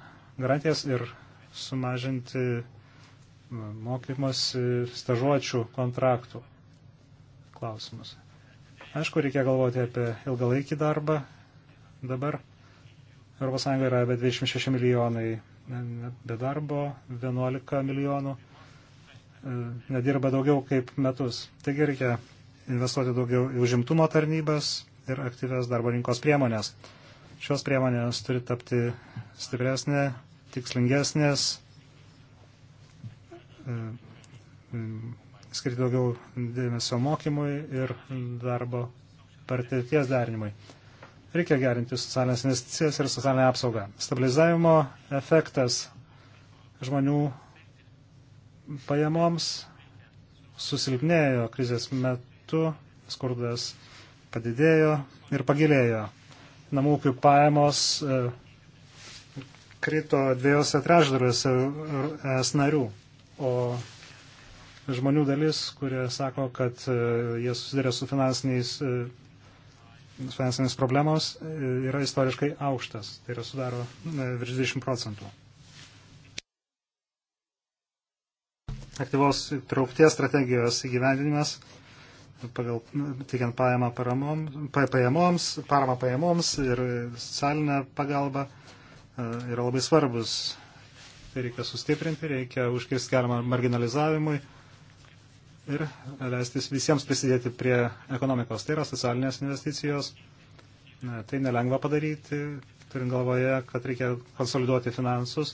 garantijas ir sumažinti mokymas stažuočių kontraktų klausimus. Aišku, reikia galvoti apie ilgalaikį darbą. Dabar ES yra apie 26 milijonai be darbo, 11 milijonų e, nedirba daugiau kaip metus. Taigi reikia investuoti daugiau į užimtumo tarnybas ir aktyves darbo rinkos priemonės. Šios priemonės turi tapti stipresnė tikslingesnės, e, skirti daugiau dėmesio mokymui ir darbo partirties darinimui. Reikia gerinti socialinės investicijas ir socialinę apsaugą. Stabilizavimo efektas žmonių pajamoms susilpnėjo krizės metu, skurdas padidėjo ir pagilėjo. Namų ūkių pajamos e, krito dviejose trešdaliuose es narių, o žmonių dalis, kurie sako, kad e, jie susidarė su finansiniais, e, finansiniais problemos, e, yra istoriškai aukštas, tai yra sudaro virš 20 procentų. Aktyvos traukties strategijos įgyvendinimas pagal teikiant pajamą paramoms, pajamoms, paramą pajamoms ir socialinę pagalbą E, yra labai svarbus. Tai reikia sustiprinti, reikia užkirsti kelią marginalizavimui ir leistis visiems prisidėti prie ekonomikos. Tai yra socialinės investicijos. Na, tai nelengva padaryti, turint galvoje, kad reikia konsoliduoti finansus.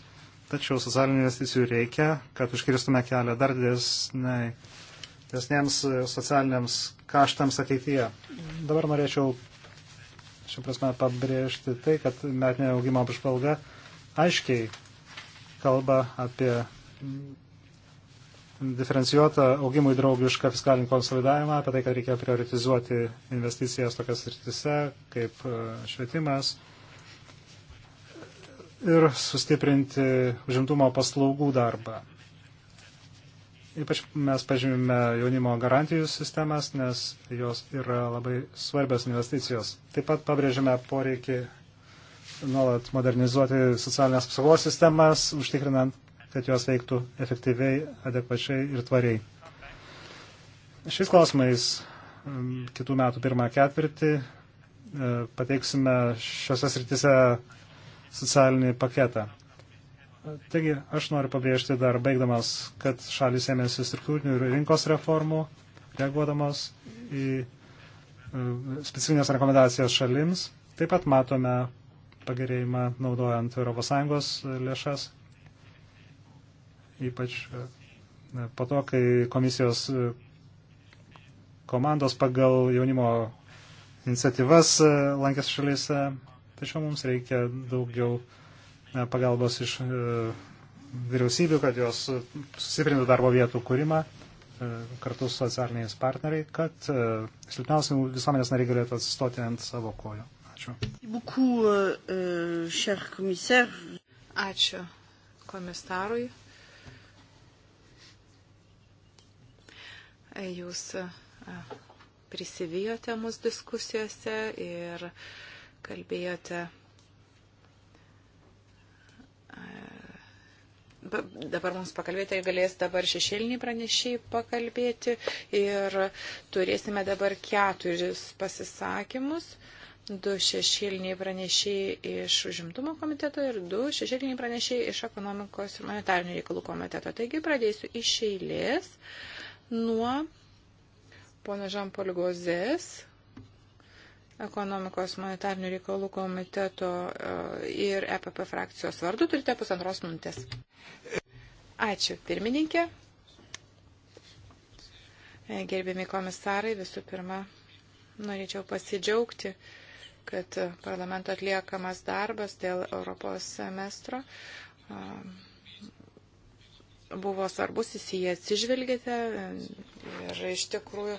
Tačiau socialinių investicijų reikia, kad užkirstume kelią dar didesniems socialiniams kaštams ateityje. Dabar norėčiau šią prasme pabrėžti tai, kad metinė augimo apžvalga aiškiai kalba apie diferencijuotą augimui draugišką fiskalinį konsolidavimą, apie tai, kad reikia prioritizuoti investicijas tokias rytise kaip e, švietimas ir sustiprinti užimtumo paslaugų darbą. Ypač mes pažymime jaunimo garantijų sistemas, nes jos yra labai svarbios investicijos. Taip pat pabrėžime poreikį nuolat modernizuoti socialinės apsaugos sistemas, užtikrinant, kad jos veiktų efektyviai, adekvačiai ir tvariai. Šiais klausimais kitų metų pirmą ketvirtį e, pateiksime šiose srityse socialinį paketą. Taigi, aš noriu pabrėžti dar baigdamas, kad šalis ėmėsi struktūrinių ir rinkos reformų, reaguodamas į e, specifinės rekomendacijas šalims. Taip pat matome pagerėjimą naudojant ES lėšas, ypač e, po to, kai komisijos e, komandos pagal jaunimo iniciatyvas lankės šalyse. Tačiau mums reikia daugiau pagalbos iš e, vyriausybių, kad jos sustiprintų darbo vietų kūrimą e, kartu su socialiniais partneriai, kad e, silpniausi visuomenės nariai galėtų atsistoti ant savo kojo. Ačiū. Euh, euh, Ačiū komisarui. Jūs prisivijote mūsų diskusijose ir kalbėjote dabar mums pakalbėti, galės dabar šešėliniai pranešiai pakalbėti ir turėsime dabar keturis pasisakymus. Du šešėliniai pranešiai iš užimtumo komiteto ir du šešėliniai pranešiai iš ekonomikos ir humanitarinių reikalų komiteto. Taigi pradėsiu iš eilės nuo pono Žampoligozės, ekonomikos monetarnių reikalų komiteto e, ir EPP frakcijos vardu turite pusantros minutės. Ačiū, pirmininkė. E, gerbiami komisarai, visų pirma, norėčiau pasidžiaugti, kad parlamento atliekamas darbas dėl Europos semestro e, buvo svarbus, jis jį atsižvelgėte ir iš tikrųjų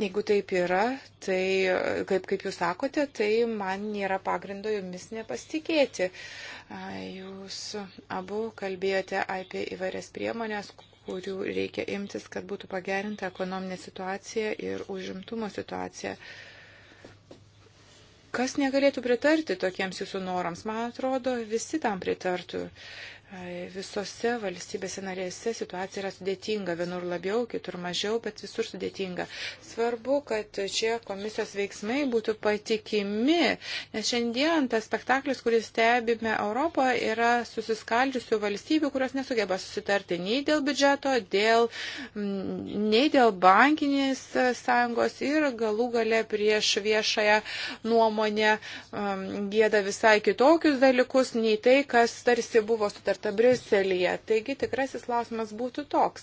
Jeigu taip yra, tai kaip, kaip jūs sakote, tai man nėra pagrindo jumis nepasitikėti. Jūs abu kalbėjote apie įvairias priemonės, kurių reikia imtis, kad būtų pagerinta ekonominė situacija ir užimtumo situacija. Kas negalėtų pritarti tokiems jūsų norams? Man atrodo, visi tam pritartų. Visose valstybėse narėse situacija yra sudėtinga, vienur labiau, kitur mažiau, bet visur sudėtinga. Svarbu, kad čia komisijos veiksmai būtų patikimi, nes šiandien tas spektaklis, kuris stebime Europoje, yra susiskaldžiusių valstybių, kurios nesugeba susitarti nei dėl biudžeto, dėl, mm, nei dėl bankinės sąjungos ir galų gale prieš viešąją nuomonę mm, gėda visai kitokius dalykus, nei tai, kas tarsi buvo sutarta kartą Briuselėje. Taigi tikrasis klausimas būtų toks.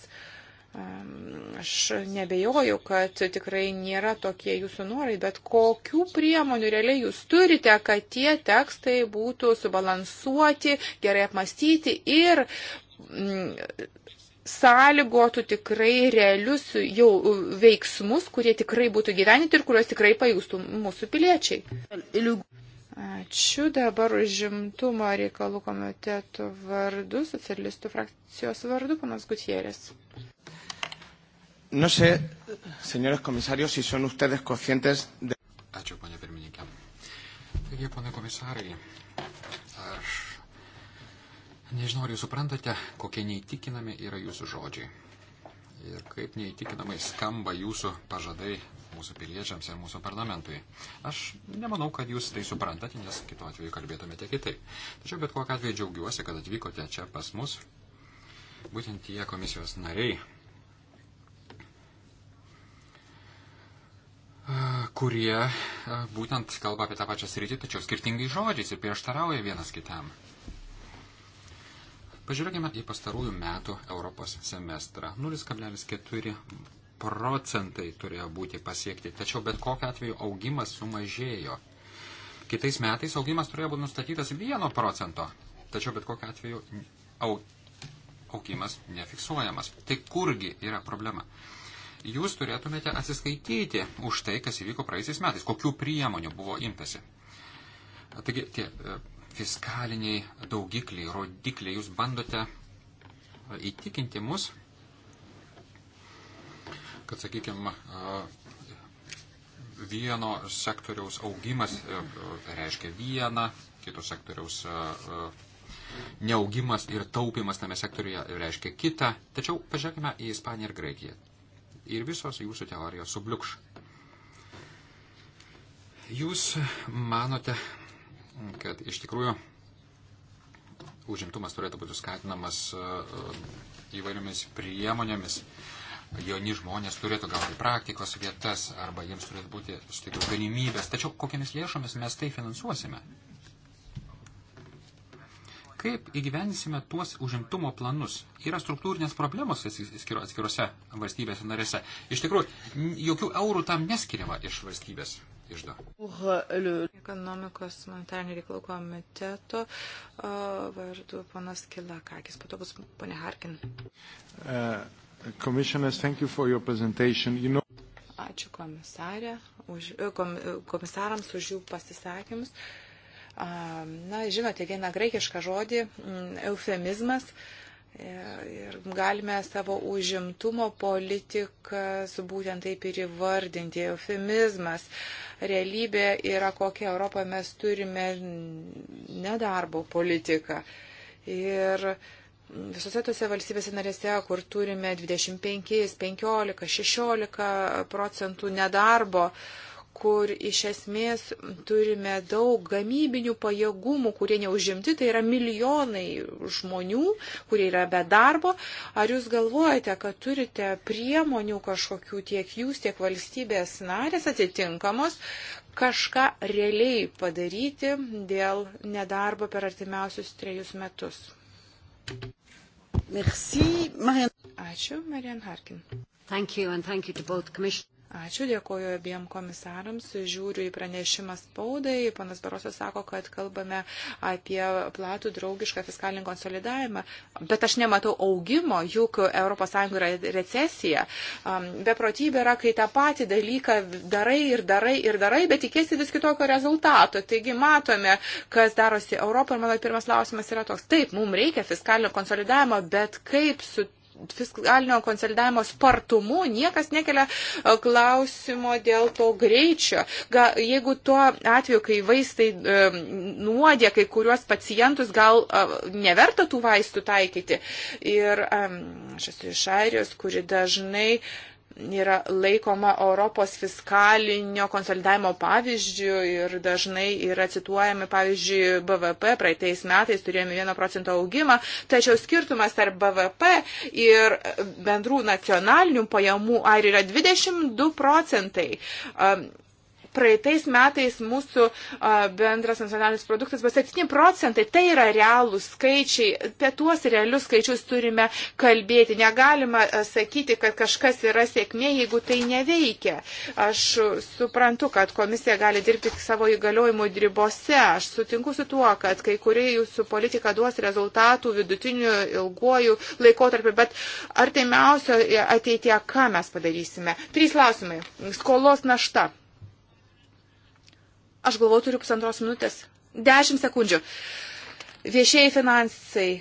Aš nebejoju, kad tikrai nėra tokie jūsų norai, bet kokių priemonių realiai jūs turite, kad tie tekstai būtų subalansuoti, gerai apmastyti ir mm, sąlygotų tikrai realius jau veiksmus, kurie tikrai būtų gyveninti ir kuriuos tikrai pajūstų mūsų piliečiai. Ačiū dabar užimtumo reikalų komiteto vardu, socialistų frakcijos vardu, panas Gutierės. No sé, señores komisarios, si son ustedes conscientes de. Ačiū, ponė pirmininkė. Taigi, ponė komisarai, aš nežinau, ar jūs suprantate, kokie neįtikinami yra jūsų žodžiai. Ir kaip neįtikinamai skamba jūsų pažadai mūsų piliečiams ir mūsų parlamentui. Aš nemanau, kad jūs tai suprantate, nes kitu atveju kalbėtumėte kitaip. Tačiau bet kokiu atveju džiaugiuosi, kad atvykote čia pas mus. Būtent tie komisijos nariai, kurie būtent kalba apie tą pačią sritį, tačiau skirtingai žodžiais ir prieštarauja vienas kitam. Pažiūrėkime į pastarųjų metų Europos semestrą. 0,4 procentai turėjo būti pasiekti, tačiau bet kokiu atveju augimas sumažėjo. Kitais metais augimas turėjo būti nustatytas 1 procento, tačiau bet kokiu atveju au, augimas nefiksuojamas. Tai kurgi yra problema? Jūs turėtumėte atsiskaityti už tai, kas įvyko praeisiais metais, kokių priemonių buvo imtasi. Taigi tie e, fiskaliniai daugikliai, rodikliai, jūs bandote e, įtikinti mus, kad, sakykime, vieno sektoriaus augimas e, e, reiškia vieną, kito sektoriaus neaugimas ir taupimas tame sektoriuje reiškia kitą. Tačiau pažiūrėkime į Ispaniją ir Graikiją. Ir visos jūsų teorijos subliukš. Jūs manote, kad iš tikrųjų užimtumas turėtų būti skatinamas įvairiomis priemonėmis, jauni žmonės turėtų gauti praktikos vietas arba jiems turėtų būti suteiktos galimybės. Tačiau kokiamis lėšomis mes tai finansuosime? Kaip įgyvendysime tuos užimtumo planus? Yra struktūrinės problemos atskirose valstybėse narėse. Iš tikrųjų, jokių eurų tam neskiriama iš valstybės išdo. E, Ekonomikos monetarinių reikalų komiteto e, vardu panas Kilakakis, po to bus ponė Harkin. Uh. Commissioners, thank you for your presentation. You know... Ačiū komisarė, už, e, kom, e, komisarams už jų pasisakymus. Na, žinote, vieną graikišką žodį, eufemizmas. E, ir galime savo užimtumo politikas būtent taip ir įvardinti. Eufemizmas. Realybė yra kokia Europoje mes turime nedarbo politiką. Ir uh, visose tose valstybėse narėse, kur turime 25, 15, 16 procentų nedarbo, kur iš esmės turime daug gamybinių pajėgumų, kurie neužimti, tai yra milijonai žmonių, kurie yra be darbo. Ar jūs galvojate, kad turite priemonių kažkokių tiek jūs, tiek valstybės narės atitinkamos, kažką realiai padaryti dėl nedarbo per artimiausius trejus metus? Merci, Marian. Ačiū, Marian Harkin. Thank you and thank you to both commissioners. Ačiū, dėkoju abiem komisarams. Žiūriu į pranešimą spaudai. Panas Barosas sako, kad kalbame apie platų draugišką fiskalinį konsolidavimą. Bet aš nematau augimo, juk ES yra recesija. Beprotybė yra, kai tą patį dalyką darai ir darai ir darai, bet tikėsi vis kitokio rezultato. Taigi matome, kas darosi Europoje. Ir mano pirmas klausimas yra toks. Taip, mums reikia fiskalinio konsolidavimo, bet kaip su fiskalinio konsolidavimo spartumu niekas nekelia e, klausimo dėl to greičio. Ga, jeigu tuo atveju, kai vaistai e, nuodė kai kuriuos pacientus, gal e, neverta tų vaistų taikyti. Ir e, aš esu iš Airijos, kuri dažnai e, yra laikoma Europos fiskalinio konsolidavimo pavyzdžių ir dažnai yra cituojami, pavyzdžiui, BVP. Praeitais metais turėjome 1 procento augimą, tačiau skirtumas tarp BVP ir bendrų nacionalinių pajamų ar yra 22 procentai. Um, praeitais metais mūsų bendras nacionalinis produktas buvo 7 procentai. Tai yra realūs skaičiai. Apie tuos realius skaičius turime kalbėti. Negalima sakyti, kad kažkas yra sėkmė, jeigu tai neveikia. Aš suprantu, kad komisija gali dirbti savo įgaliojimų ribose. Aš sutinku su tuo, kad kai kurie jūsų politika duos rezultatų vidutiniu ilguoju laikotarpiu, bet artimiausio ateitie ką mes padarysime? Trys klausimai. Skolos našta. Aš galvoju, turiu pusantros minutės. Dešimt sekundžių. Uh, Viešieji finansai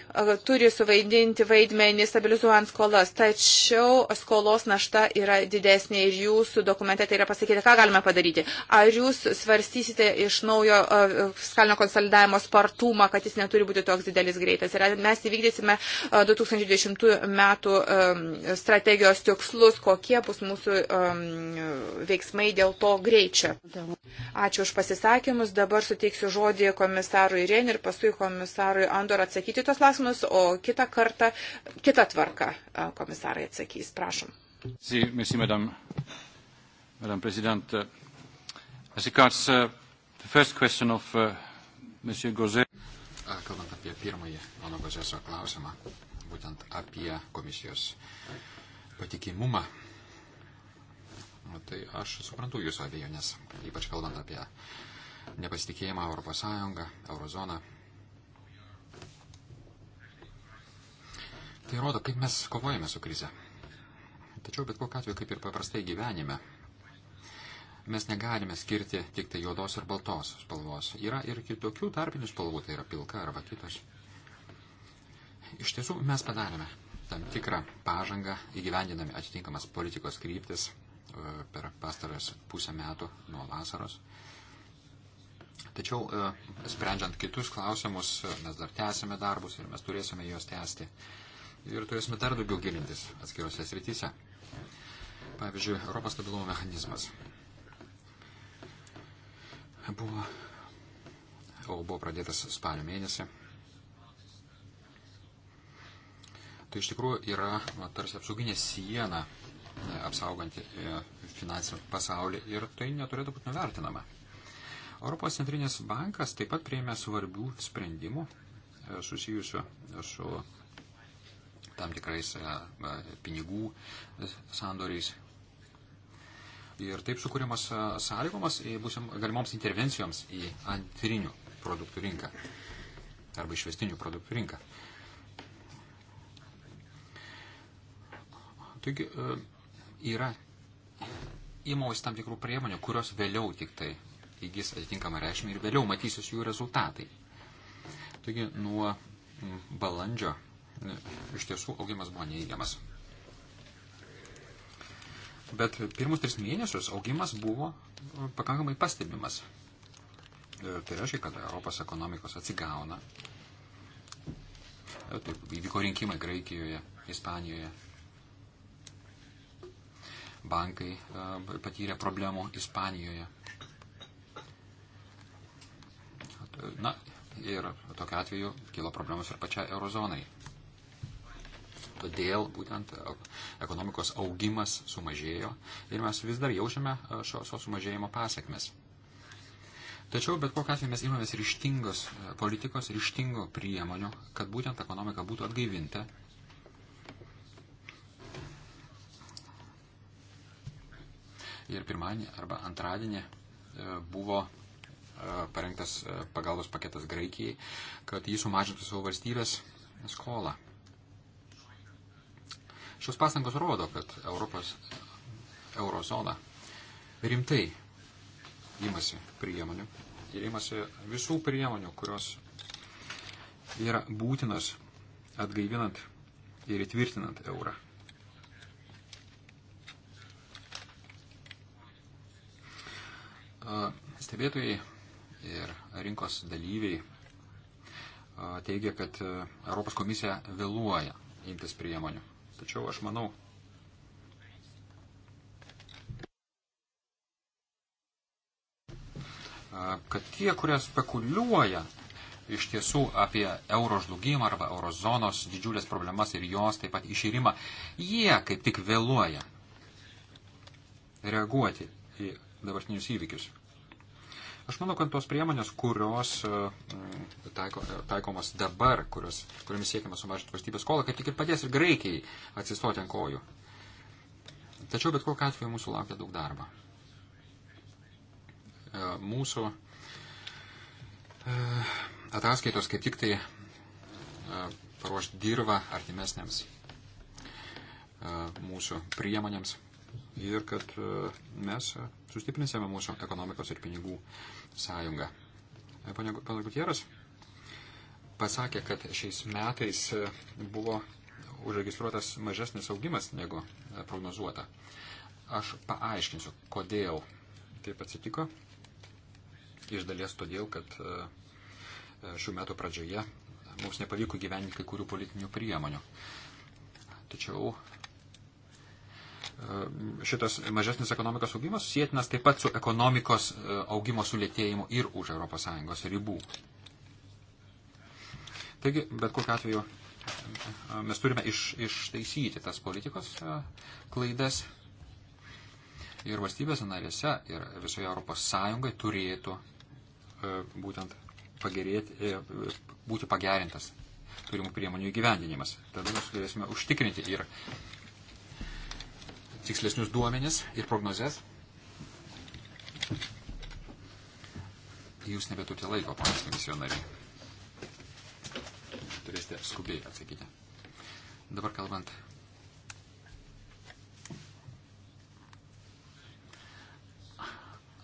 turi suvaidinti vaidmenį stabilizuojant skolas, tačiau skolos našta yra didesnė ir jūsų dokumente tai yra pasakyta, ką galime padaryti. Ar jūs svarstysite iš naujo fiskalinio konsolidavimo spartumą, kad jis neturi būti toks didelis greitas? Ir mes įvykdysime 2020 metų strategijos tikslus, kokie bus mūsų veiksmai dėl to greičio. Ačiū už pasisakymus. Dabar suteiksiu žodį komisarui Ren ir paskui komisarui komisarui Andor atsakyti tos klausimus, o kitą kartą, kitą tvarką komisarai atsakys. Prašom. Si, merci, madame, madame president. As regards uh, the first question of uh, Monsieur Gauzet. Kalbant apie pirmąjį mano Gauzeso klausimą, būtent apie komisijos patikimumą, tai aš suprantu jūsų abejonės, ypač kalbant apie nepasitikėjimą Europos Sąjungą, Eurozoną Tai rodo, kaip mes kovojame su krize. Tačiau bet kokiu atveju, kaip ir paprastai gyvenime, mes negalime skirti tik tai juodos ir baltos spalvos. Yra ir kitokių tarpinių spalvų, tai yra pilka arba kitos. Iš tiesų, mes padarėme tam tikrą pažangą, įgyvendinami atitinkamas politikos kryptis e, per pastaras pusę metų nuo vasaros. Tačiau, e, sprendžiant kitus klausimus, e, mes dar tęsime darbus ir mes turėsime juos tęsti ir turėsime dar daugiau gilintis atskirose srityse. Pavyzdžiui, Europos stabilumo mechanizmas buvo, o buvo pradėtas spalio mėnesį. Tai iš tikrųjų yra na, tarsi apsauginė siena e, apsauganti e, finansinį pasaulį ir tai neturėtų būti nuvertinama. Europos centrinis bankas taip pat prieėmė svarbių sprendimų e, susijusių su tam tikrais e, e, pinigų sandoriais. Ir taip sukūriamas e, sąlygomas būsim galimoms intervencijoms į antrinių produktų rinką arba išvestinių produktų rinką. Taigi yra įmaus tam tikrų priemonių, kurios vėliau tik tai įgis atitinkamą reikšmę ir vėliau matysis jų rezultatai. Taigi nuo balandžio iš tiesų augimas buvo neįgiamas. Bet pirmus tris mėnesius augimas buvo pakankamai pastebimas. Ir e, tai reiškia, kad Europos ekonomikos atsigauna. E, taip, įvyko rinkimai Graikijoje, Ispanijoje. Bankai patyrė problemų Ispanijoje. E, na, ir tokiu atveju kilo problemos ir pačiai eurozonai. Todėl būtent e, ekonomikos augimas sumažėjo ir mes vis dar jaučiame e, šio, šio sumažėjimo pasiekmes. Tačiau bet kokiu atveju mes imamės ryštingos e, politikos, ryštingų priemonių, kad būtent ekonomika būtų atgaivinta. Ir pirmadienį arba antradienį buvo parengtas pagalbos paketas Graikijai, kad jis sumažintų savo valstybės skolą. Šios pastangos rodo, kad Europos eurozona rimtai imasi priemonių ir imasi visų priemonių, kurios yra būtinas atgaivinant ir įtvirtinant eurą. Stebėtojai ir rinkos dalyviai teigia, kad Europos komisija vėluoja imtis priemonių. Tačiau aš manau, kad tie, kurie spekuliuoja iš tiesų apie euro žlugimą arba eurozonos didžiulės problemas ir jos taip pat išyrimą, jie kaip tik vėluoja reaguoti į dabartinius įvykius. Aš manau, kad tos priemonės, kurios e, taiko, e, taikomos dabar, kurios, kuriomis siekiama sumažinti valstybės skolą, kaip tik ir padės ir greikiai atsistoti ant kojų. Tačiau bet kokiu atveju mūsų laukia daug darbo. E, mūsų ataskaitos kaip tik tai paruošti dirbą artimesnėms mūsų priemonėms ir kad e, mes sustiprinsime mūsų ekonomikos ir pinigų sąjungą. E, Pane Gutieras pasakė, kad šiais metais e, buvo užregistruotas mažesnis augimas negu prognozuota. Aš paaiškinsiu, kodėl taip atsitiko. Iš dalies todėl, kad šių metų pradžioje mums nepavyko gyventi kai kurių politinių priemonių. Tačiau E, šitas mažesnis ekonomikos augimas sėtinas taip pat su ekonomikos e, augimo sulėtėjimu ir už ES ribų. Taigi, bet kokiu atveju, e, mes turime iš, ištaisyti tas politikos klaidas ir valstybės narėse ir visoje ES turėtų būtent pagerėti, būti pagerintas turimų priemonių įgyvendinimas. Tada mes turėsime užtikrinti ir tikslesnius duomenis ir prognozes. Jūs nebeturite laiko, panas komisijos nariai. Turėsite skubiai atsakyti. Dabar kalbant.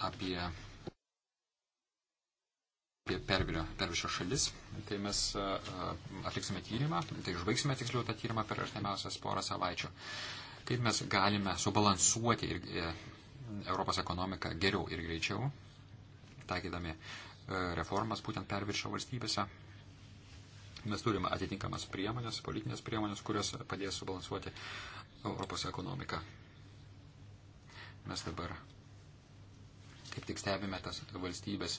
Apie, apie pervirio, pervišio šalis. Tai mes uh, atliksime tyrimą, tai užbaigsime tiksliau tą tyrimą per artimiausias porą savaičių. Uh, kaip mes galime subalansuoti ir, e, Europos ekonomiką geriau ir greičiau, taikydami e, reformas būtent perviršio valstybėse. Mes turime atitinkamas priemonės, politinės priemonės, kurios padės subalansuoti Europos ekonomiką. Mes dabar kaip tik stebime tas valstybės.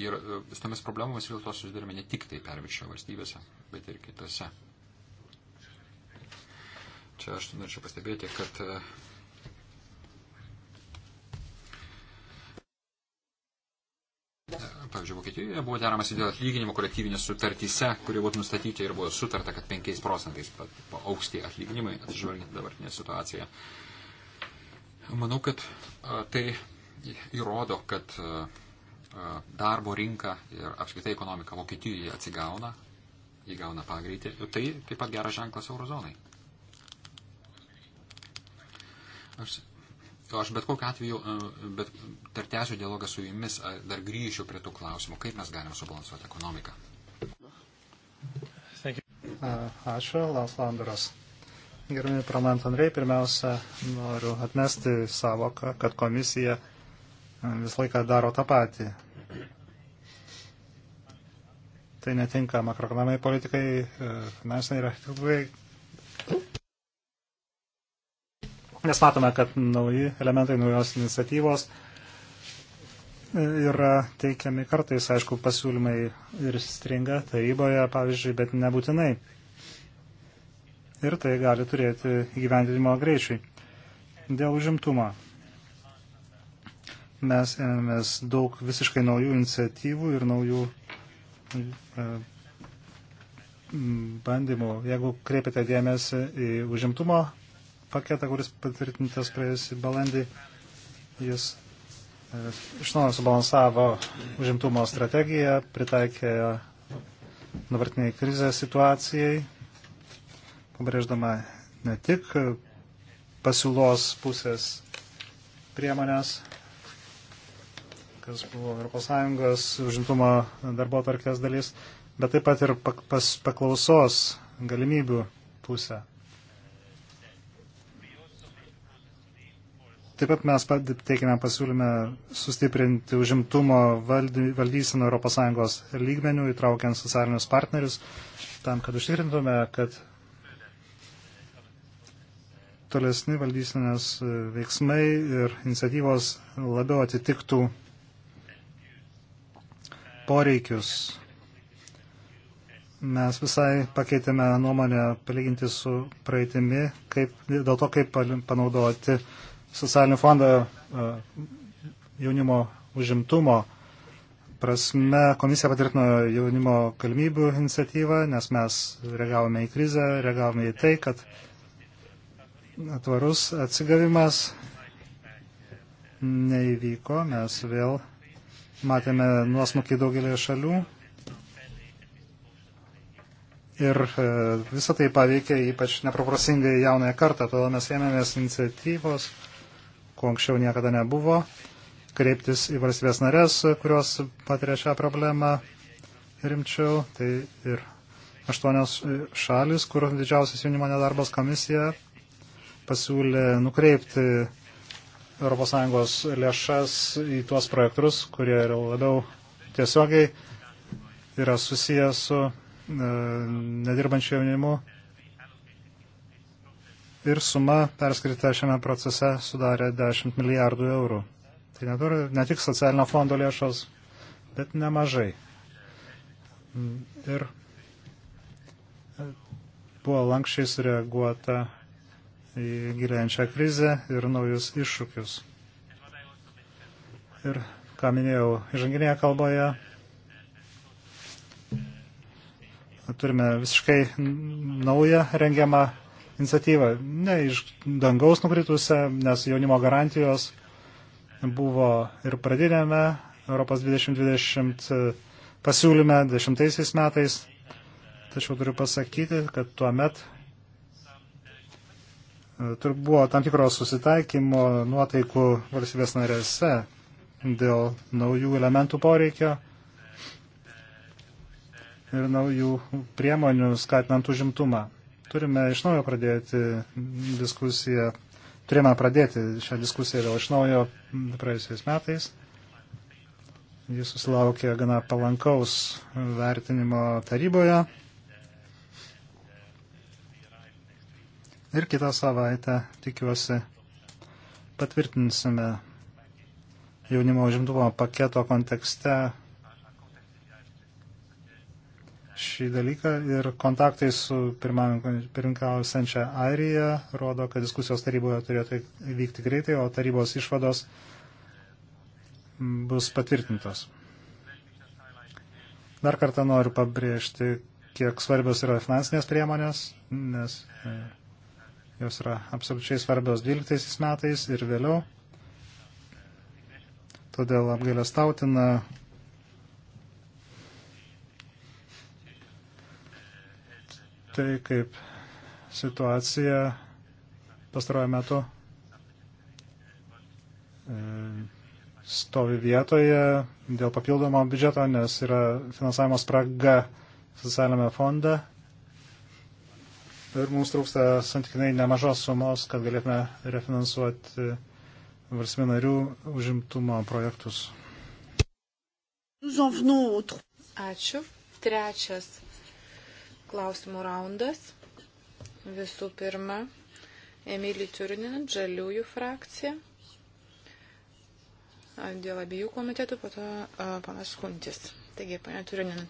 Ir e, su tomis problemomis vėl to susidurime ne tik tai perviršio valstybėse, bet ir kitose Čia aš norėčiau pastebėti, kad e, Pavyzdžiui, Vokietijoje buvo deramasi dėl atlyginimo kolektyvinės sutartyse, kurie būtų nustatyti ir buvo sutarta, kad 5 procentais auks tie atlyginimai, atsižvelgiant dabartinę situaciją. Manau, kad a, e, tai įrodo, kad a, e, darbo rinka ir apskritai ekonomika Vokietijoje atsigauna, įgauna pagreitį. Tai taip pat geras ženklas eurozonai. Aš, aš bet kokiu atveju, e, bet dar tęsiu dialogą su jumis, e, dar grįšiu prie tų klausimų, kaip mes galime subalansuoti ekonomiką. Ačiū, Laus Landaras. Gerbimi parlamento nariai, pirmiausia, noriu atmesti savoką, kad komisija e, visą laiką daro tą patį. Tai netinka makroekonomiai politikai, finansiniai ir architektūrai nes matome, kad nauji elementai, naujos iniciatyvos yra teikiami kartais, aišku, pasiūlymai ir stringa taryboje, pavyzdžiui, bet nebūtinai. Ir tai gali turėti gyvendinimo greičiai. Dėl užimtumo. Mes ėmėmės daug visiškai naujų iniciatyvų ir naujų e, bandymų. Jeigu kreipiate dėmesį į užimtumo paketą, kuris patvirtintas praėjusį balandį. Jis e, iš naujo subalansavo užimtumo strategiją, pritaikė dabartiniai krizės situacijai, pabrėždama ne tik pasiūlos pusės priemonės, kas buvo ES užimtumo darbo tarkės dalis, bet taip pat ir paklausos galimybių pusę. Taip pat mes teikime pasiūlymę sustiprinti užimtumo valdyseną ES lygmenių, įtraukiant socialinius partnerius, tam, kad užtikrintume, kad tolesni valdysenės veiksmai ir iniciatyvos labiau atitiktų poreikius. Mes visai pakeitėme nuomonę palyginti su praeitimi, kaip, dėl to, kaip panaudoti socialinį fondą e, jaunimo užimtumo prasme komisija patvirtino jaunimo galimybių iniciatyvą, nes mes reagavome į krizę, reagavome į tai, kad tvarus atsigavimas neįvyko, mes vėl matėme nuosmukį daugelį šalių. Ir e, visą tai paveikė ypač neproporcingai jaunąją kartą, todėl mes ėmėmės iniciatyvos ko anksčiau niekada nebuvo, kreiptis į valstybės narės, kurios patiria šią problemą rimčiau. Tai ir aštuonios šalis, kur didžiausias jaunimo nedarbas komisija pasiūlė nukreipti ES lėšas į tuos projektus, kurie yra labiau tiesiogiai yra susijęs su e, nedirbančiu jaunimu ir suma perskrita šiame procese sudarė 10 milijardų eurų. Tai neturi ne tik socialinio fondo lėšos, bet nemažai. Ir e, buvo lankščiai sureaguota į gilėjančią krizę ir naujus iššūkius. Ir, ką minėjau, žanginėje kalboje turime visiškai naują rengiamą iniciatyvą, ne iš dangaus nukritusią, nes jaunimo garantijos buvo ir pradinėme Europos 2020 e, pasiūlyme 10 metais. Tačiau turiu pasakyti, kad tuo met e, buvo tam tikros susitaikymo nuotaikų valstybės narėse dėl naujų elementų poreikio ir naujų priemonių skatinant užimtumą turime iš naujo pradėti diskusiją, turime pradėti šią diskusiją vėl iš naujo praėjusiais metais. Jis susilaukė gana palankaus vertinimo taryboje. Ir kitą savaitę, tikiuosi, patvirtinsime jaunimo užimtumo paketo kontekste šį dalyką ir kontaktai su pirmininkausiančia Airija rodo, kad diskusijos taryboje turėtų vykti greitai, o tarybos išvados bus patvirtintos. Dar kartą noriu pabrėžti, kiek svarbios yra finansinės priemonės, nes e, jos yra absoliučiai svarbios 12 metais ir vėliau. Todėl apgailestautina, tai, kaip situacija pastaruoju metu e, stovi vietoje dėl papildomo biudžeto, nes yra finansavimo spraga socialinėme fonde. Ir mums trūksta santykinai nemažos sumos, kad galėtume refinansuoti valstybių narių užimtumo projektus. Ačiū. Trečias klausimų raundas. Visų pirma, Emilį Turinin, Žaliųjų frakcija. Dėl abiejų komitetų, po to panas Kuntis. Taigi, pane Turinin.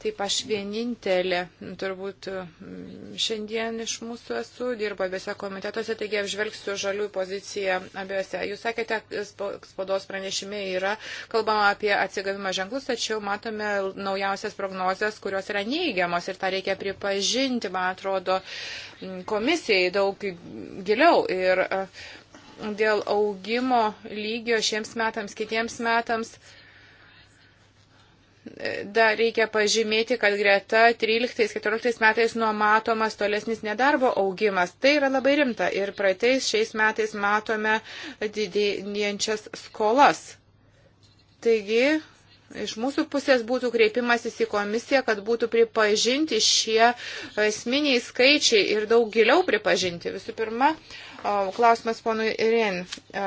Taip aš vienintelė, turbūt mm, šiandien iš mūsų esu, dirba abiejose komitetuose, taigi apžvelgsiu žaliųjų poziciją abiejose. Jūs sakėte, spaudos pranešime yra kalbama apie atsigavimą ženklus, tačiau matome naujausias prognozes, kurios yra neįgiamos ir tą reikia pripažinti, man atrodo, mm, komisijai daug giliau. Ir e, dėl augimo lygio šiems metams, kitiems metams dar reikia pažymėti, kad greta 13-14 metais numatomas tolesnis nedarbo augimas. Tai yra labai rimta ir praeitais šiais metais matome didėjančias skolas. Taigi, iš mūsų pusės būtų kreipimasis į komisiją, kad būtų pripažinti šie esminiai skaičiai ir daug giliau pripažinti. Visų pirma, uh, Klausimas ponui Irin. E,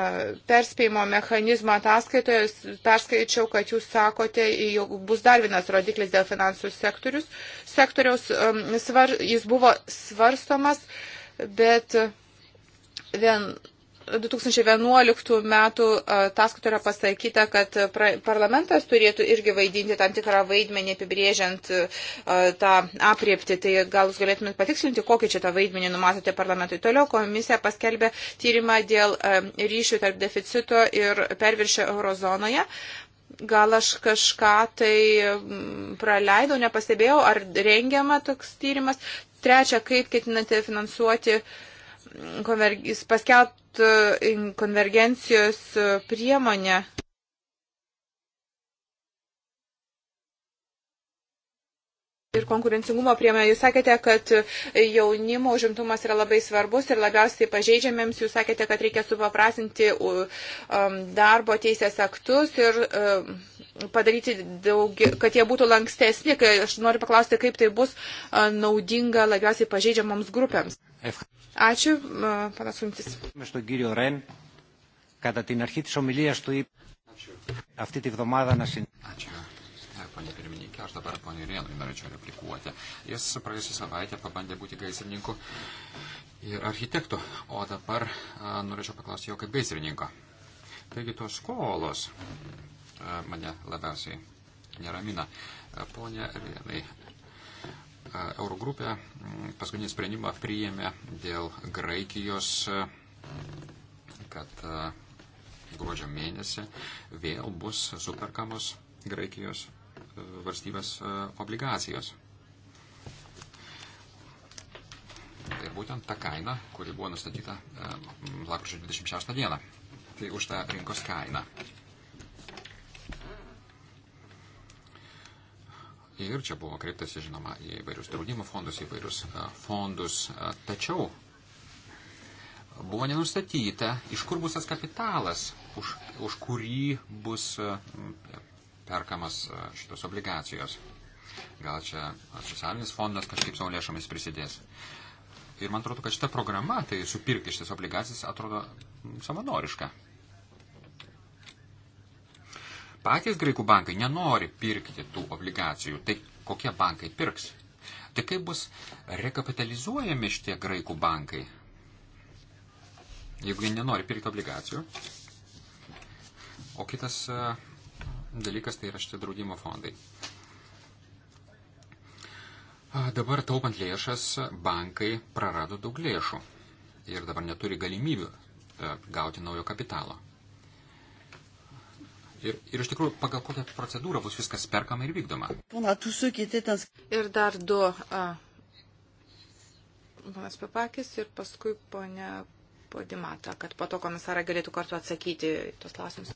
perspėjimo mechanizmo ataskaitoje perskaičiau, kad jūs sakote, jog bus dar vienas rodiklis dėl finansų sektorius. sektoriaus. Um, svar, jis buvo svarstomas, bet e, vien 2011 metų ataskaitoje yra pasakyta, kad parlamentas turėtų irgi vaidinti tam tikrą vaidmenį apibrėžiant tą apriepti. Tai gal jūs galėtumėte patikslinti, kokį čia tą vaidmenį numatote parlamentui. Toliau komisija paskelbė tyrimą dėl ryšių tarp deficito ir perviršio eurozonoje. Gal aš kažką tai praleidau, nepastebėjau, ar rengiama toks tyrimas. Trečia, kaip ketinate finansuoti uh, konverg paskelbtų e, konvergencijos e, priemonę. ir konkurencingumo priemonė. Jūs sakėte, kad jaunimo užimtumas yra labai svarbus ir labiausiai pažeidžiamiems. Jūs sakėte, kad reikia supaprasinti um, darbo teisės aktus ir um, padaryti daug, kad jie būtų lankstesni. Aš noriu paklausti, kaip tai bus naudinga labiausiai pažeidžiamoms grupėms. Ačiū, panas Sumtis. Ačiū. Αυτή τη βδομάδα να συνεχίσουμε ponė pirmininkė, aš dabar ponė Rienui norėčiau replikuoti. Jis praėjusią savaitę pabandė būti gaisrininku ir architektu, o dabar a, norėčiau paklausti jo kaip gaisrininko. Taigi tos skolos a, mane labiausiai neramina. Ponė Rienai, Eurogrupė paskutinį sprendimą priėmė dėl Graikijos, kad gruodžio mėnesį vėl bus superkamos Graikijos valstybės e, obligacijos. Tai būtent ta kaina, kuri buvo nustatyta e, lapkričio 26 dieną. Tai už tą rinkos kainą. Ir čia buvo kreiptasi, žinoma, į vairius draudimo fondus, į vairius e, fondus. Tačiau buvo nenustatyta, iš kur bus tas kapitalas, už, už kurį bus perkamas e, šitos obligacijos. Gal čia socialinis fondas kažkaip savo lėšomis prisidės. Ir man atrodo, kad šita programa, tai supirkti šitas obligacijas, atrodo savanoriška. Patys graikų bankai nenori pirkti tų obligacijų. Tai kokie bankai pirks? Tai kaip bus rekapitalizuojami šitie graikų bankai? Jeigu jie nenori pirkti obligacijų. O kitas uh, dalykas tai yra šitie draudimo fondai. Dabar taupant lėšas, bankai prarado daug lėšų ir dabar neturi galimybių e, gauti naujo kapitalo. Ir, ir iš tikrųjų, pagal kokią procedūrą bus viskas perkama ir vykdoma. Ir dar du. A, panas Papakis ir paskui ponia Podimata, kad po to komisarai galėtų kartu atsakyti tos klausimus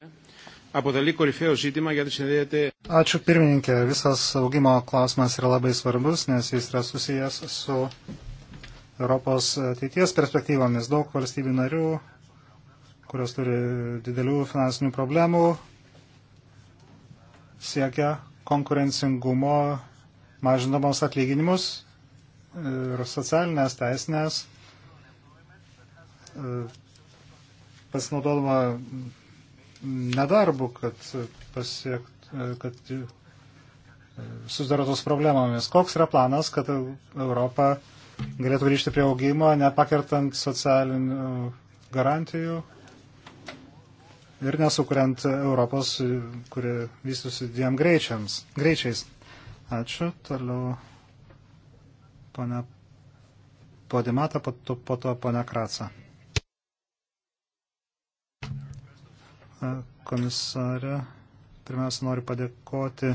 αποτελεί κορυφαίο ζήτημα γιατί συνδέεται. Ačiū pirmininkė, visas augimo klausimas yra labai svarbus, nes jis yra susijęs su Europos ateities perspektyvomis. Daug valstybių narių, kurios turi didelių finansinių problemų, siekia konkurencingumo mažindamos atlyginimus ir socialinės teisinės e, pasinaudodama nedarbu, kad pasiekt, kad susidarotos problemomis. Koks yra planas, kad Europa galėtų grįžti prie augimo, nepakertant socialinių garantijų ir nesukuriant Europos, kuri vystusi dviem greičiams, greičiais. Ačiū. Toliau ponia Podimata, po to, po to ponia Kratsa. komisarė. Pirmiausia, noriu padėkoti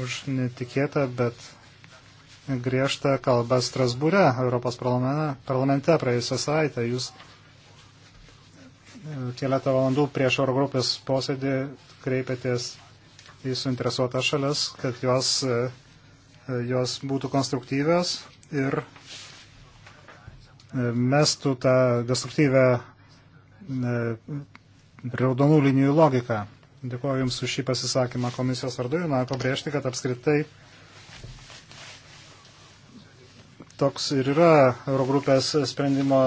už netikėtą, bet griežtą kalbą Strasbūre, Europos parlamente praėjusią savaitę. Jūs e, keletą valandų prieš Eurogrupės posėdį kreipėtės į suinteresuotas šalis, kad jos, e, e, jos būtų konstruktyvios ir mestų tą destruktyvę e, raudonų linijų logiką. Dėkuoju Jums už šį pasisakymą komisijos vardu ir noriu pabrėžti, kad apskritai toks ir yra Eurogrupės sprendimo,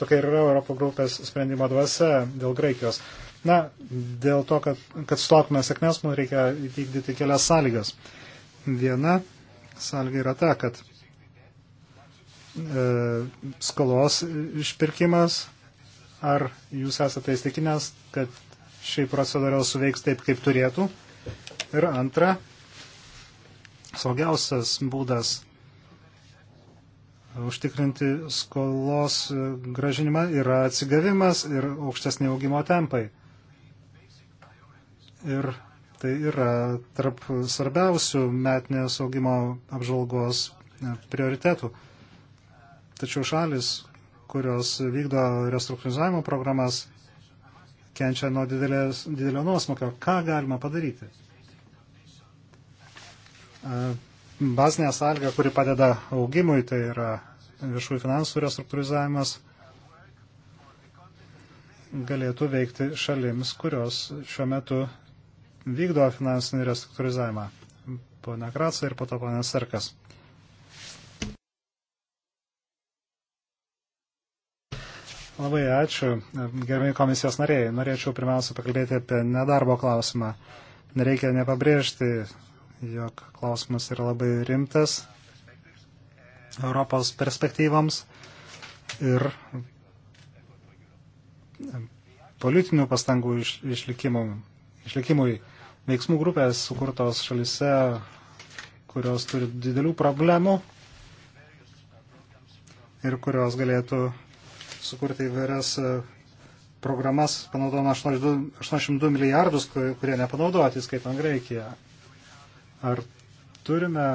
tokia ir yra Eurogrupės sprendimo dvasia dėl Graikijos. Na, dėl to, kad, kad sulauktume sėkmės, mums reikia įvykdyti kelias sąlygas. Viena sąlyga yra ta, kad E, skolos išpirkimas, ar jūs esate įstikinęs, kad šiai procedūra suveiks taip, kaip turėtų. Ir antra, saugiausias būdas užtikrinti skolos gražinimą yra atsigavimas ir aukštesnė augimo tempai. Ir tai yra tarp svarbiausių metinės augimo apžvalgos prioritetų. Tačiau šalis, kurios vykdo restruktūrizavimo programas, kenčia nuo didelės, didelio nuosmokio. Ką galima padaryti? Bazinė sąlyga, kuri padeda augimui, tai yra viešųjų finansų restruktūrizavimas, galėtų veikti šalims, kurios šiuo metu vykdo finansinį restruktūrizavimą. Pone Kratsa ir po to pone Serkas. Labai ačiū, gerbėjai komisijos nariai. Norėčiau pirmiausia pakalbėti apie nedarbo klausimą. Nereikia nepabrėžti, jog klausimas yra labai rimtas Europos perspektyvams ir politinių pastangų išlikimui. išlikimui. Veiksmų grupės sukurtos šalise, kurios turi didelių problemų ir kurios galėtų sukurti įvairias e, programas, panaudojama 82 milijardus, kurie nepanaudoti, skaitant Graikiją. Ar turime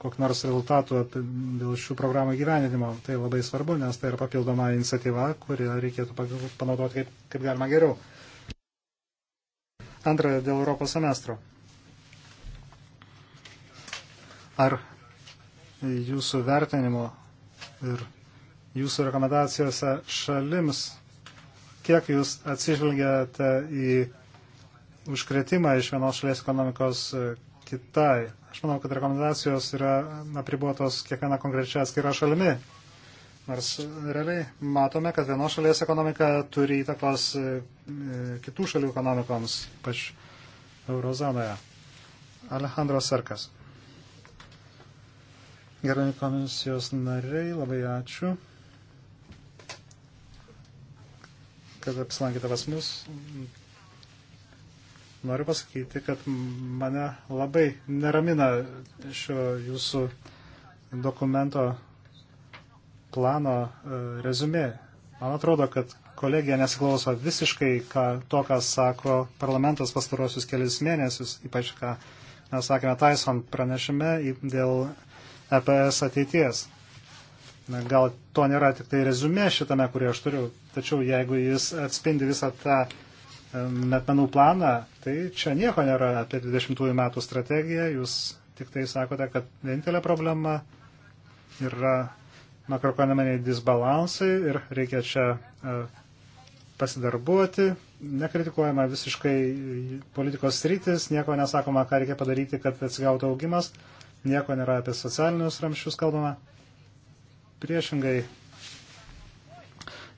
kokį nors rezultatų dėl šių programų gyvenimo? Tai labai svarbu, nes tai yra papildoma iniciatyva, kurią reikėtų panaudoti kaip, kaip galima geriau. Antra, dėl Europos semestro. Ar jūsų vertinimo ir jūsų rekomendacijose šalims, kiek jūs atsižvelgiate į užkretimą iš vienos šalies ekonomikos e, kitai. Aš manau, kad rekomendacijos yra apribuotos kiekviena konkrečia atskira šalimi. Nors realiai matome, kad vienos šalies ekonomika turi įtakos e, e, kitų šalių ekonomikoms, ypač eurozonoje. Alejandro Sarkas. Gerai komisijos nariai, labai ačiū. kad apsilankėte pas mus. Noriu pasakyti, kad mane labai neramina šio jūsų dokumento plano e, rezumė. Man atrodo, kad kolegija nesiklauso visiškai ką, to, ką sako parlamentas pastarosius kelius mėnesius, ypač ką mes sakėme Tyson pranešime dėl EPS ateities. Na, gal to nėra tik tai rezumė šitame, kurį aš turiu, tačiau jeigu jis atspindi visą tą metmenų planą, tai čia nieko nėra apie 20 metų strategiją, jūs tik tai sakote, kad vienintelė problema yra makroekonominiai disbalansai ir reikia čia e, pasidarbuoti, nekritikuojama visiškai politikos rytis, nieko nesakoma, ką reikia padaryti, kad atsigautų augimas, nieko nėra apie socialinius ramščius kalbama. Priešingai,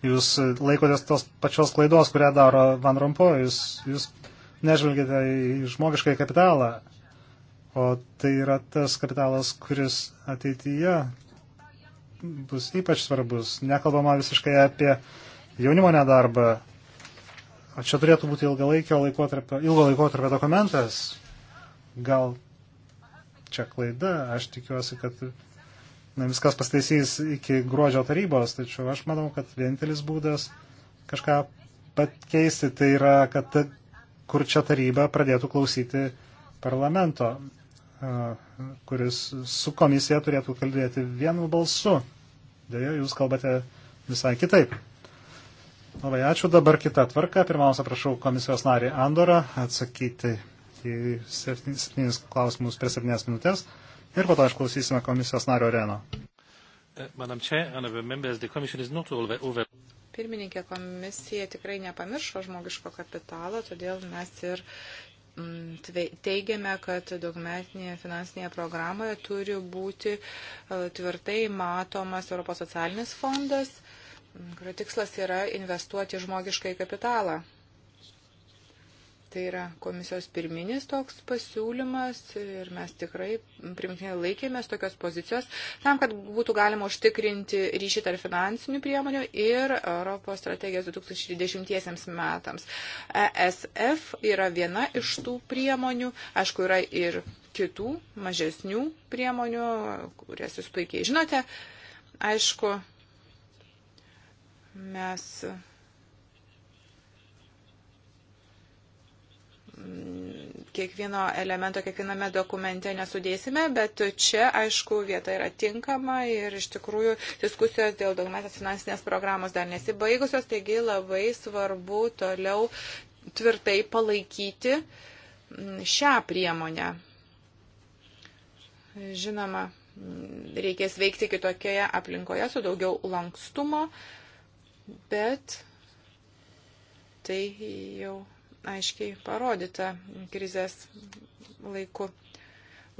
jūs laikotės tos pačios klaidos, kurią daro Van Rompojus. Jūs, jūs nežvelgite į žmogišką kapitalą, o tai yra tas kapitalas, kuris ateityje bus ypač svarbus. Nekalbama visiškai apie jaunimo nedarbą. O čia turėtų būti ilgalaikio laikotarpio, ilgo laikotarpio dokumentas. Gal čia klaida, aš tikiuosi, kad viskas pastaisys iki gruodžio tarybos, tačiau aš manau, kad vienintelis būdas kažką pakeisti tai yra, kad kur čia taryba pradėtų klausyti parlamento, kuris su komisija turėtų kalbėti vienu balsu. Dėja, jūs kalbate visai kitaip. Labai ačiū. Dabar kita tvarka. Pirmiausia, prašau komisijos narį Andorą atsakyti į septynis klausimus per septynias minutės ir po to išklausysime komisijos nario Reno. E, Pirmininkė komisija tikrai nepamiršo žmogiško kapitalo, todėl mes ir mm, teigiame, kad dokumentinėje finansinėje programoje turi būti e, tvirtai matomas Europos socialinis fondas, kurio tikslas yra investuoti žmogiškai kapitalą. Tai yra komisijos pirminis toks pasiūlymas ir mes tikrai primtinai laikėmės tokios pozicijos tam, kad būtų galima užtikrinti ryšį tarp finansinių priemonių ir Europos strategijos 2020 metams. ESF yra viena iš tų priemonių, aišku, yra ir kitų mažesnių priemonių, kurias jūs puikiai žinote. Aišku, mes kiekvieno elemento, kiekviename dokumente nesudėsime, bet čia, aišku, vieta yra tinkama ir iš tikrųjų diskusijos dėl dokumentės finansinės programos dar nesibaigusios, taigi labai svarbu toliau tvirtai palaikyti šią priemonę. Žinoma, reikės veikti kitokioje aplinkoje su daugiau lankstumo, bet tai jau aiškiai parodyta krizės laiku.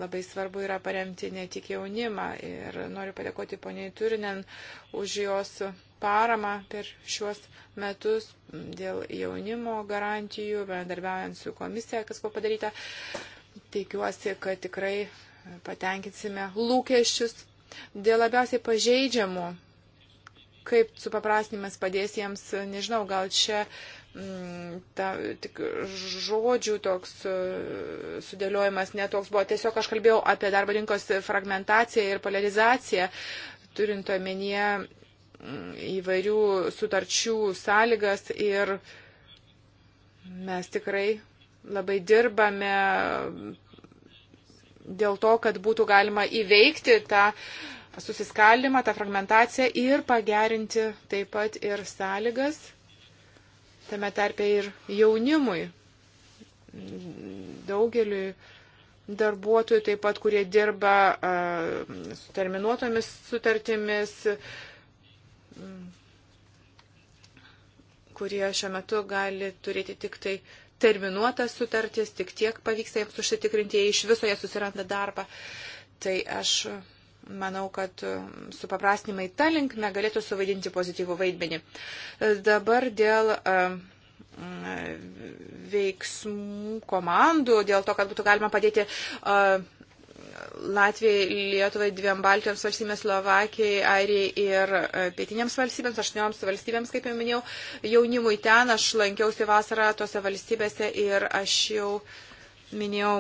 Labai svarbu yra paremti ne tik jaunimą ir noriu padėkoti poniai Turinen už jos paramą per šiuos metus dėl jaunimo garantijų, bendarbiaujant su komisija, kas buvo padaryta. Tikiuosi, kad tikrai patenkinsime lūkesčius dėl labiausiai pažeidžiamų, kaip supaprastinimas padės jiems, nežinau, gal čia Mm, ta, tik žodžių toks e, sudėliojimas netoks buvo. Tiesiog aš kalbėjau apie darbo rinkos fragmentaciją ir polarizaciją, turint omenyje mm, įvairių sutarčių sąlygas ir mes tikrai labai dirbame dėl to, kad būtų galima įveikti tą susiskaldimą, tą fragmentaciją ir pagerinti taip pat ir sąlygas tame tarpe ir jaunimui, daugeliui darbuotojų taip pat, kurie dirba su terminuotomis sutartimis, kurie šiuo metu gali turėti tik tai terminuotas sutartis, tik tiek pavyksta jiems užsitikrinti, jie iš viso jie susiranda darbą. Tai aš Manau, kad mm, supaprastinimai tą linkme galėtų suvaidinti pozityvų vaidmenį. E, dabar dėl e, mm, veiksmų komandų, dėl to, kad būtų galima padėti e, Latvijai, Lietuvai, dviem Baltijoms valstybėms, Slovakijai, Airijai ir pietinėms valstybėms, aštuonioms valstybėms, kaip jau minėjau, jaunimui ten aš lankiausi vasarą tose valstybėse ir aš jau minėjau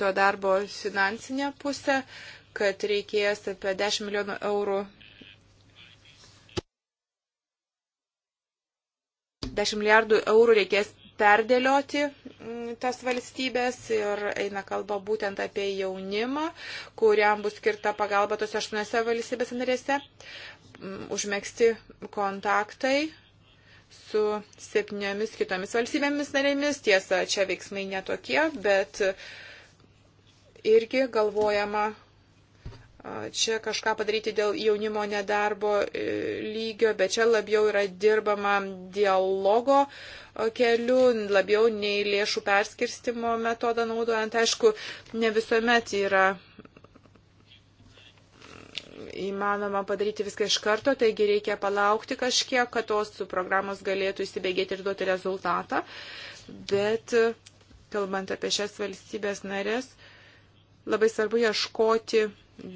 to darbo finansinę pusę. Uh, kad reikės apie 10 milijonų eurų 10 milijardų eurų reikės perdėlioti mm, tas valstybės ir eina kalba būtent apie jaunimą, kuriam bus skirta pagalba tose aštuoniuose valstybėse narėse, mm, užmėgsti kontaktai su septyniomis kitomis valstybėmis narėmis. Tiesa, čia veiksmai netokie, bet irgi galvojama čia kažką padaryti dėl jaunimo nedarbo e, lygio, bet čia labiau yra dirbama dialogo keliu, labiau nei lėšų perskirstimo metodą naudojant. Aišku, ne visuomet yra įmanoma padaryti viską iš karto, taigi reikia palaukti kažkiek, kad tos programos galėtų įsibėgėti ir duoti rezultatą. Bet kalbant apie šias valstybės narės, labai svarbu ieškoti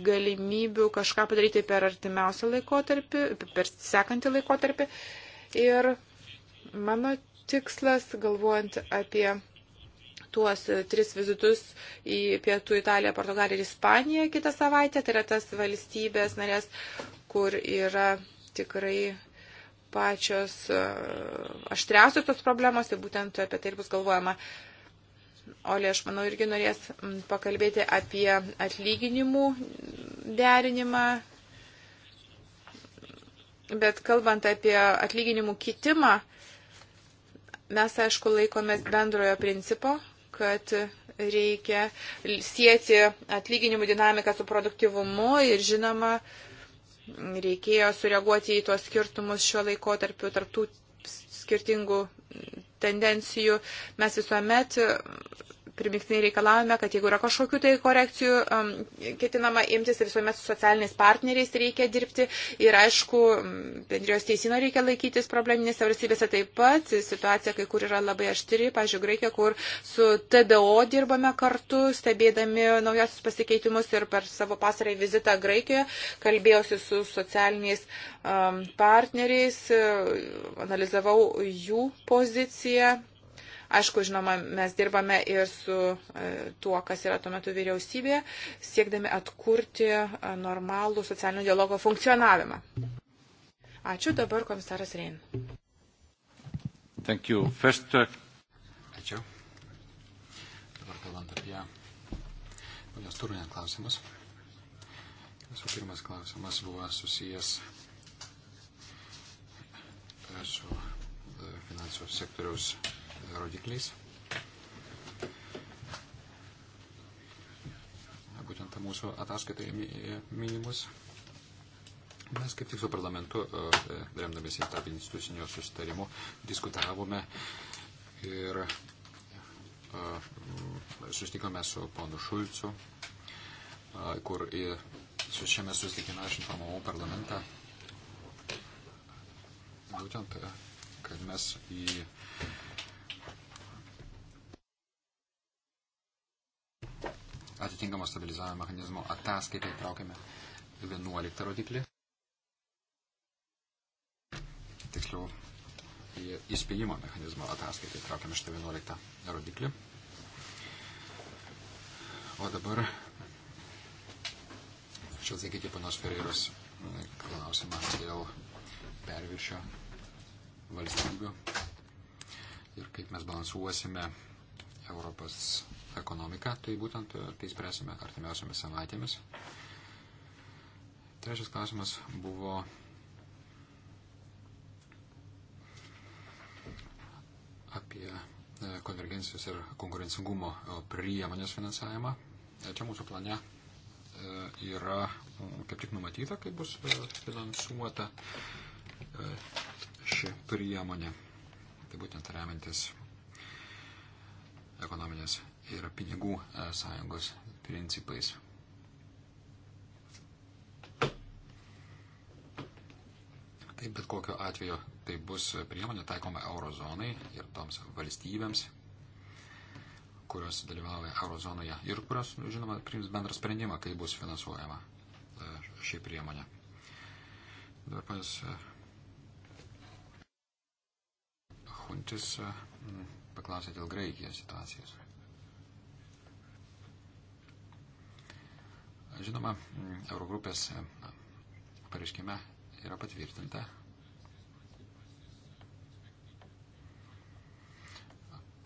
galimybių kažką padaryti per artimiausią laikotarpį, per sekantį laikotarpį. Ir mano tikslas, galvojant apie tuos tris vizitus į pietų Italiją, Portugaliją ir Ispaniją kitą savaitę, tai yra tas valstybės narės, kur yra tikrai pačios e, aštriausios tos problemos, tai būtent apie tai ir bus galvojama. Uh, Olė, aš manau, irgi norės mm, pakalbėti apie atlyginimų derinimą. Bet kalbant apie atlyginimų kitimą, mes, aišku, laikomės bendrojo principo, kad reikia sieti atlyginimų dinamiką su produktivumu ir, žinoma, reikėjo sureaguoti į tuos skirtumus šiuo laikotarpiu tarptų skirtingų tendencijų. Mes visuomet primiktinai reikalavome, kad jeigu yra kažkokių tai korekcijų, um, ketinama imtis ir visuomet su socialiniais partneriais reikia dirbti. Ir aišku, bendrijos teisino reikia laikytis probleminėse valstybėse taip pat. Situacija kai kur yra labai aštri, pažiūrėjau, Graikija, kur su TDO dirbame kartu, stebėdami naujosius pasikeitimus ir per savo pasarąjį vizitą Graikijoje kalbėjausi su socialiniais um, partneriais, analizavau jų poziciją Aišku, žinoma, mes dirbame ir su e, tuo, kas yra tuo metu vyriausybė, siekdami atkurti e, normalų socialinio dialogo funkcionavimą. Ačiū dabar komisaras Rein. Thank you. First, uh... Ačiū. Dabar kalbant apie ponios turinę klausimus. Visų pirmas klausimas buvo susijęs e, su finansų sektoriaus rodikliais. Būtent mūsų ataskaitai minimus. Mes kaip tik su parlamentu, e, remdamėsi tarp institucinio sustarimo, diskutavome ir e, susitikome su ponu Šulcu, e, kur į, su šiame susitikime aš informavau parlamentą. Būtent, kad mes į atitinkamo stabilizavimo mechanizmo ataskaitą įtraukėme 11 rodiklį. Tiksliau, į įspėjimo mechanizmo ataskaitą įtraukėme šitą 11 rodiklį. O dabar aš atsakyti panos Ferreiros klausimą dėl perviršio valstybių ir kaip mes balansuosime Europos ekonomiką, tai būtent e, tai spręsime artimiausiamis savaitėmis. Trečias klausimas buvo apie e, konvergencijos ir konkurencingumo e, priemonės finansavimą. Čia mūsų plane yra kaip tik numatyta, kaip bus finansuota ši priemonė. Tai būtent remiantis ekonominės ir pinigų e, sąjungos principais. Tai bet kokio atveju tai bus priemonė taikoma eurozonai ir toms valstybėms, kurios dalyvauja eurozonoje ir kurios, nu, žinoma, priims bendrą sprendimą, kai bus finansuojama e, ši priemonė. Dabar pas e, Huntis paklausė dėl Graikijos situacijos. Žinoma, Eurogrupės e, pareiškime yra patvirtinta,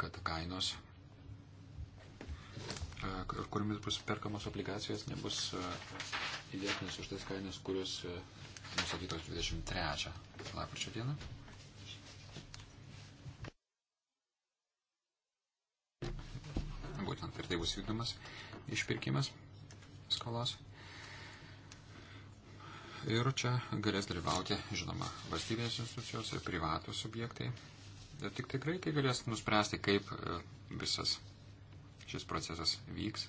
kad kainos, e, kuriomis bus perkamos obligacijos, nebus e, didesnės už tas kainas, kurios nusakytos 23 lapkričio dieną. Būtent ir tai bus vykdomas išpirkimas skolas. Ir čia galės dalyvauti, žinoma, valstybės institucijos ir privatus subjektai. Ir tik tai graikai galės nuspręsti, kaip e, visas šis procesas vyks.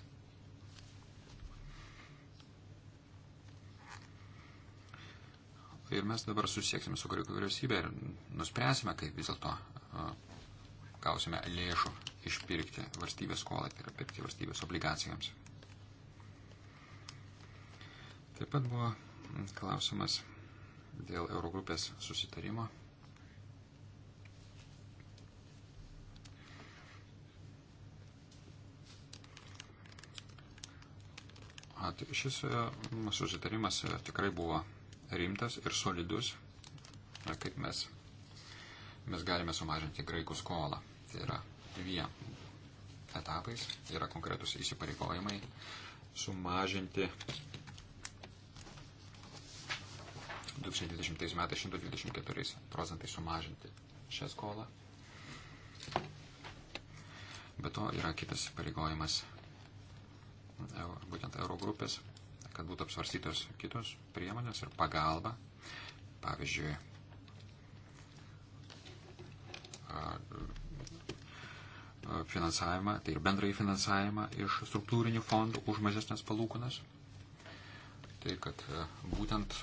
Ir mes dabar susieksime su graikų vyriausybė ir nuspręsime, kaip vis dėlto e, gausime lėšų išpirkti valstybės skolą, tai yra pirkti valstybės obligacijams. Taip pat buvo klausimas dėl Eurogrupės susitarimo. At, tai šis e, susitarimas e, tikrai buvo rimtas ir solidus, e, kaip mes, mes galime sumažinti graikų skolą. Tai yra dviem etapais, yra konkretus įsipareigojimai sumažinti 2020 metais 124 procentai sumažinti šią skolą. Be to yra kitas pareigojimas būtent Eurogrupės, kad būtų apsvarstytos kitos priemonės ir pagalba. Pavyzdžiui, finansavimą, tai ir bendrai finansavimą iš struktūrinių fondų už mažesnės palūkonas. Tai kad būtent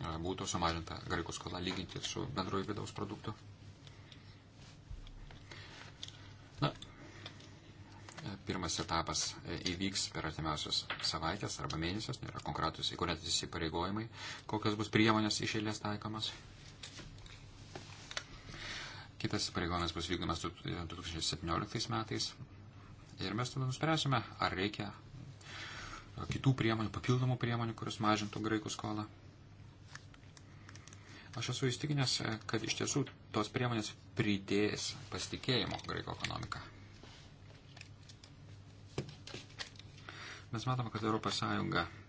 būtų sumažinta graikų skola lyginti su bendroju vidaus produktu. Na, pirmas etapas e, įvyks per artimiausias savaitės arba mėnesius, tai yra konkretus įkurėtis įsipareigojimai, kokios bus priemonės iš eilės taikomas. Kitas įsipareigojimas bus vykdomas 2017 e, metais ir mes tada nuspręsime, ar reikia kitų priemonių, papildomų priemonių, kuris mažintų graikų skolą. Aš esu įstikinęs, e, kad iš tiesų tos priemonės pridės pasitikėjimo greiko ekonomiką. Mes matome, kad ES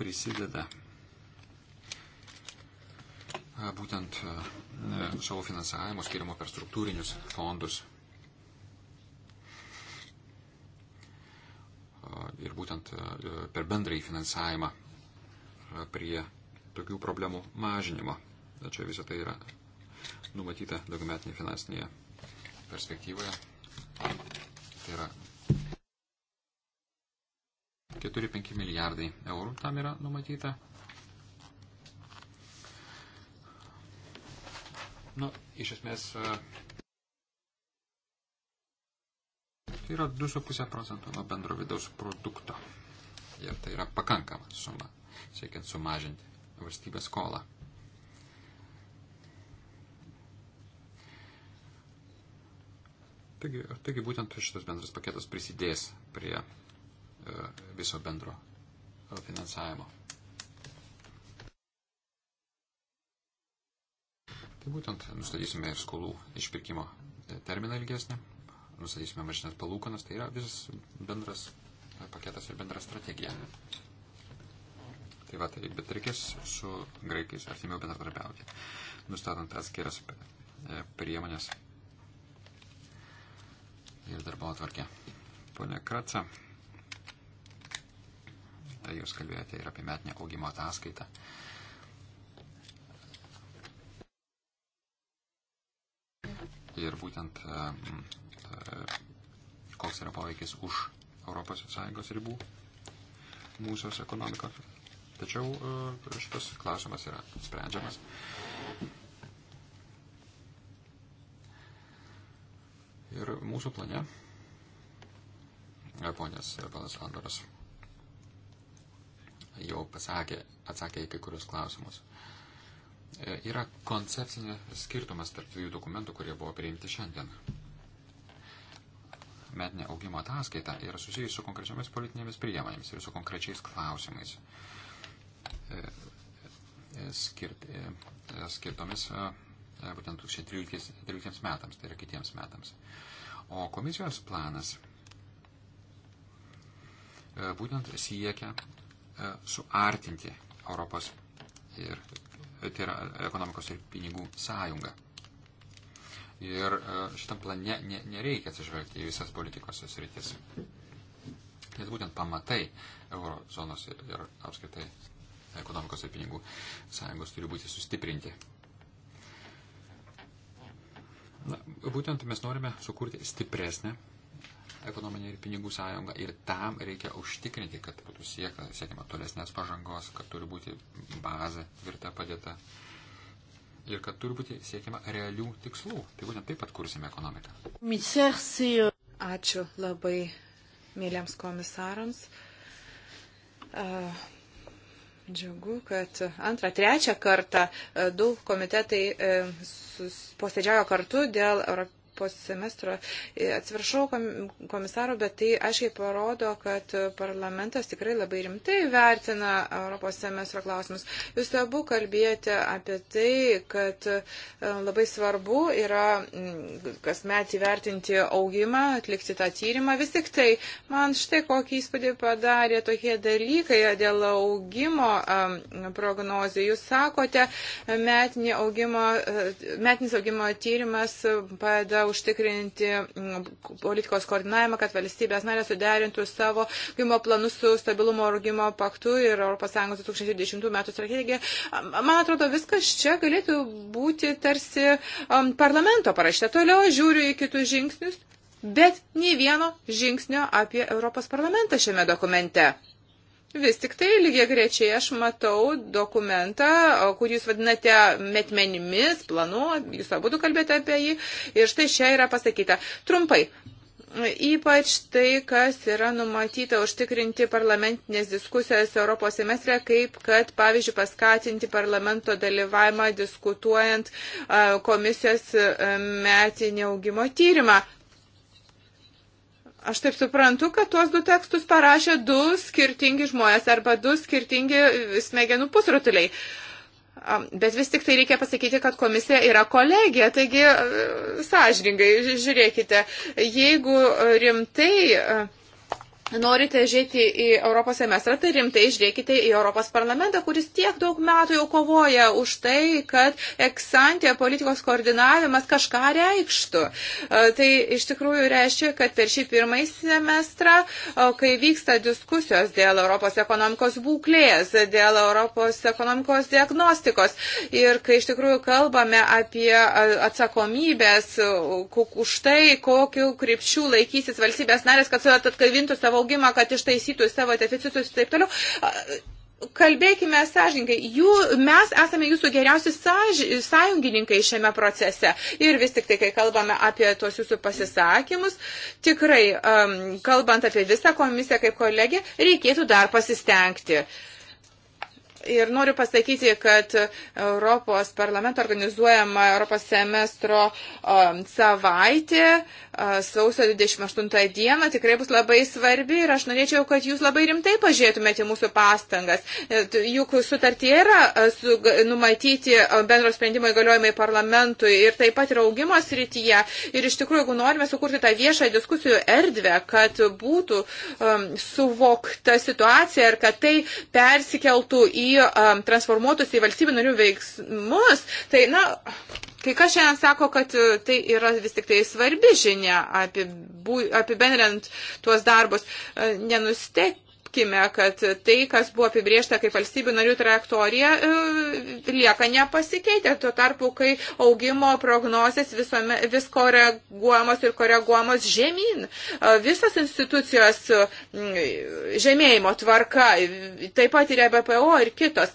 prisideda e, būtent e, savo finansavimo skiriamo per struktūrinius fondus. Ir būtent per bendrąjį finansavimą prie tokių problemų mažinimo. Tačiau visą tai yra numatyta daugiametinėje finansinėje perspektyvoje. Tai yra 4-5 milijardai eurų tam yra numatyta. Nu, iš esmės e, tai yra 2,5 procentų nuo bendro vidaus produkto. Ir tai yra pakankama suma, siekiant sumažinti valstybės skolą. Taigi, taigi būtent šitas bendras paketas prisidės prie e, viso bendro e, finansavimo. Tai būtent nustatysime ir skolų išpirkimo e, terminą ilgesnį, nustatysime mažinės palūkanas, tai yra visas bendras e, paketas ir bendra strategija. Tai va, tai, bet reikės su graikais artimiau bendradarbiauti, nustatant atskiras e, priemonės ir darbo atvarkę. Pone Kratsa, tai jūs kalbėjote ir apie metinę augimo ataskaitą. Ir būtent e, e, koks yra poveikis už ES ribų mūsų ekonomikos Tačiau e, šitas klausimas yra sprendžiamas. Ir mūsų plane, e, ponės Panas Andoras jau pasakė, atsakė į kai kurios klausimus. E, yra koncepcinė skirtumas tarp dviejų dokumentų, kurie buvo priimti šiandien. Metinė augimo ataskaita yra susijusi su konkrečiamis politinėmis priemonėmis ir su konkrečiais klausimais. E, e, skirt, e, skirtomis būtent 2013 metams, tai yra kitiems metams. O komisijos planas būtent siekia suartinti Europos ir tai yra ekonomikos ir pinigų sąjunga. Ir šitam plane ne, nereikia atsižvelgti į visas politikos sritis. Nes būtent pamatai eurozonos ir, ir apskritai ekonomikos ir pinigų sąjungos turi būti sustiprinti. Na, būtent mes norime sukurti stipresnę ekonominė ir pinigų sąjunga ir tam reikia užtikrinti, kad būtų sieka, siekima tolesnės pažangos, kad turi būti bazė tvirta padėta ir kad turi būti siekima realių tikslų. Tai būtent taip pat kursime ekonomiką. Ačiū labai mėlyms komisarams. Uh Džiugu, kad antrą, trečią kartą e, du komitetai e, posėdžiavo kartu dėl Europos Europos semestro. E, atsiprašau komisaro, bet tai aiškiai parodo, kad parlamentas tikrai labai rimtai vertina Europos semestro klausimus. Jūs abu kalbėjote apie tai, kad e, labai svarbu yra kasmet įvertinti augimą, atlikti tą tyrimą. Vis tik tai man štai kokį įspūdį padarė tokie dalykai dėl augimo prognozių. Jūs sakote, metinį augimo, e, metinis augimo tyrimas padeda užtikrinti mm, politikos koordinavimą, kad valstybės narės suderintų savo gimo planus su stabilumo augimo paktu ir ES 2010 metų strategija. Man atrodo, viskas čia galėtų būti tarsi um, parlamento parašyta. Toliau žiūriu į kitus žingsnius, bet nei vieno žingsnio apie Europos parlamentą šiame dokumente. Vis tik tai lygiai grečiai aš matau dokumentą, kurį jūs vadinate metmenimis, planu, jūs abu kalbėjote apie jį ir štai čia yra pasakyta. Trumpai, ypač tai, kas yra numatyta užtikrinti parlamentinės diskusijos Europos semestre, kaip kad, pavyzdžiui, paskatinti parlamento dalyvavimą diskutuojant komisijos metinį augimo tyrimą. Aš taip suprantu, kad tuos du tekstus parašė du skirtingi žmonės arba du skirtingi smegenų pusrutuliai. Bet vis tik tai reikia pasakyti, kad komisija yra kolegija, taigi e, sąžiningai žiūrėkite, jeigu rimtai e, norite žiūrėti į Europos semestrą, tai rimtai žiūrėkite į Europos parlamentą, kuris tiek daug metų jau kovoja už tai, kad eksantė politikos koordinavimas kažką reikštų. E, tai iš tikrųjų reiškia, kad per šį pirmąjį semestrą, e, kai vyksta diskusijos dėl Europos ekonomikos būklės, dėl Europos ekonomikos diagnostikos ir kai iš tikrųjų kalbame apie e, atsakomybės už tai, kokiu krypčių laikysis valstybės narės, kad atkavintų savo savo augimą, kad ištaisytų savo deficitus ir taip toliau. Kalbėkime sąžininkai, jų, mes esame jūsų geriausi sąž, sąjungininkai šiame procese. Ir vis tik tai, kai kalbame apie tos jūsų pasisakymus, tikrai, um, kalbant apie visą komisiją kaip kolegė, reikėtų dar pasistengti. Uh, Ir noriu pasakyti, kad Europos parlamento organizuojama Europos semestro um, savaitė uh, sausio 28 dieną tikrai bus labai svarbi ir aš norėčiau, kad jūs labai rimtai pažiūrėtumėte mūsų pastangas. E, juk sutartie yra e, numatyti e, bendro sprendimo įgaliojimai parlamentui ir taip pat ir augimo srityje. Ir iš tikrųjų, jeigu norime sukurti tą viešą diskusijų erdvę, kad būtų um, suvokta situacija ir kad tai persikeltų į um, transformuotųsi į valstybių narių veiksmus, tai, na, kai kas šiandien sako, kad e, tai yra vis tik tai svarbi žinia apibendrinant tuos darbus, e, nenustek suvokime, kad tai, kas buvo apibriešta kaip valstybių narių trajektorija, e, lieka nepasikeitę. Tuo tarpu, kai augimo prognozės visome, vis koreguojamos ir koreguojamos žemyn, e, visas institucijos e, žemėjimo tvarka, taip pat ir EBPO ir kitos.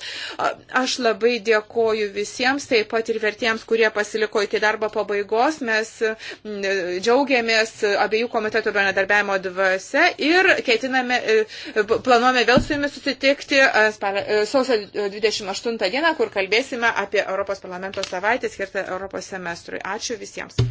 Aš labai dėkoju visiems, taip pat ir vertiems, kurie pasiliko iki darbo pabaigos. Mes džiaugiamės abiejų komitetų bendradarbiavimo dvasia ir ketiname planuojame vėl su jumis susitikti e, sausio 28 dieną, kur kalbėsime apie Europos parlamento savaitę skirtą Europos semestrui. Ačiū visiems.